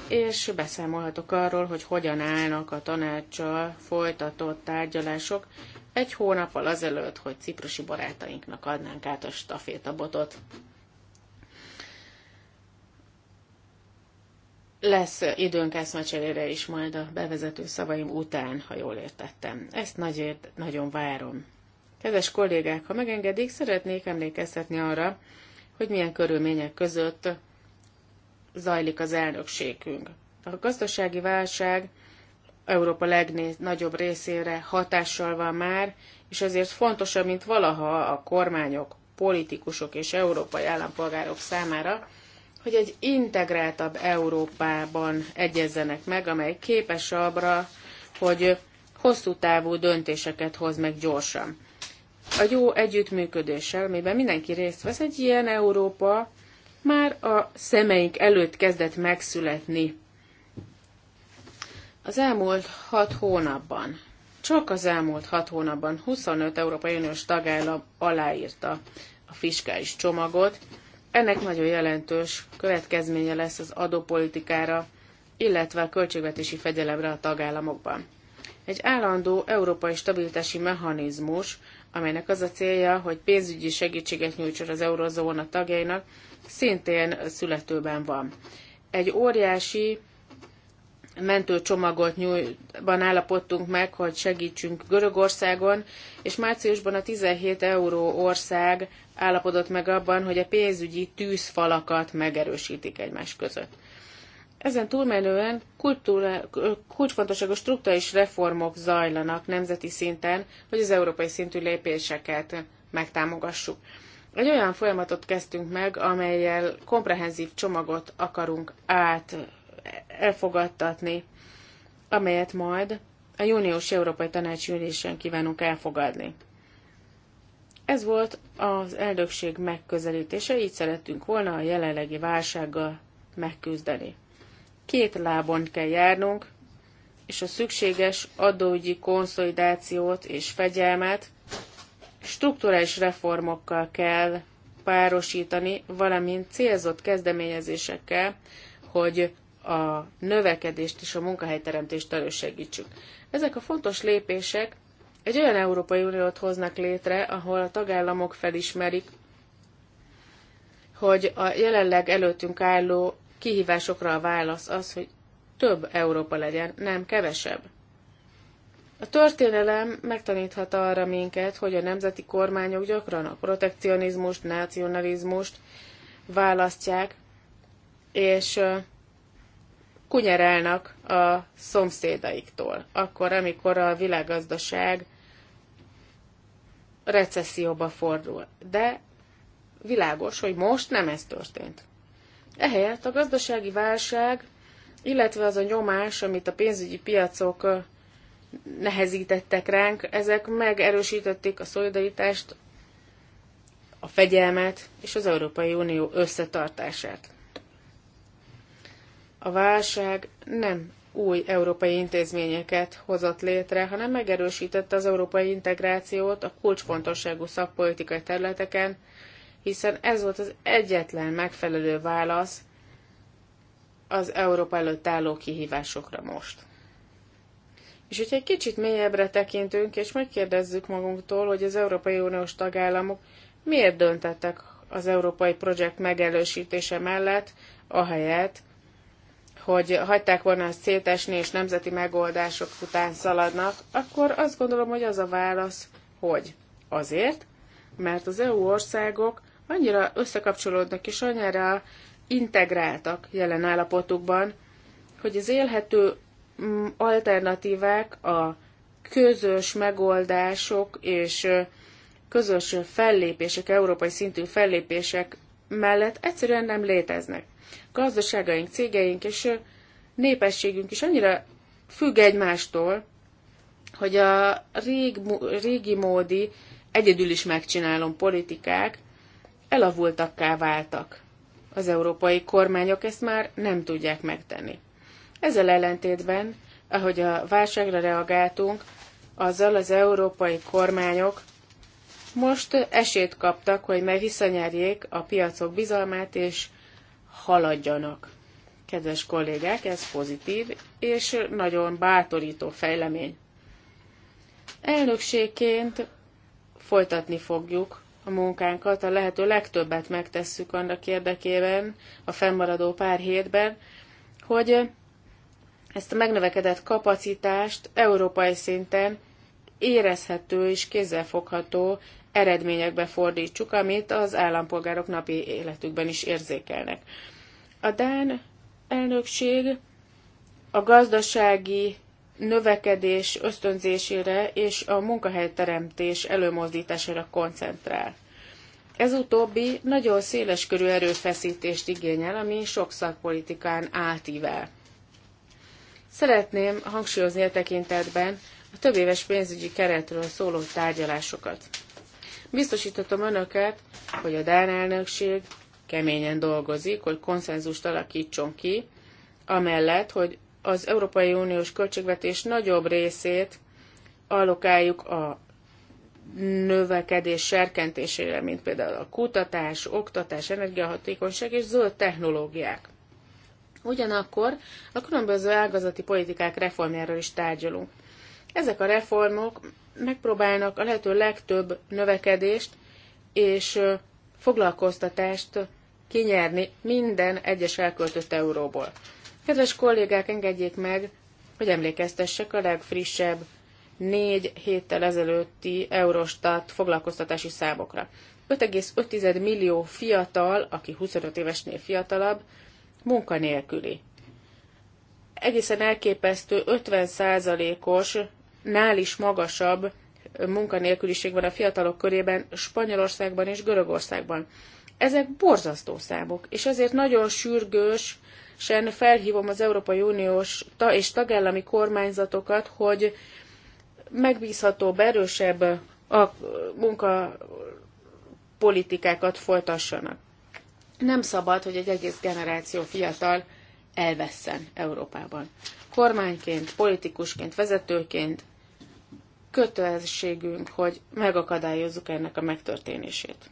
és beszámolhatok arról, hogy hogyan állnak a tanácssal folytatott tárgyalások egy hónappal azelőtt, hogy ciprusi barátainknak adnánk át a stafétabotot. Lesz időnk eszmecserére is majd a bevezető szavaim után, ha jól értettem. Ezt nagyért, nagyon várom. Kedves kollégák, ha megengedik, szeretnék emlékeztetni arra, hogy milyen körülmények között zajlik az elnökségünk. A gazdasági válság Európa legnagyobb részére hatással van már, és ezért fontosabb, mint valaha a kormányok, politikusok és európai állampolgárok számára, hogy egy integráltabb Európában egyezzenek meg, amely képes abra, hogy hosszú távú döntéseket hoz meg gyorsan. A jó együttműködéssel, amiben mindenki részt vesz, egy ilyen Európa már a szemeink előtt kezdett megszületni. Az elmúlt hat hónapban, csak az elmúlt hat hónapban 25 Európai Uniós tagállam aláírta a fiskális csomagot, ennek nagyon jelentős következménye lesz az adópolitikára, illetve a költségvetési fegyelemre a tagállamokban. Egy állandó európai stabilitási mechanizmus, amelynek az a célja, hogy pénzügyi segítséget nyújtson az eurozóna tagjainak, szintén születőben van. Egy óriási mentőcsomagot nyújtban állapodtunk meg, hogy segítsünk Görögországon, és márciusban a 17 euró ország állapodott meg abban, hogy a pénzügyi tűzfalakat megerősítik egymás között. Ezen túlmenően kultúra, kulcsfontosságú struktúrális reformok zajlanak nemzeti szinten, hogy az európai szintű lépéseket megtámogassuk. Egy olyan folyamatot kezdtünk meg, amelyel komprehenzív csomagot akarunk át elfogadtatni, amelyet majd a június Európai Tanács ülésen kívánunk elfogadni. Ez volt az eldökség megközelítése, így szerettünk volna a jelenlegi válsággal megküzdeni. Két lábon kell járnunk, és a szükséges adóügyi konszolidációt és fegyelmet strukturális reformokkal kell párosítani, valamint célzott kezdeményezésekkel, hogy a növekedést és a munkahelyteremtést elősegítsük. Ezek a fontos lépések egy olyan Európai Uniót hoznak létre, ahol a tagállamok felismerik, hogy a jelenleg előttünk álló kihívásokra a válasz az, hogy több Európa legyen, nem kevesebb. A történelem megtaníthat arra minket, hogy a nemzeti kormányok gyakran a protekcionizmust, nacionalizmust választják, és kunyerelnek a szomszédaiktól, akkor, amikor a világgazdaság recesszióba fordul. De világos, hogy most nem ez történt. Ehelyett a gazdasági válság, illetve az a nyomás, amit a pénzügyi piacok nehezítettek ránk, ezek megerősítették a szolidaritást, a fegyelmet és az Európai Unió összetartását. A válság nem új európai intézményeket hozott létre, hanem megerősítette az európai integrációt a kulcsfontosságú szakpolitikai területeken, hiszen ez volt az egyetlen megfelelő válasz az Európa előtt álló kihívásokra most. És hogyha egy kicsit mélyebbre tekintünk, és megkérdezzük magunktól, hogy az Európai Uniós tagállamok miért döntettek az európai projekt megelősítése mellett, ahelyett, hogy hagyták volna ezt szétesni, és nemzeti megoldások után szaladnak, akkor azt gondolom, hogy az a válasz, hogy azért, mert az EU országok annyira összekapcsolódnak és annyira integráltak jelen állapotukban, hogy az élhető mm, alternatívák a közös megoldások és közös fellépések, európai szintű fellépések mellett egyszerűen nem léteznek gazdaságaink, cégeink és népességünk is annyira függ egymástól, hogy a rég, régi módi egyedül is megcsinálom politikák elavultakká váltak. Az európai kormányok ezt már nem tudják megtenni. Ezzel ellentétben, ahogy a válságra reagáltunk, azzal az európai kormányok most esélyt kaptak, hogy meg a piacok bizalmát, és haladjanak. Kedves kollégák, ez pozitív és nagyon bátorító fejlemény. Elnökségként folytatni fogjuk a munkánkat, a lehető legtöbbet megtesszük annak érdekében a fennmaradó pár hétben, hogy ezt a megnövekedett kapacitást európai szinten érezhető és kézzelfogható eredményekbe fordítsuk, amit az állampolgárok napi életükben is érzékelnek. A Dán elnökség a gazdasági növekedés ösztönzésére és a munkahelyteremtés előmozdítására koncentrál. Ez utóbbi nagyon széles körű erőfeszítést igényel, ami sok szakpolitikán átível. Szeretném hangsúlyozni a e tekintetben a több éves pénzügyi keretről szóló tárgyalásokat. Biztosítatom önöket, hogy a Dán elnökség keményen dolgozik, hogy konszenzust alakítson ki, amellett, hogy az Európai Uniós költségvetés nagyobb részét allokáljuk a növekedés serkentésére, mint például a kutatás, oktatás, energiahatékonyság és zöld technológiák. Ugyanakkor a különböző ágazati politikák reformjáról is tárgyalunk. Ezek a reformok megpróbálnak a lehető legtöbb növekedést és foglalkoztatást kinyerni minden egyes elköltött euróból. Kedves kollégák, engedjék meg, hogy emlékeztessek a legfrissebb négy héttel ezelőtti Eurostat foglalkoztatási számokra. 5,5 millió fiatal, aki 25 évesnél fiatalabb, munkanélküli. Egészen elképesztő 50%-os nál is magasabb munkanélküliség van a fiatalok körében Spanyolországban és Görögországban. Ezek borzasztó számok, és ezért nagyon sürgősen felhívom az Európai Uniós és tagállami kormányzatokat, hogy megbízhatóbb, erősebb a munkapolitikákat folytassanak. Nem szabad, hogy egy egész generáció fiatal elvesszen Európában. Kormányként, politikusként, vezetőként kötelességünk, hogy megakadályozzuk ennek a megtörténését.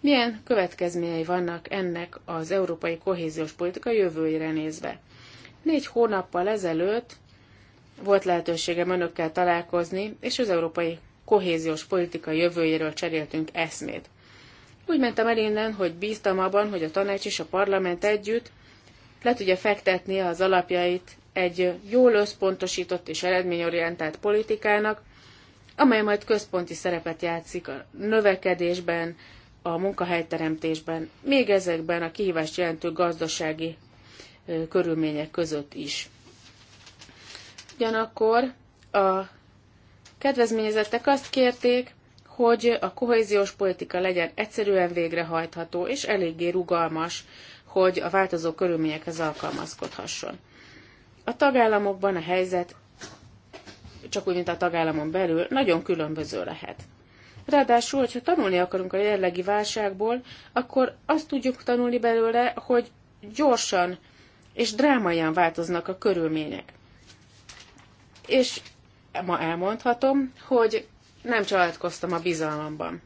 Milyen következményei vannak ennek az európai kohéziós politika jövőjére nézve? Négy hónappal ezelőtt volt lehetőségem önökkel találkozni, és az európai kohéziós politika jövőjéről cseréltünk eszmét. Úgy mentem el innen, hogy bíztam abban, hogy a tanács és a parlament együtt le tudja fektetni az alapjait egy jól összpontosított és eredményorientált politikának, amely majd központi szerepet játszik a növekedésben, a munkahelyteremtésben, még ezekben a kihívást jelentő gazdasági körülmények között is. Ugyanakkor a kedvezményezettek azt kérték, hogy a kohéziós politika legyen egyszerűen végrehajtható és eléggé rugalmas, hogy a változó körülményekhez alkalmazkodhasson. A tagállamokban a helyzet, csak úgy, mint a tagállamon belül, nagyon különböző lehet. Ráadásul, hogyha tanulni akarunk a jelenlegi válságból, akkor azt tudjuk tanulni belőle, hogy gyorsan és drámaian változnak a körülmények. És ma elmondhatom, hogy nem családkoztam a bizalmamban.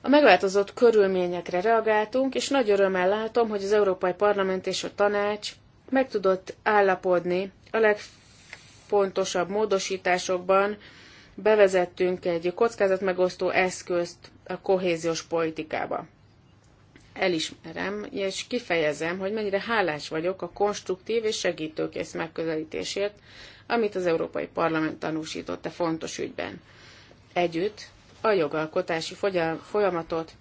A megváltozott körülményekre reagáltunk, és nagy örömmel látom, hogy az Európai Parlament és a Tanács meg tudott állapodni a legfontosabb módosításokban, bevezettünk egy kockázatmegosztó eszközt a kohéziós politikába. Elismerem és kifejezem, hogy mennyire hálás vagyok a konstruktív és segítőkész megközelítésért, amit az Európai Parlament tanúsított a fontos ügyben. Együtt a jogalkotási folyamatot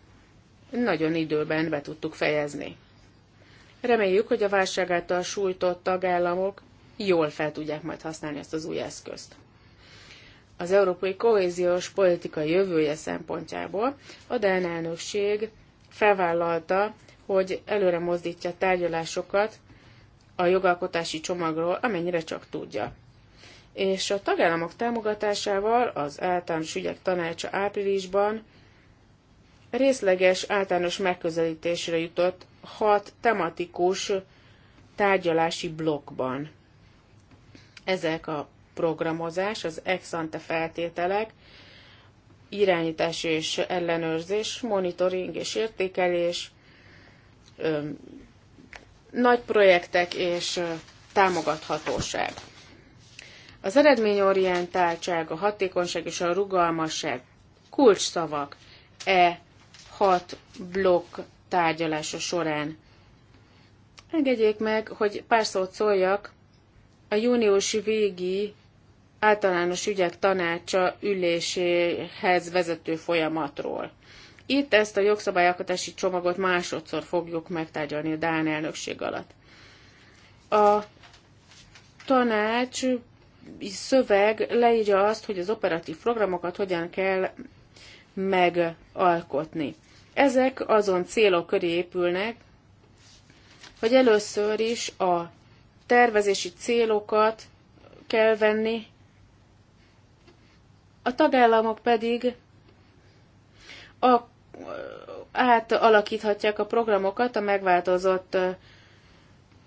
nagyon időben be tudtuk fejezni. Reméljük, hogy a válság által sújtott tagállamok jól fel tudják majd használni ezt az új eszközt. Az európai kohéziós politika jövője szempontjából a Dán elnökség felvállalta, hogy előre mozdítja a tárgyalásokat a jogalkotási csomagról, amennyire csak tudja. És a tagállamok támogatásával az általános ügyek tanácsa áprilisban részleges általános megközelítésre jutott hat tematikus tárgyalási blokkban. Ezek a programozás, az ex ante feltételek, irányítás és ellenőrzés, monitoring és értékelés, nagy projektek és támogathatóság. Az eredményorientáltság, a hatékonyság és a rugalmasság kulcsszavak e hat blokk tárgyalása során. Engedjék meg, hogy pár szót szóljak a júniusi végi általános ügyek tanácsa üléséhez vezető folyamatról. Itt ezt a jogszabályalkotási csomagot másodszor fogjuk megtárgyalni a Dán elnökség alatt. A tanács szöveg leírja azt, hogy az operatív programokat hogyan kell megalkotni. Ezek azon célok köré épülnek, hogy először is a tervezési célokat kell venni, a tagállamok pedig a, átalakíthatják a programokat a megváltozott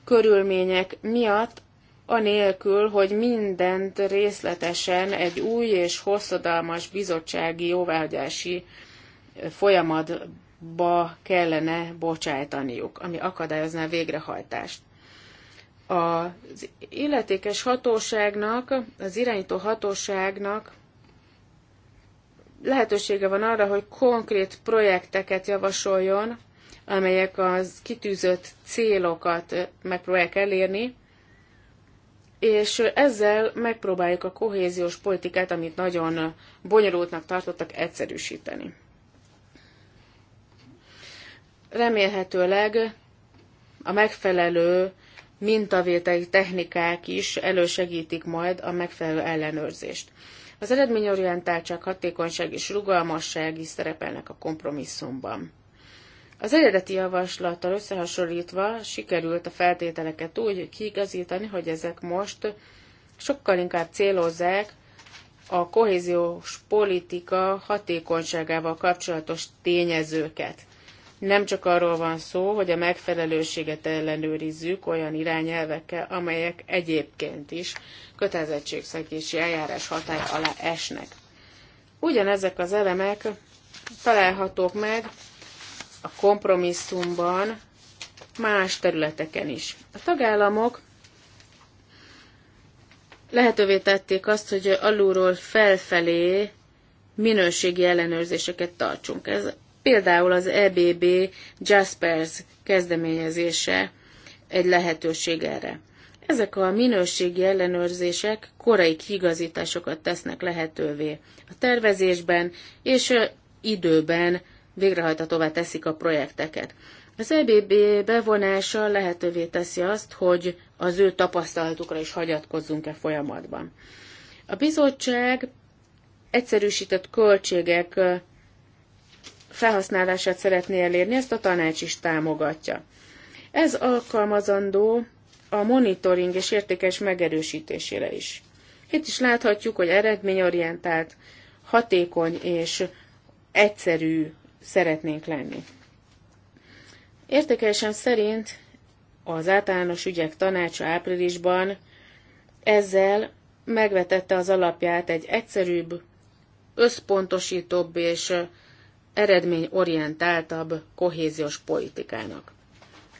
körülmények miatt, anélkül, hogy mindent részletesen egy új és hosszadalmas bizottsági jóváhagyási folyamatba kellene bocsájtaniuk, ami akadályozná a végrehajtást. Az illetékes hatóságnak, az irányító hatóságnak lehetősége van arra, hogy konkrét projekteket javasoljon, amelyek az kitűzött célokat megpróbálják elérni, és ezzel megpróbáljuk a kohéziós politikát, amit nagyon bonyolultnak tartottak, egyszerűsíteni remélhetőleg a megfelelő mintavételi technikák is elősegítik majd a megfelelő ellenőrzést. Az eredményorientáltság, hatékonyság és rugalmasság is szerepelnek a kompromisszumban. Az eredeti javaslattal összehasonlítva sikerült a feltételeket úgy kiigazítani, hogy ezek most sokkal inkább célozzák a kohéziós politika hatékonyságával kapcsolatos tényezőket nem csak arról van szó, hogy a megfelelőséget ellenőrizzük olyan irányelvekkel, amelyek egyébként is kötelezettségszegési eljárás hatálya alá esnek. Ugyanezek az elemek találhatók meg a kompromisszumban más területeken is. A tagállamok lehetővé tették azt, hogy alulról felfelé minőségi ellenőrzéseket tartsunk. Ez Például az EBB Jaspers kezdeményezése egy lehetőség erre. Ezek a minőségi ellenőrzések korai kigazításokat tesznek lehetővé a tervezésben és időben végrehajtatóvá teszik a projekteket. Az EBB bevonása lehetővé teszi azt, hogy az ő tapasztalatukra is hagyatkozzunk-e folyamatban. A bizottság egyszerűsített költségek felhasználását szeretné elérni, ezt a tanács is támogatja. Ez alkalmazandó a monitoring és értékes megerősítésére is. Itt is láthatjuk, hogy eredményorientált, hatékony és egyszerű szeretnénk lenni. Értékesen szerint az általános ügyek tanácsa áprilisban ezzel megvetette az alapját egy egyszerűbb, összpontosítóbb és eredményorientáltabb kohéziós politikának.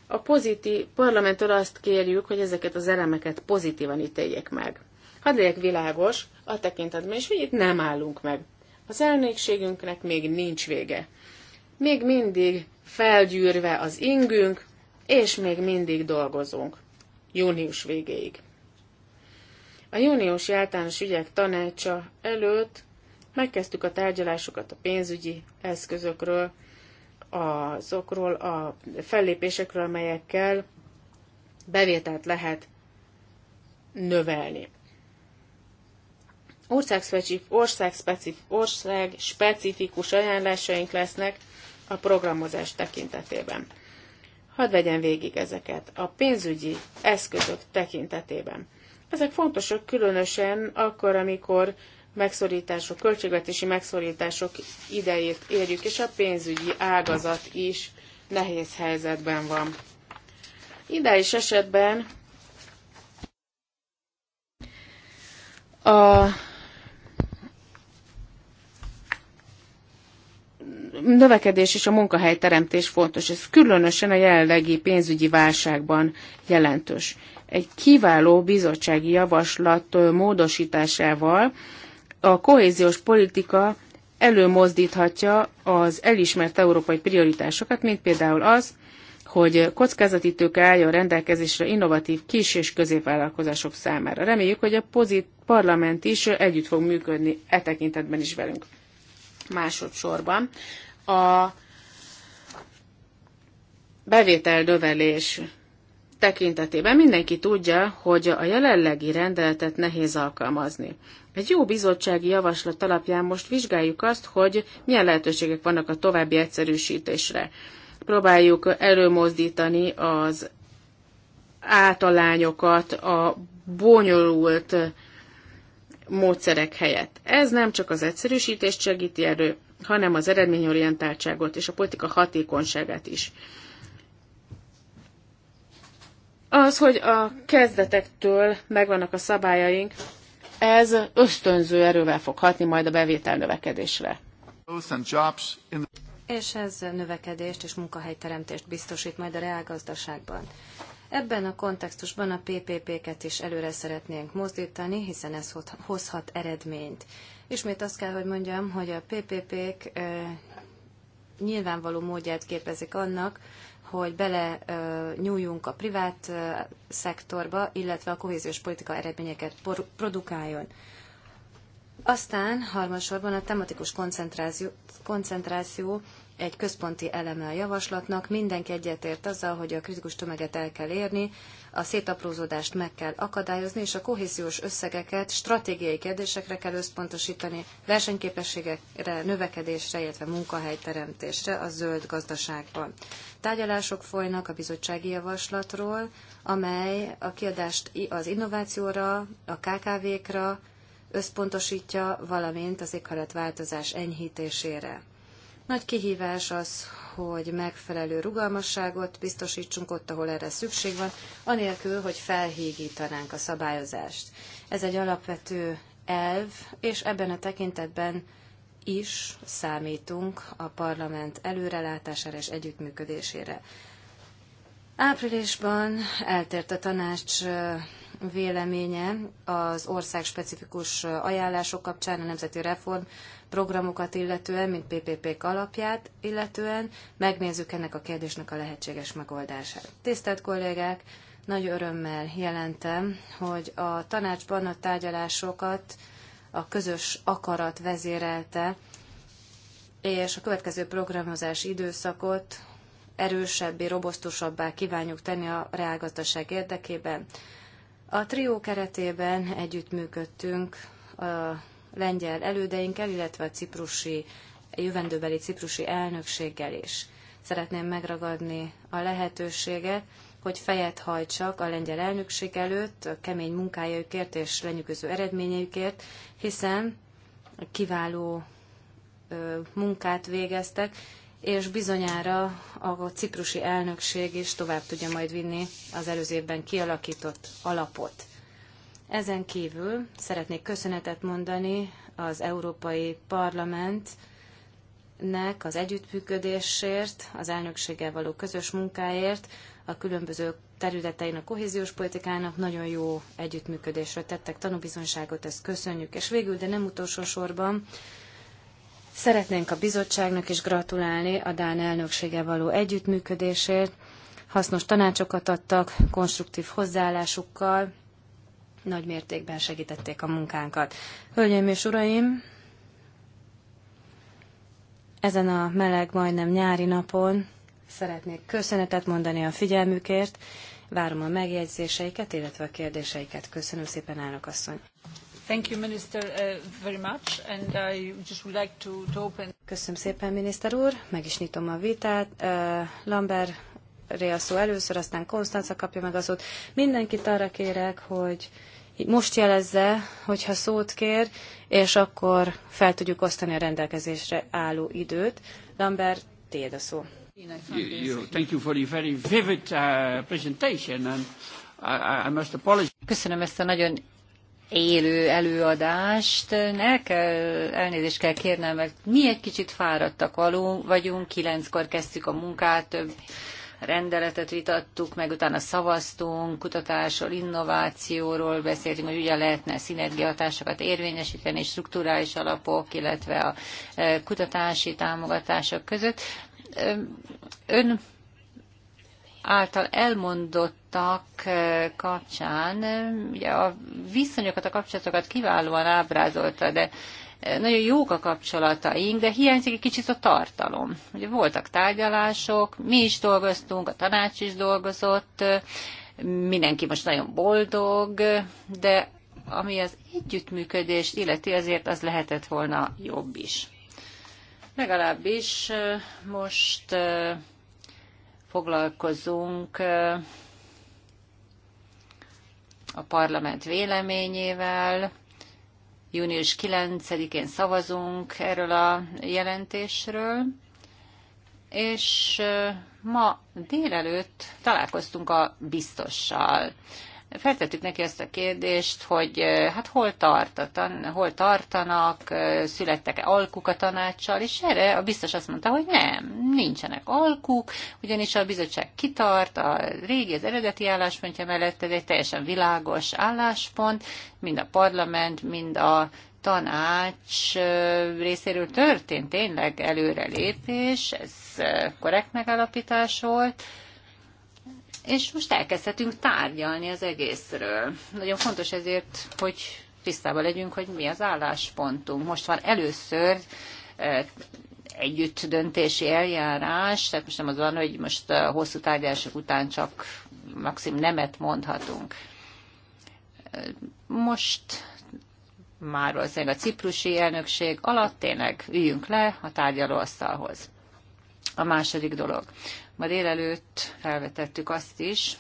A pozitív parlamenttől azt kérjük, hogy ezeket az elemeket pozitívan ítéljék meg. Hadd legyek világos a tekintetben is, hogy itt nem állunk meg. Az elnökségünknek még nincs vége. Még mindig felgyűrve az ingünk, és még mindig dolgozunk. Június végéig. A júniusi általános ügyek tanácsa előtt Megkezdtük a tárgyalásokat a pénzügyi eszközökről, azokról a fellépésekről, amelyekkel bevételt lehet növelni. Országspecif, országspecif, ország specifikus ajánlásaink lesznek a programozás tekintetében. Hadd vegyen végig ezeket a pénzügyi eszközök tekintetében. Ezek fontosak különösen akkor, amikor megszorítások, költségvetési megszorítások idejét érjük, és a pénzügyi ágazat is nehéz helyzetben van. Ideális esetben a növekedés és a munkahelyteremtés fontos. Ez különösen a jelenlegi pénzügyi válságban jelentős. Egy kiváló bizottsági javaslat módosításával a kohéziós politika előmozdíthatja az elismert európai prioritásokat, mint például az, hogy kockázati tőke álljon rendelkezésre innovatív kis- és középvállalkozások számára. Reméljük, hogy a pozit parlament is együtt fog működni e tekintetben is velünk. Másodszorban a bevétel növelés tekintetében mindenki tudja, hogy a jelenlegi rendeletet nehéz alkalmazni. Egy jó bizottsági javaslat alapján most vizsgáljuk azt, hogy milyen lehetőségek vannak a további egyszerűsítésre. Próbáljuk előmozdítani az általányokat a bonyolult módszerek helyett. Ez nem csak az egyszerűsítést segíti elő, hanem az eredményorientáltságot és a politika hatékonyságát is. Az, hogy a kezdetektől megvannak a szabályaink, ez ösztönző erővel fog hatni majd a bevétel növekedésre. És ez növekedést és munkahelyteremtést biztosít majd a reálgazdaságban. Ebben a kontextusban a PPP-ket is előre szeretnénk mozdítani, hiszen ez hozhat eredményt. Ismét azt kell, hogy mondjam, hogy a PPP-k nyilvánvaló módját képezik annak, hogy bele nyúljunk a privát szektorba, illetve a kohéziós politika eredményeket produkáljon. Aztán harmadsorban a tematikus koncentráció, koncentráció egy központi eleme a javaslatnak. Mindenki egyetért azzal, hogy a kritikus tömeget el kell érni, a szétaprózódást meg kell akadályozni, és a kohéziós összegeket stratégiai kérdésekre kell összpontosítani, versenyképességekre, növekedésre, illetve munkahelyteremtésre a zöld gazdaságban. Tárgyalások folynak a bizottsági javaslatról, amely a kiadást az innovációra, a KKV-kra összpontosítja, valamint az éghajlatváltozás enyhítésére. Nagy kihívás az, hogy megfelelő rugalmasságot biztosítsunk ott, ahol erre szükség van, anélkül, hogy felhígítanánk a szabályozást. Ez egy alapvető elv, és ebben a tekintetben is számítunk a parlament előrelátására és együttműködésére. Áprilisban eltért a tanács véleménye az ország specifikus ajánlások kapcsán a nemzeti reform programokat illetően, mint PPP-k alapját illetően, megnézzük ennek a kérdésnek a lehetséges megoldását. Tisztelt kollégák, nagy örömmel jelentem, hogy a tanácsban a tárgyalásokat a közös akarat vezérelte, és a következő programozás időszakot erősebbé, robosztusabbá kívánjuk tenni a reálgazdaság érdekében. A trió keretében együttműködtünk a lengyel elődeinkkel, illetve a ciprusi, jövendőbeli ciprusi elnökséggel is. Szeretném megragadni a lehetőséget, hogy fejet hajtsak a lengyel elnökség előtt, a kemény munkájaikért és lenyűgöző eredményeikért, hiszen kiváló munkát végeztek, és bizonyára a ciprusi elnökség is tovább tudja majd vinni az előző évben kialakított alapot. Ezen kívül szeretnék köszönetet mondani az Európai Parlamentnek az együttműködésért, az elnökséggel való közös munkáért, a különböző területein a kohéziós politikának nagyon jó együttműködésről tettek tanúbizonyságot, ezt köszönjük. És végül, de nem utolsó sorban, Szeretnénk a bizottságnak is gratulálni a Dán elnöksége való együttműködésért. Hasznos tanácsokat adtak, konstruktív hozzáállásukkal, nagy mértékben segítették a munkánkat. Hölgyeim és uraim, ezen a meleg, majdnem nyári napon szeretnék köszönetet mondani a figyelmükért, várom a megjegyzéseiket, illetve a kérdéseiket. Köszönöm szépen, Állok asszony! Thank you, Minister, uh, very much, and I just would like to, to open... Köszönöm szépen, miniszter úr, meg is nyitom a vitát. Uh, Lambert Ré szó először, aztán Konstanca kapja meg az szót. Mindenkit arra kérek, hogy most jelezze, hogyha szót kér, és akkor fel tudjuk osztani a rendelkezésre álló időt. Lambert, tiéd a szó. Köszönöm ezt a nagyon élő előadást. El kell, elnézést kell kérnem, mert mi egy kicsit fáradtak való vagyunk, kilenckor kezdtük a munkát, több rendeletet vitattuk, meg utána szavaztunk, kutatásról, innovációról beszéltünk, hogy ugye lehetne szinergiahatásokat érvényesíteni, strukturális alapok, illetve a e, kutatási támogatások között. E, ön által elmondottak e, kapcsán, ugye a viszonyokat, a kapcsolatokat kiválóan ábrázolta, de nagyon jók a kapcsolataink, de hiányzik egy kicsit a tartalom. Ugye voltak tárgyalások, mi is dolgoztunk, a tanács is dolgozott, mindenki most nagyon boldog, de ami az együttműködést illeti, azért az lehetett volna jobb is. Legalábbis most foglalkozunk a parlament véleményével, Június 9-én szavazunk erről a jelentésről, és ma délelőtt találkoztunk a biztossal. Feltettük neki ezt a kérdést, hogy hát hol, tan- hol tartanak, születtek-e alkuk a tanácssal, és erre a biztos azt mondta, hogy nem, nincsenek alkuk, ugyanis a bizottság kitart, a régi, az eredeti álláspontja mellett ez egy teljesen világos álláspont, mind a parlament, mind a tanács részéről történt tényleg előrelépés, ez korrekt megállapítás volt, és most elkezdhetünk tárgyalni az egészről. Nagyon fontos ezért, hogy tisztában legyünk, hogy mi az álláspontunk. Most van először e, együtt döntési eljárás, tehát most nem az van, hogy most hosszú tárgyalások után csak maximum nemet mondhatunk. E, most már valószínűleg a ciprusi elnökség alatt tényleg üljünk le a tárgyalóasztalhoz. A második dolog. Ma délelőtt felvetettük azt is,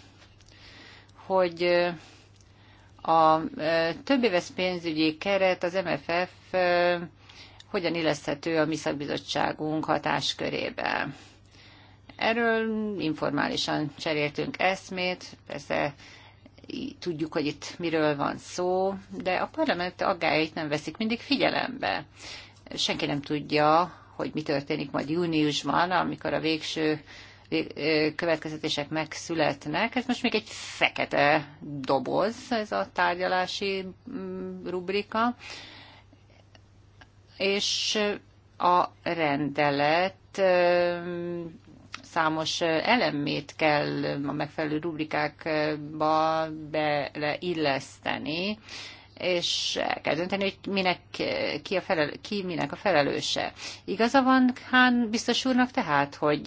hogy a többéves pénzügyi keret, az MFF hogyan illeszthető a mi szakbizottságunk hatáskörébe. Erről informálisan cseréltünk eszmét, persze tudjuk, hogy itt miről van szó, de a parlament aggájait nem veszik mindig figyelembe. Senki nem tudja, hogy mi történik majd júniusban, amikor a végső következetések megszületnek. Ez most még egy fekete doboz, ez a tárgyalási mm, rubrika. És a rendelet számos elemét kell a megfelelő rubrikákba beleilleszteni, és el kell dönteni, hogy minek, ki, a felel, ki minek a felelőse. Igaza van Hán biztos úrnak tehát, hogy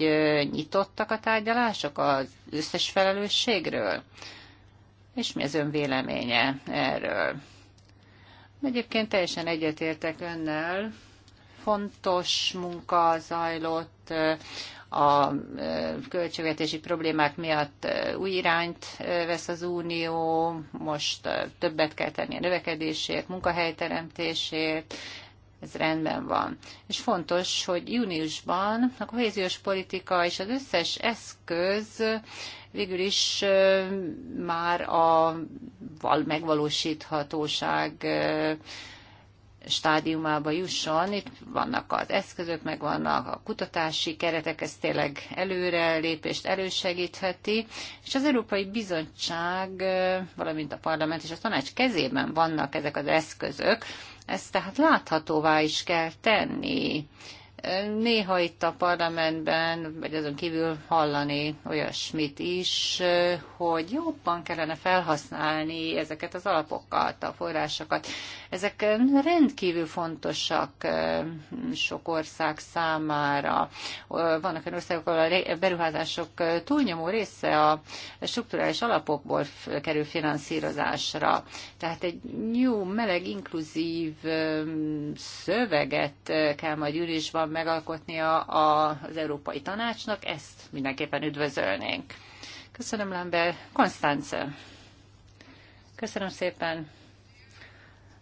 nyitottak a tárgyalások az összes felelősségről? És mi az ön véleménye erről? Egyébként teljesen egyetértek önnel. Fontos munka zajlott a költségvetési problémák miatt új irányt vesz az Unió, most többet kell tenni a növekedésért, munkahelyteremtésért, ez rendben van. És fontos, hogy júniusban a kohéziós politika és az összes eszköz végül is már a megvalósíthatóság stádiumába jusson. Itt vannak az eszközök, meg vannak a kutatási keretek, ez tényleg előre lépést elősegítheti, és az Európai Bizottság, valamint a parlament és a tanács kezében vannak ezek az eszközök, ezt tehát láthatóvá is kell tenni, néha itt a parlamentben, vagy azon kívül hallani olyasmit is, hogy jobban kellene felhasználni ezeket az alapokat, a forrásokat. Ezek rendkívül fontosak eh, sok ország számára. Vannak olyan országok, ahol a beruházások eh, túlnyomó része a strukturális alapokból kerül finanszírozásra. Tehát egy jó, meleg, inkluzív eh, szöveget kell majd ülésben megalkotnia az Európai Tanácsnak, ezt mindenképpen üdvözölnénk. Köszönöm, Lambert. Konstance. Köszönöm szépen.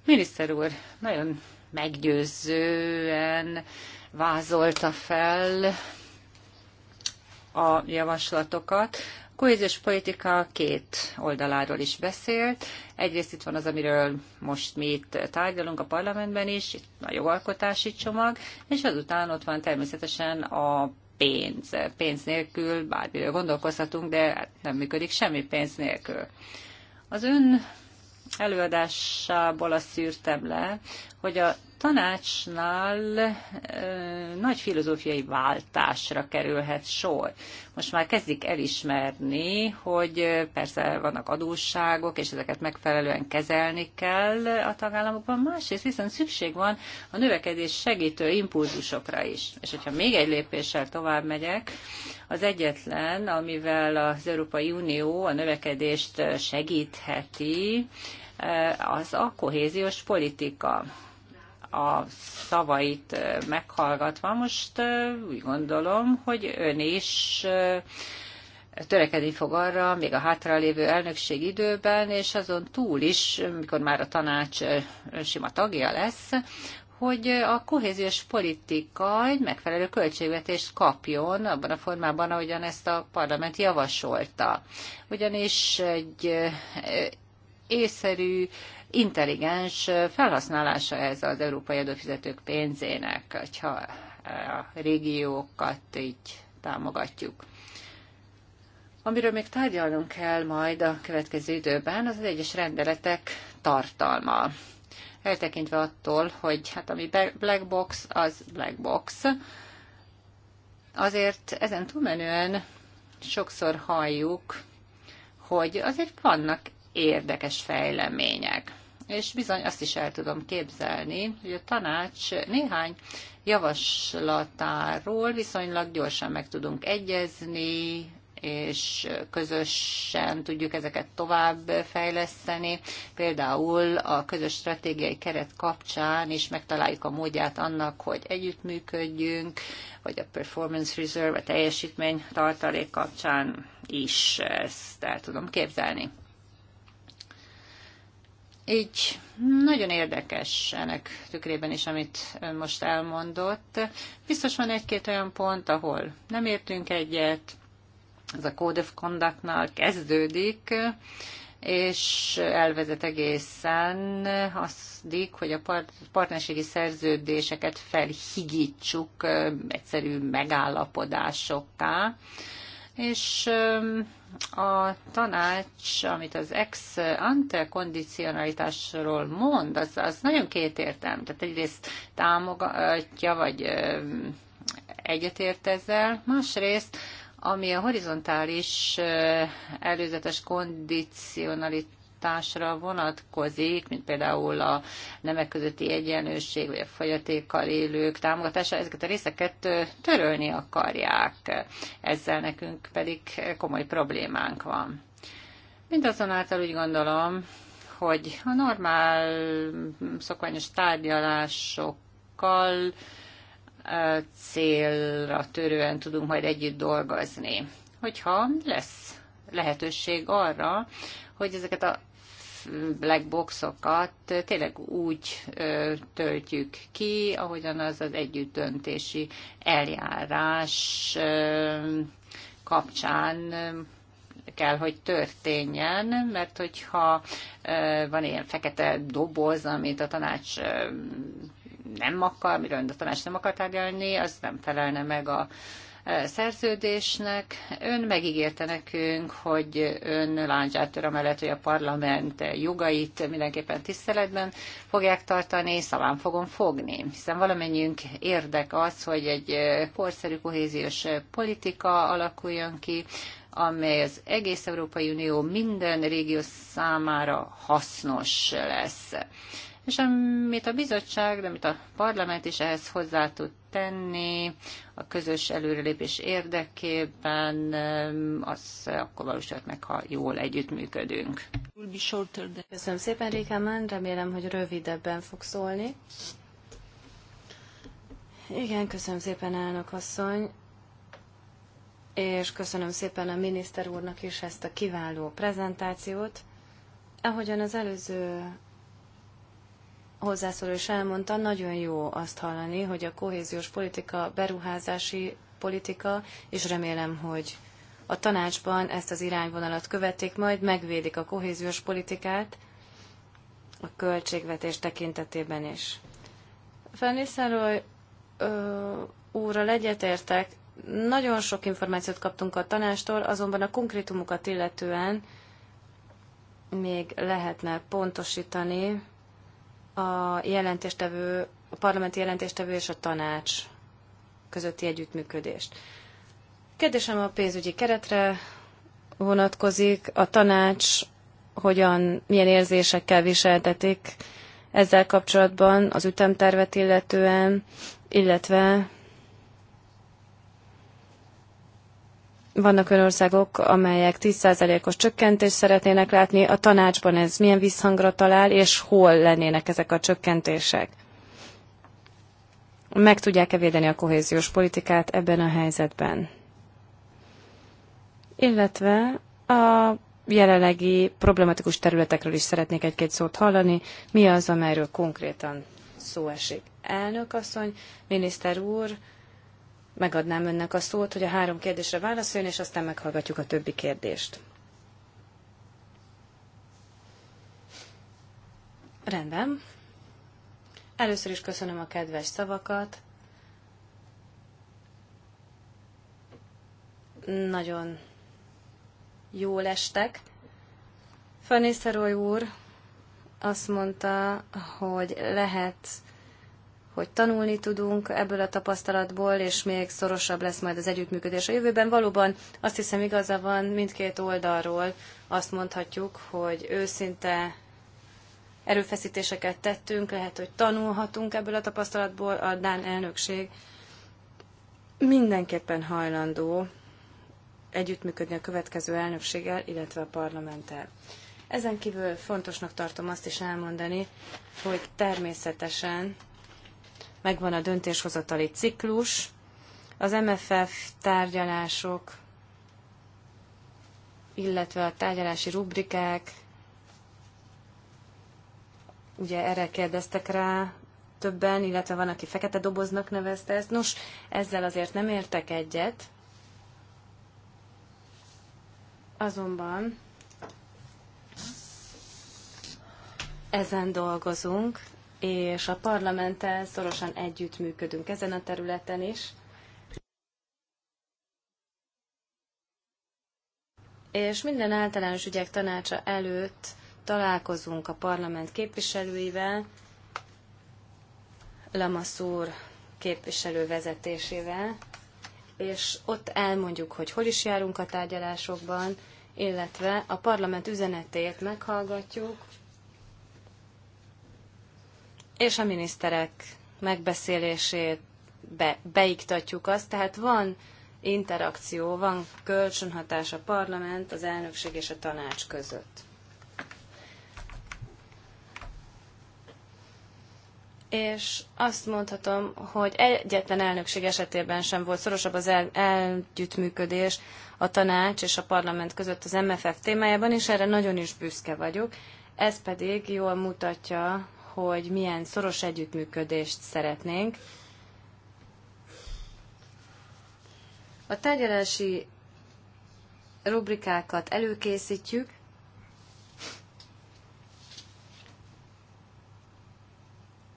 Miniszter úr, nagyon meggyőzően vázolta fel a javaslatokat kohéziós politika két oldaláról is beszélt. Egyrészt itt van az, amiről most mi itt tárgyalunk a parlamentben is, itt a jogalkotási csomag, és azután ott van természetesen a pénz. Pénz nélkül bármiről gondolkozhatunk, de hát nem működik semmi pénz nélkül. Az ön előadásából azt szűrtem le, hogy a tanácsnál nagy filozófiai váltásra kerülhet sor. Most már kezdik elismerni, hogy persze vannak adósságok, és ezeket megfelelően kezelni kell a tagállamokban, másrészt viszont szükség van a növekedés segítő impulzusokra is. És hogyha még egy lépéssel tovább megyek, az egyetlen, amivel az Európai Unió a növekedést segítheti, Eh, az a kohéziós politika. A szavait eh, meghallgatva most eh, úgy gondolom, hogy ön is törekedni fog arra, még a hátralévő elnökség időben, és azon túl is, mikor már a tanács sima tagja lesz, hogy a kohéziós politika egy megfelelő költségvetést kapjon abban a formában, ahogyan ezt a parlament javasolta. Ugyanis egy észszerű, intelligens felhasználása ez az európai adófizetők pénzének, hogyha a régiókat így támogatjuk. Amiről még tárgyalnunk kell majd a következő időben, az az egyes rendeletek tartalma. Eltekintve attól, hogy hát ami black box, az black box, azért ezen túlmenően sokszor halljuk, hogy azért vannak érdekes fejlemények. És bizony azt is el tudom képzelni, hogy a tanács néhány javaslatáról viszonylag gyorsan meg tudunk egyezni, és közösen tudjuk ezeket tovább fejleszteni. Például a közös stratégiai keret kapcsán is megtaláljuk a módját annak, hogy együttműködjünk, vagy a performance reserve, a teljesítmény tartalék kapcsán is ezt el tudom képzelni. Így nagyon érdekes ennek tükrében is, amit ön most elmondott. Biztos van egy-két olyan pont, ahol nem értünk egyet, ez a Code of Conductnál kezdődik, és elvezet egészen azdig, hogy a partnerségi szerződéseket felhigítsuk egyszerű megállapodásokká, és a tanács, amit az ex ante kondicionalitásról mond, az, az nagyon kétértelmű. Tehát egyrészt támogatja, vagy egyetért ezzel, másrészt ami a horizontális előzetes kondicionalitás, oktatásra vonatkozik, mint például a nemek közötti egyenlőség, vagy a fogyatékkal élők támogatása, ezeket a részeket törölni akarják. Ezzel nekünk pedig komoly problémánk van. Mindazonáltal úgy gondolom, hogy a normál szokványos tárgyalásokkal célra törően tudunk majd együtt dolgozni. Hogyha lesz lehetőség arra, hogy ezeket a black boxokat tényleg úgy töltjük ki, ahogyan az az együttdöntési eljárás kapcsán kell, hogy történjen, mert hogyha van ilyen fekete doboz, amit a tanács nem akar, miről a tanács nem akar tárgyalni, az nem felelne meg a szerződésnek. Ön megígérte nekünk, hogy ön láncsátör amellett, hogy a parlament jogait mindenképpen tiszteletben fogják tartani, szaván fogom fogni. Hiszen valamennyiünk érdek az, hogy egy korszerű kohéziós politika alakuljon ki, amely az egész Európai Unió minden régió számára hasznos lesz és amit a bizottság, de amit a parlament is ehhez hozzá tud tenni, a közös előrelépés érdekében, eh, az akkor valósulhat meg, ha jól együttműködünk. Köszönöm szépen, Rékámán, remélem, hogy rövidebben fog szólni. Igen, köszönöm szépen, elnök asszony, és köszönöm szépen a miniszter úrnak is ezt a kiváló prezentációt. Ahogyan az előző hozzászóló is elmondta, nagyon jó azt hallani, hogy a kohéziós politika, beruházási politika, és remélem, hogy a tanácsban ezt az irányvonalat követik, majd megvédik a kohéziós politikát a költségvetés tekintetében is. Felniszáról úrral egyetértek, nagyon sok információt kaptunk a tanástól, azonban a konkrétumokat illetően még lehetne pontosítani, a jelentéstevő, a parlamenti jelentéstevő és a tanács közötti együttműködést. Kérdésem a pénzügyi keretre vonatkozik. A tanács hogyan, milyen érzésekkel viseltetik ezzel kapcsolatban az ütemtervet illetően, illetve Vannak olyan országok, amelyek 10%-os csökkentést szeretnének látni. A tanácsban ez milyen visszhangra talál, és hol lennének ezek a csökkentések? Meg tudják-e védeni a kohéziós politikát ebben a helyzetben? Illetve a jelenlegi problematikus területekről is szeretnék egy-két szót hallani. Mi az, amelyről konkrétan szó esik? Elnök asszony, miniszter úr, megadnám önnek a szót, hogy a három kérdésre válaszoljon, és aztán meghallgatjuk a többi kérdést. Rendben. Először is köszönöm a kedves szavakat. Nagyon jó estek. Fanészeroly úr azt mondta, hogy lehet hogy tanulni tudunk ebből a tapasztalatból, és még szorosabb lesz majd az együttműködés a jövőben. Valóban azt hiszem igaza van mindkét oldalról, azt mondhatjuk, hogy őszinte erőfeszítéseket tettünk, lehet, hogy tanulhatunk ebből a tapasztalatból, a Dán elnökség mindenképpen hajlandó együttműködni a következő elnökséggel, illetve a parlamenttel. Ezen kívül fontosnak tartom azt is elmondani, hogy természetesen megvan a döntéshozatali ciklus, az MFF tárgyalások, illetve a tárgyalási rubrikák, ugye erre kérdeztek rá többen, illetve van, aki fekete doboznak nevezte ezt. Nos, ezzel azért nem értek egyet. Azonban ezen dolgozunk, és a parlamenttel szorosan együttműködünk ezen a területen is. És minden általános ügyek tanácsa előtt találkozunk a parlament képviselőivel, Lamaszúr képviselő vezetésével, és ott elmondjuk, hogy hol is járunk a tárgyalásokban, illetve a parlament üzenetét meghallgatjuk, és a miniszterek megbeszélését be, beiktatjuk azt, tehát van interakció, van kölcsönhatás a parlament, az elnökség és a tanács között. és azt mondhatom, hogy egyetlen elnökség esetében sem volt szorosabb az együttműködés a tanács és a parlament között az MFF témájában, és erre nagyon is büszke vagyok. Ez pedig jól mutatja hogy milyen szoros együttműködést szeretnénk. A tárgyalási rubrikákat előkészítjük,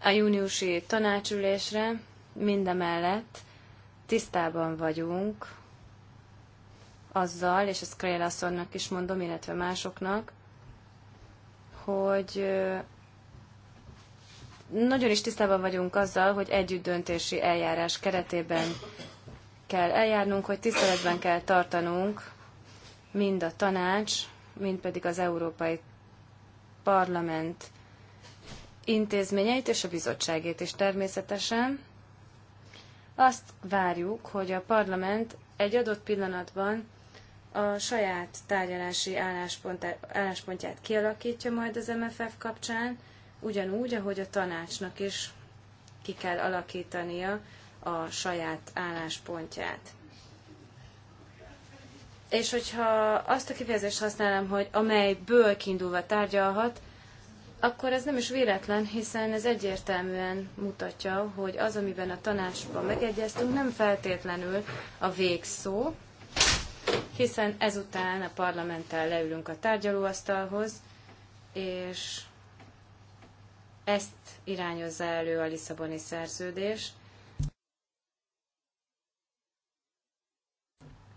a júniusi tanácsülésre mindemellett tisztában vagyunk azzal, és ezt Krél is mondom, illetve másoknak, hogy nagyon is tisztában vagyunk azzal, hogy együttdöntési eljárás keretében kell eljárnunk, hogy tiszteletben kell tartanunk mind a tanács, mind pedig az Európai Parlament intézményeit és a bizottságét is természetesen. Azt várjuk, hogy a parlament egy adott pillanatban a saját tárgyalási álláspontját kialakítja majd az MFF kapcsán, ugyanúgy, ahogy a tanácsnak is ki kell alakítania a saját álláspontját. És hogyha azt a kifejezést használom, hogy amelyből kiindulva tárgyalhat, akkor ez nem is véletlen, hiszen ez egyértelműen mutatja, hogy az, amiben a tanácsban megegyeztünk, nem feltétlenül a végszó, hiszen ezután a parlamenttel leülünk a tárgyalóasztalhoz, és ezt irányozza elő a Lisszaboni szerződés.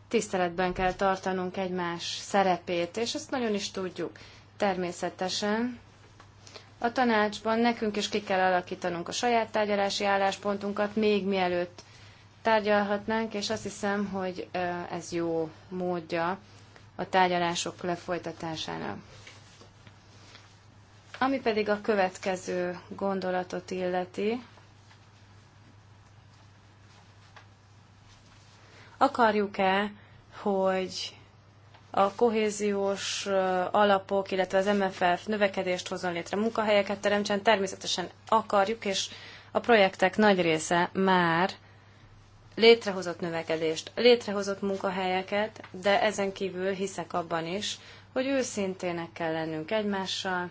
Tiszteletben kell tartanunk egymás szerepét, és ezt nagyon is tudjuk. Természetesen a tanácsban nekünk is ki kell alakítanunk a saját tárgyalási álláspontunkat, még mielőtt tárgyalhatnánk, és azt hiszem, hogy ez jó módja a tárgyalások lefolytatásának. Ami pedig a következő gondolatot illeti, akarjuk-e, hogy a kohéziós alapok, illetve az MFF növekedést hozzon létre, munkahelyeket teremtsen, természetesen akarjuk, és a projektek nagy része már létrehozott növekedést, létrehozott munkahelyeket, de ezen kívül hiszek abban is, hogy őszintének kell lennünk egymással,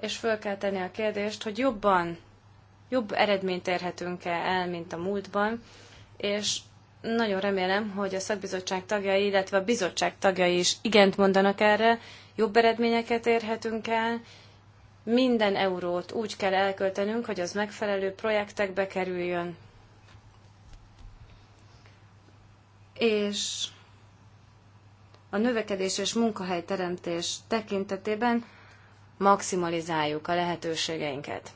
és föl kell tenni a kérdést, hogy jobban, jobb eredményt érhetünk -e el, mint a múltban, és nagyon remélem, hogy a szakbizottság tagjai, illetve a bizottság tagjai is igent mondanak erre, jobb eredményeket érhetünk el, minden eurót úgy kell elköltenünk, hogy az megfelelő projektekbe kerüljön. És a növekedés és munkahelyteremtés tekintetében maximalizáljuk a lehetőségeinket.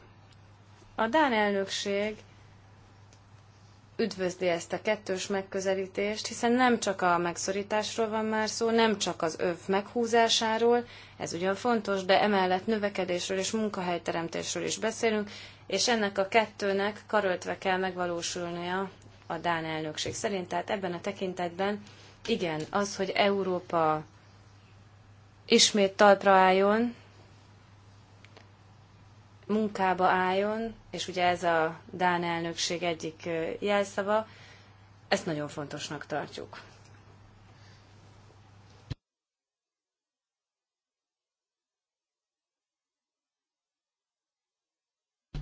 A Dán elnökség üdvözli ezt a kettős megközelítést, hiszen nem csak a megszorításról van már szó, nem csak az öv meghúzásáról, ez ugyan fontos, de emellett növekedésről és munkahelyteremtésről is beszélünk, és ennek a kettőnek karöltve kell megvalósulnia a Dán elnökség szerint. Tehát ebben a tekintetben igen, az, hogy Európa ismét talpra álljon, munkába álljon, és ugye ez a Dán elnökség egyik jelszava, ezt nagyon fontosnak tartjuk.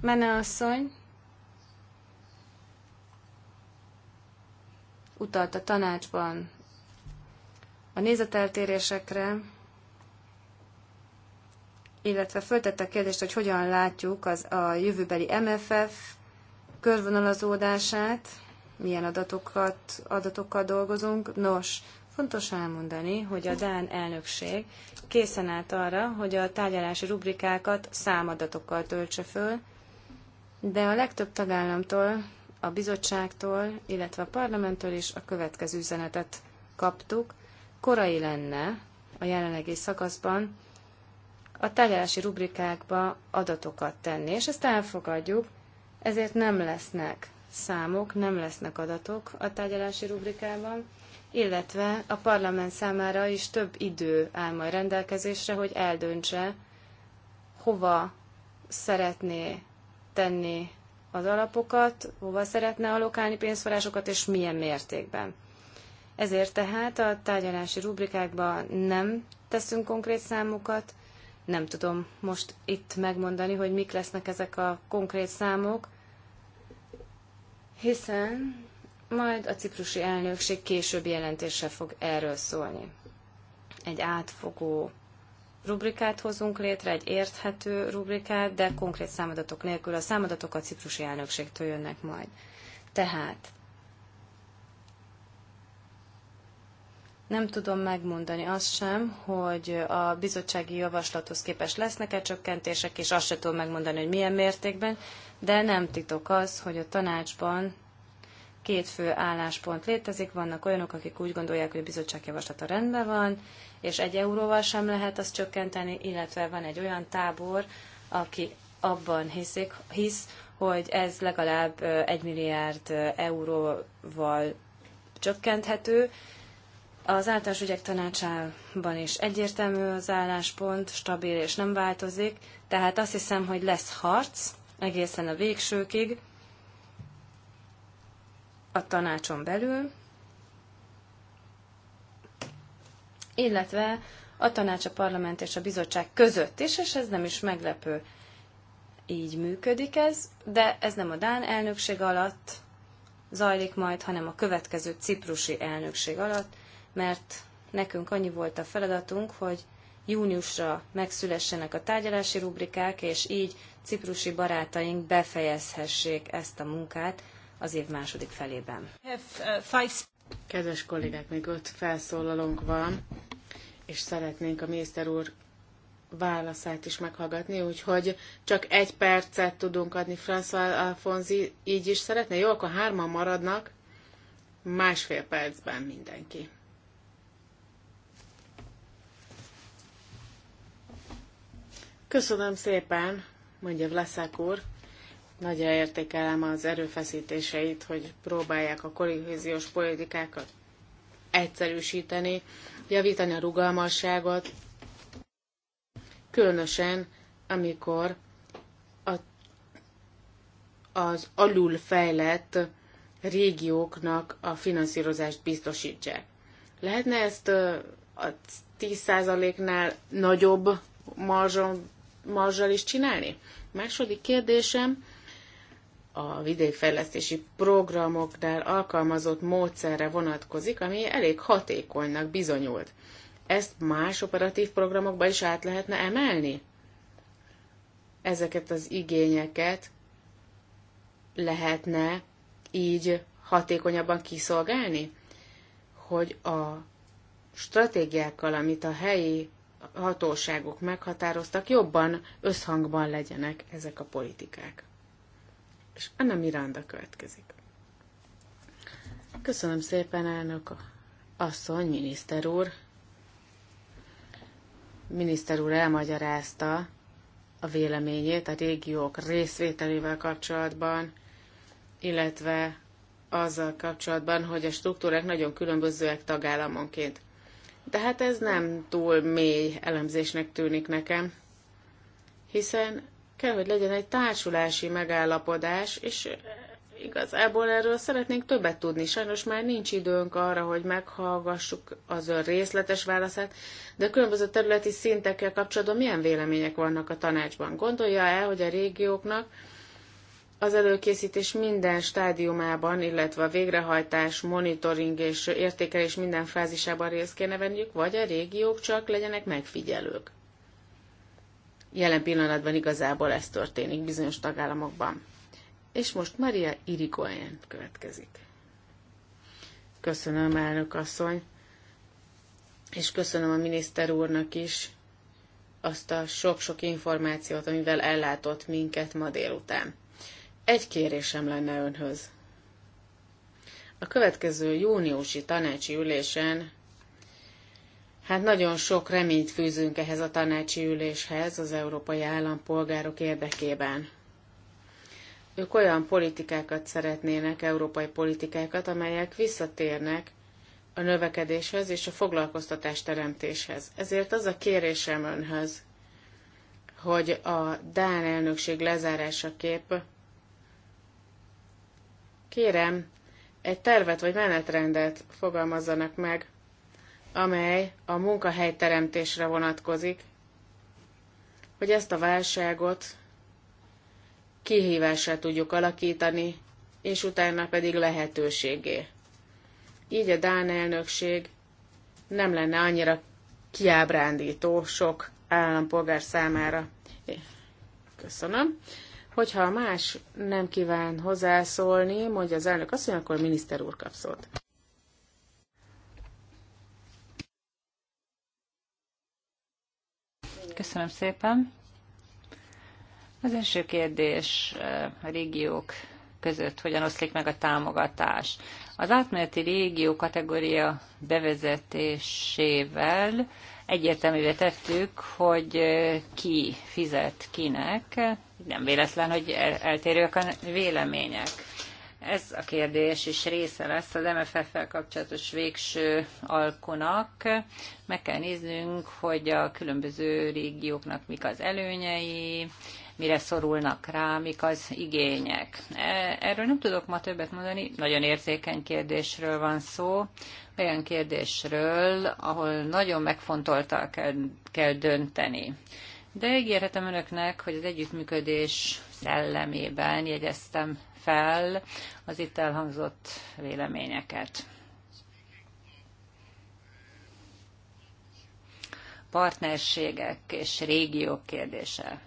Mene asszony utalt a tanácsban a nézeteltérésekre, illetve föltette a kérdést, hogy hogyan látjuk az, a jövőbeli MFF körvonalazódását, milyen adatokat, adatokkal dolgozunk. Nos, fontos elmondani, hogy a Dán elnökség készen állt arra, hogy a tárgyalási rubrikákat számadatokkal töltse föl, de a legtöbb tagállamtól, a bizottságtól, illetve a parlamenttől is a következő üzenetet kaptuk. Korai lenne a jelenlegi szakaszban a tárgyalási rubrikákba adatokat tenni, és ezt elfogadjuk, ezért nem lesznek számok, nem lesznek adatok a tárgyalási rubrikában, illetve a parlament számára is több idő áll majd rendelkezésre, hogy eldöntse, hova szeretné tenni az alapokat, hova szeretne alokálni pénzforrásokat, és milyen mértékben. Ezért tehát a tárgyalási rubrikákban nem teszünk konkrét számokat, nem tudom most itt megmondani, hogy mik lesznek ezek a konkrét számok, hiszen majd a ciprusi elnökség később jelentése fog erről szólni. Egy átfogó rubrikát hozunk létre, egy érthető rubrikát, de konkrét számadatok nélkül a számadatok a ciprusi elnökségtől jönnek majd. Tehát Nem tudom megmondani azt sem, hogy a bizottsági javaslathoz képes lesznek-e csökkentések, és azt sem tudom megmondani, hogy milyen mértékben, de nem titok az, hogy a tanácsban két fő álláspont létezik, vannak olyanok, akik úgy gondolják, hogy a bizottság javaslata rendben van, és egy euróval sem lehet azt csökkenteni, illetve van egy olyan tábor, aki abban hiszik, hisz, hogy ez legalább egy milliárd euróval csökkenthető, az általános ügyek tanácsában is egyértelmű az álláspont, stabil és nem változik, tehát azt hiszem, hogy lesz harc egészen a végsőkig a tanácson belül, illetve a tanács, a parlament és a bizottság között is, és ez nem is meglepő. Így működik ez, de ez nem a Dán elnökség alatt zajlik majd, hanem a következő ciprusi elnökség alatt, mert nekünk annyi volt a feladatunk, hogy júniusra megszülessenek a tárgyalási rubrikák, és így ciprusi barátaink befejezhessék ezt a munkát az év második felében. Kedves kollégák, még öt felszólalunk van, és szeretnénk a miniszter úr válaszát is meghallgatni, úgyhogy csak egy percet tudunk adni François Alfonzi, így is szeretné, jó, akkor hárman maradnak, másfél percben mindenki. Köszönöm szépen, mondja Vlaszák úr. Nagyra értékelem az erőfeszítéseit, hogy próbálják a kohéziós politikákat egyszerűsíteni, javítani a rugalmasságot, különösen amikor a, az alulfejlett régióknak a finanszírozást biztosítsák. Lehetne ezt a 10%-nál nagyobb marzson marzsal is csinálni? Második kérdésem, a vidékfejlesztési programoknál alkalmazott módszerre vonatkozik, ami elég hatékonynak bizonyult. Ezt más operatív programokba is át lehetne emelni? Ezeket az igényeket lehetne így hatékonyabban kiszolgálni, hogy a stratégiákkal, amit a helyi hatóságok meghatároztak, jobban összhangban legyenek ezek a politikák. És Anna Miranda következik. Köszönöm szépen, elnök asszony, miniszter úr. Miniszter úr elmagyarázta a véleményét a régiók részvételével kapcsolatban, illetve azzal kapcsolatban, hogy a struktúrák nagyon különbözőek tagállamonként. De hát ez nem túl mély elemzésnek tűnik nekem, hiszen kell, hogy legyen egy társulási megállapodás, és eh, igazából erről szeretnénk többet tudni. Sajnos már nincs időnk arra, hogy meghallgassuk az ön részletes válaszát, de a különböző területi szintekkel kapcsolatban milyen vélemények vannak a tanácsban? Gondolja el, hogy a régióknak az előkészítés minden stádiumában, illetve a végrehajtás, monitoring és értékelés minden fázisában részt kéne venniük, vagy a régiók csak legyenek megfigyelők. Jelen pillanatban igazából ez történik bizonyos tagállamokban. És most Maria Irigoyen következik. Köszönöm, elnök asszony, és köszönöm a miniszter úrnak is azt a sok-sok információt, amivel ellátott minket ma délután. Egy kérésem lenne önhöz. A következő júniusi tanácsi ülésen, hát nagyon sok reményt fűzünk ehhez a tanácsi üléshez az európai állampolgárok érdekében. Ők olyan politikákat szeretnének, európai politikákat, amelyek visszatérnek a növekedéshez és a foglalkoztatás teremtéshez. Ezért az a kérésem önhöz, hogy a Dán elnökség lezárása lezárásaképp Kérem, egy tervet vagy menetrendet fogalmazzanak meg, amely a teremtésre vonatkozik, hogy ezt a válságot kihívásra tudjuk alakítani, és utána pedig lehetőségé. Így a Dán elnökség nem lenne annyira kiábrándító sok állampolgár számára. Köszönöm. Hogyha más nem kíván hozzászólni, mondja az elnök azt, akkor a miniszter úr kap szót. Köszönöm szépen. Az első kérdés eh, a régiók között hogyan oszlik meg a támogatás. Az átmeneti régió kategória bevezetésével egyértelművé tettük, hogy eh, ki fizet kinek, nem véletlen, hogy eltérőek a vélemények. Ez a kérdés is része lesz az MFF-fel kapcsolatos végső alkonak. Meg kell néznünk, hogy a különböző régióknak mik az előnyei, mire szorulnak rá, mik az igények. E, erről nem tudok ma többet mondani, nagyon érzékeny kérdésről van szó, olyan kérdésről, ahol nagyon megfontoltal kell, kell dönteni. De ígérhetem önöknek, hogy az együttműködés szellemében jegyeztem fel az itt elhangzott véleményeket. Partnerségek és régiók kérdése.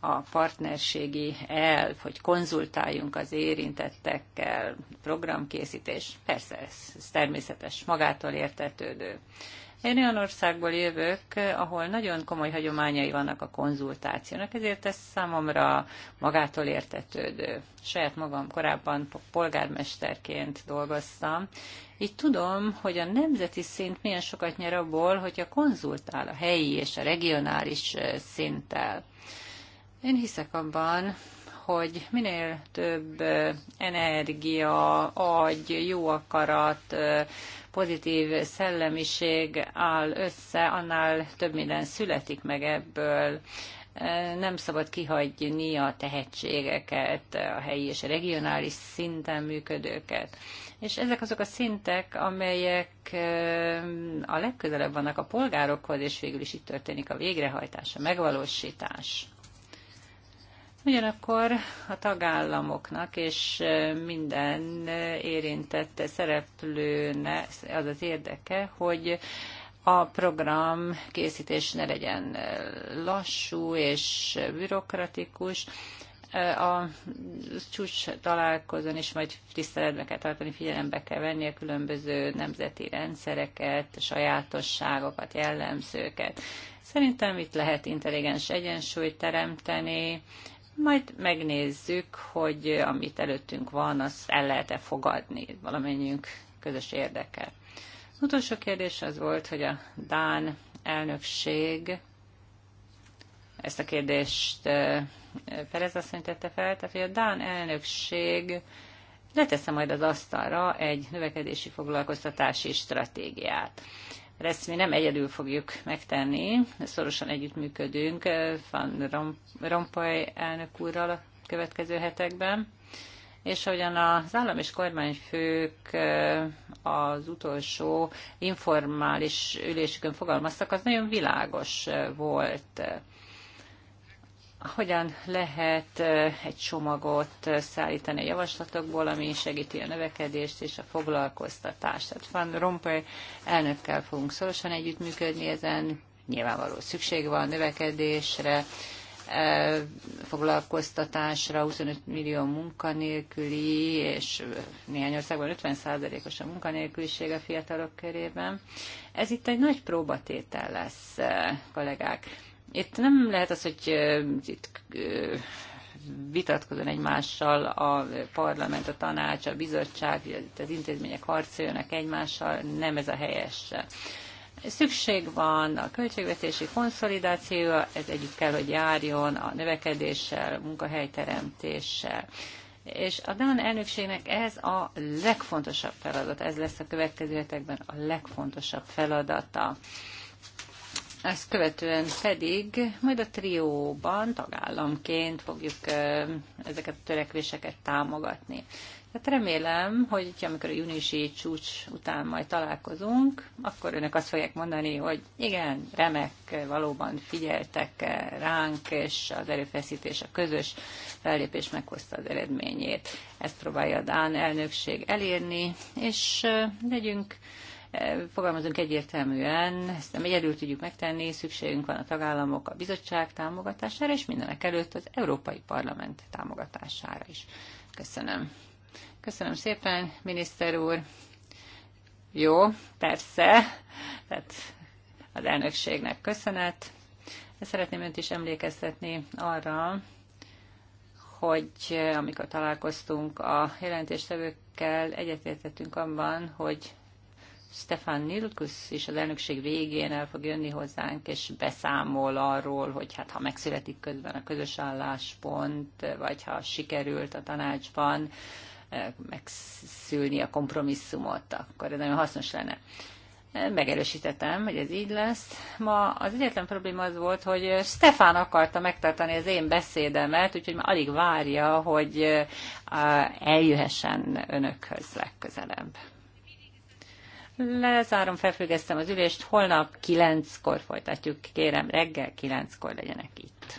A partnerségi elv, hogy konzultáljunk az érintettekkel, programkészítés, persze ez, ez természetes, magától értetődő. Én olyan országból jövök, ahol nagyon komoly hagyományai vannak a konzultációnak, ezért ez számomra magától értetődő. Saját magam korábban polgármesterként dolgoztam, így tudom, hogy a nemzeti szint milyen sokat nyer abból, hogyha konzultál a helyi és a regionális szinttel. Én hiszek abban, hogy minél több energia, agy, jó akarat, pozitív szellemiség áll össze, annál több minden születik meg ebből. Nem szabad kihagyni a tehetségeket, a helyi és a regionális szinten működőket. És ezek azok a szintek, amelyek eh, a legközelebb vannak a polgárokhoz, és végül is itt történik a végrehajtás, a megvalósítás. Ugyanakkor a tagállamoknak és minden érintett szereplőnek az az érdeke, hogy a program készítés ne legyen lassú és bürokratikus, a csúcs találkozón is majd tiszteletbe kell tartani, figyelembe kell venni a különböző nemzeti rendszereket, sajátosságokat, jellemzőket. Szerintem itt lehet intelligens egyensúlyt teremteni, majd megnézzük, hogy amit előttünk van, azt el lehet-e fogadni, valamennyiünk közös érdeke. Az utolsó kérdés az volt, hogy a Dán elnökség ezt a kérdést Perez asszony tette fel, tehát hogy a Dán elnökség leteszem majd az asztalra egy növekedési foglalkoztatási stratégiát ezt mi nem egyedül fogjuk megtenni, szorosan együttműködünk eh, Van Rompuy elnök úrral a következő hetekben, és ahogyan az állam és kormányfők eh, az utolsó informális ülésükön fogalmaztak, az nagyon világos eh, volt hogyan lehet egy csomagot szállítani a javaslatokból, ami segíti a növekedést és a foglalkoztatást. Tehát Van Rompuy elnökkel fogunk szorosan együttműködni ezen, nyilvánvaló szükség van növekedésre, foglalkoztatásra, 25 millió munkanélküli, és néhány országban 50%-os a munkanélküliség a fiatalok körében. Ez itt egy nagy próbatétel lesz, kollégák itt nem lehet az, hogy itt vitatkozon egymással a parlament, a tanács, a bizottság, az intézmények harcoljanak egymással, nem ez a helyes. Szükség van a költségvetési konszolidációra, ez együtt kell, hogy járjon a növekedéssel, a munkahelyteremtéssel. És a Dán elnökségnek ez a legfontosabb feladat, ez lesz a következő hetekben a legfontosabb feladata. Ezt követően pedig majd a trióban tagállamként fogjuk ezeket a törekvéseket támogatni. Hát remélem, hogy amikor a júniusi csúcs után majd találkozunk, akkor önök azt fogják mondani, hogy igen, remek, valóban figyeltek ránk, és az erőfeszítés, a közös fellépés meghozta az eredményét. Ezt próbálja a Dán elnökség elérni, és legyünk fogalmazunk egyértelműen, ezt nem egyedül tudjuk megtenni, szükségünk van a tagállamok, a bizottság támogatására, és mindenek előtt az Európai Parlament támogatására is. Köszönöm. Köszönöm szépen, miniszter úr. Jó, persze, tehát az elnökségnek köszönet. Szeretném önt is emlékeztetni arra, hogy amikor találkoztunk a jelentéstevőkkel, egyetértettünk abban, hogy Stefan Nilkus is az elnökség végén el fog jönni hozzánk, és beszámol arról, hogy hát ha megszületik közben a közös álláspont, vagy ha sikerült a tanácsban eh, megszülni a kompromisszumot, akkor ez nagyon hasznos lenne. Megerősítettem, hogy ez így lesz. Ma az egyetlen probléma az volt, hogy Stefán akarta megtartani az én beszédemet, úgyhogy már alig várja, hogy eh, eljöhessen önökhöz legközelebb. Lezárom, felfüggesztem az ülést, holnap kilenckor folytatjuk, kérem reggel kilenckor legyenek itt.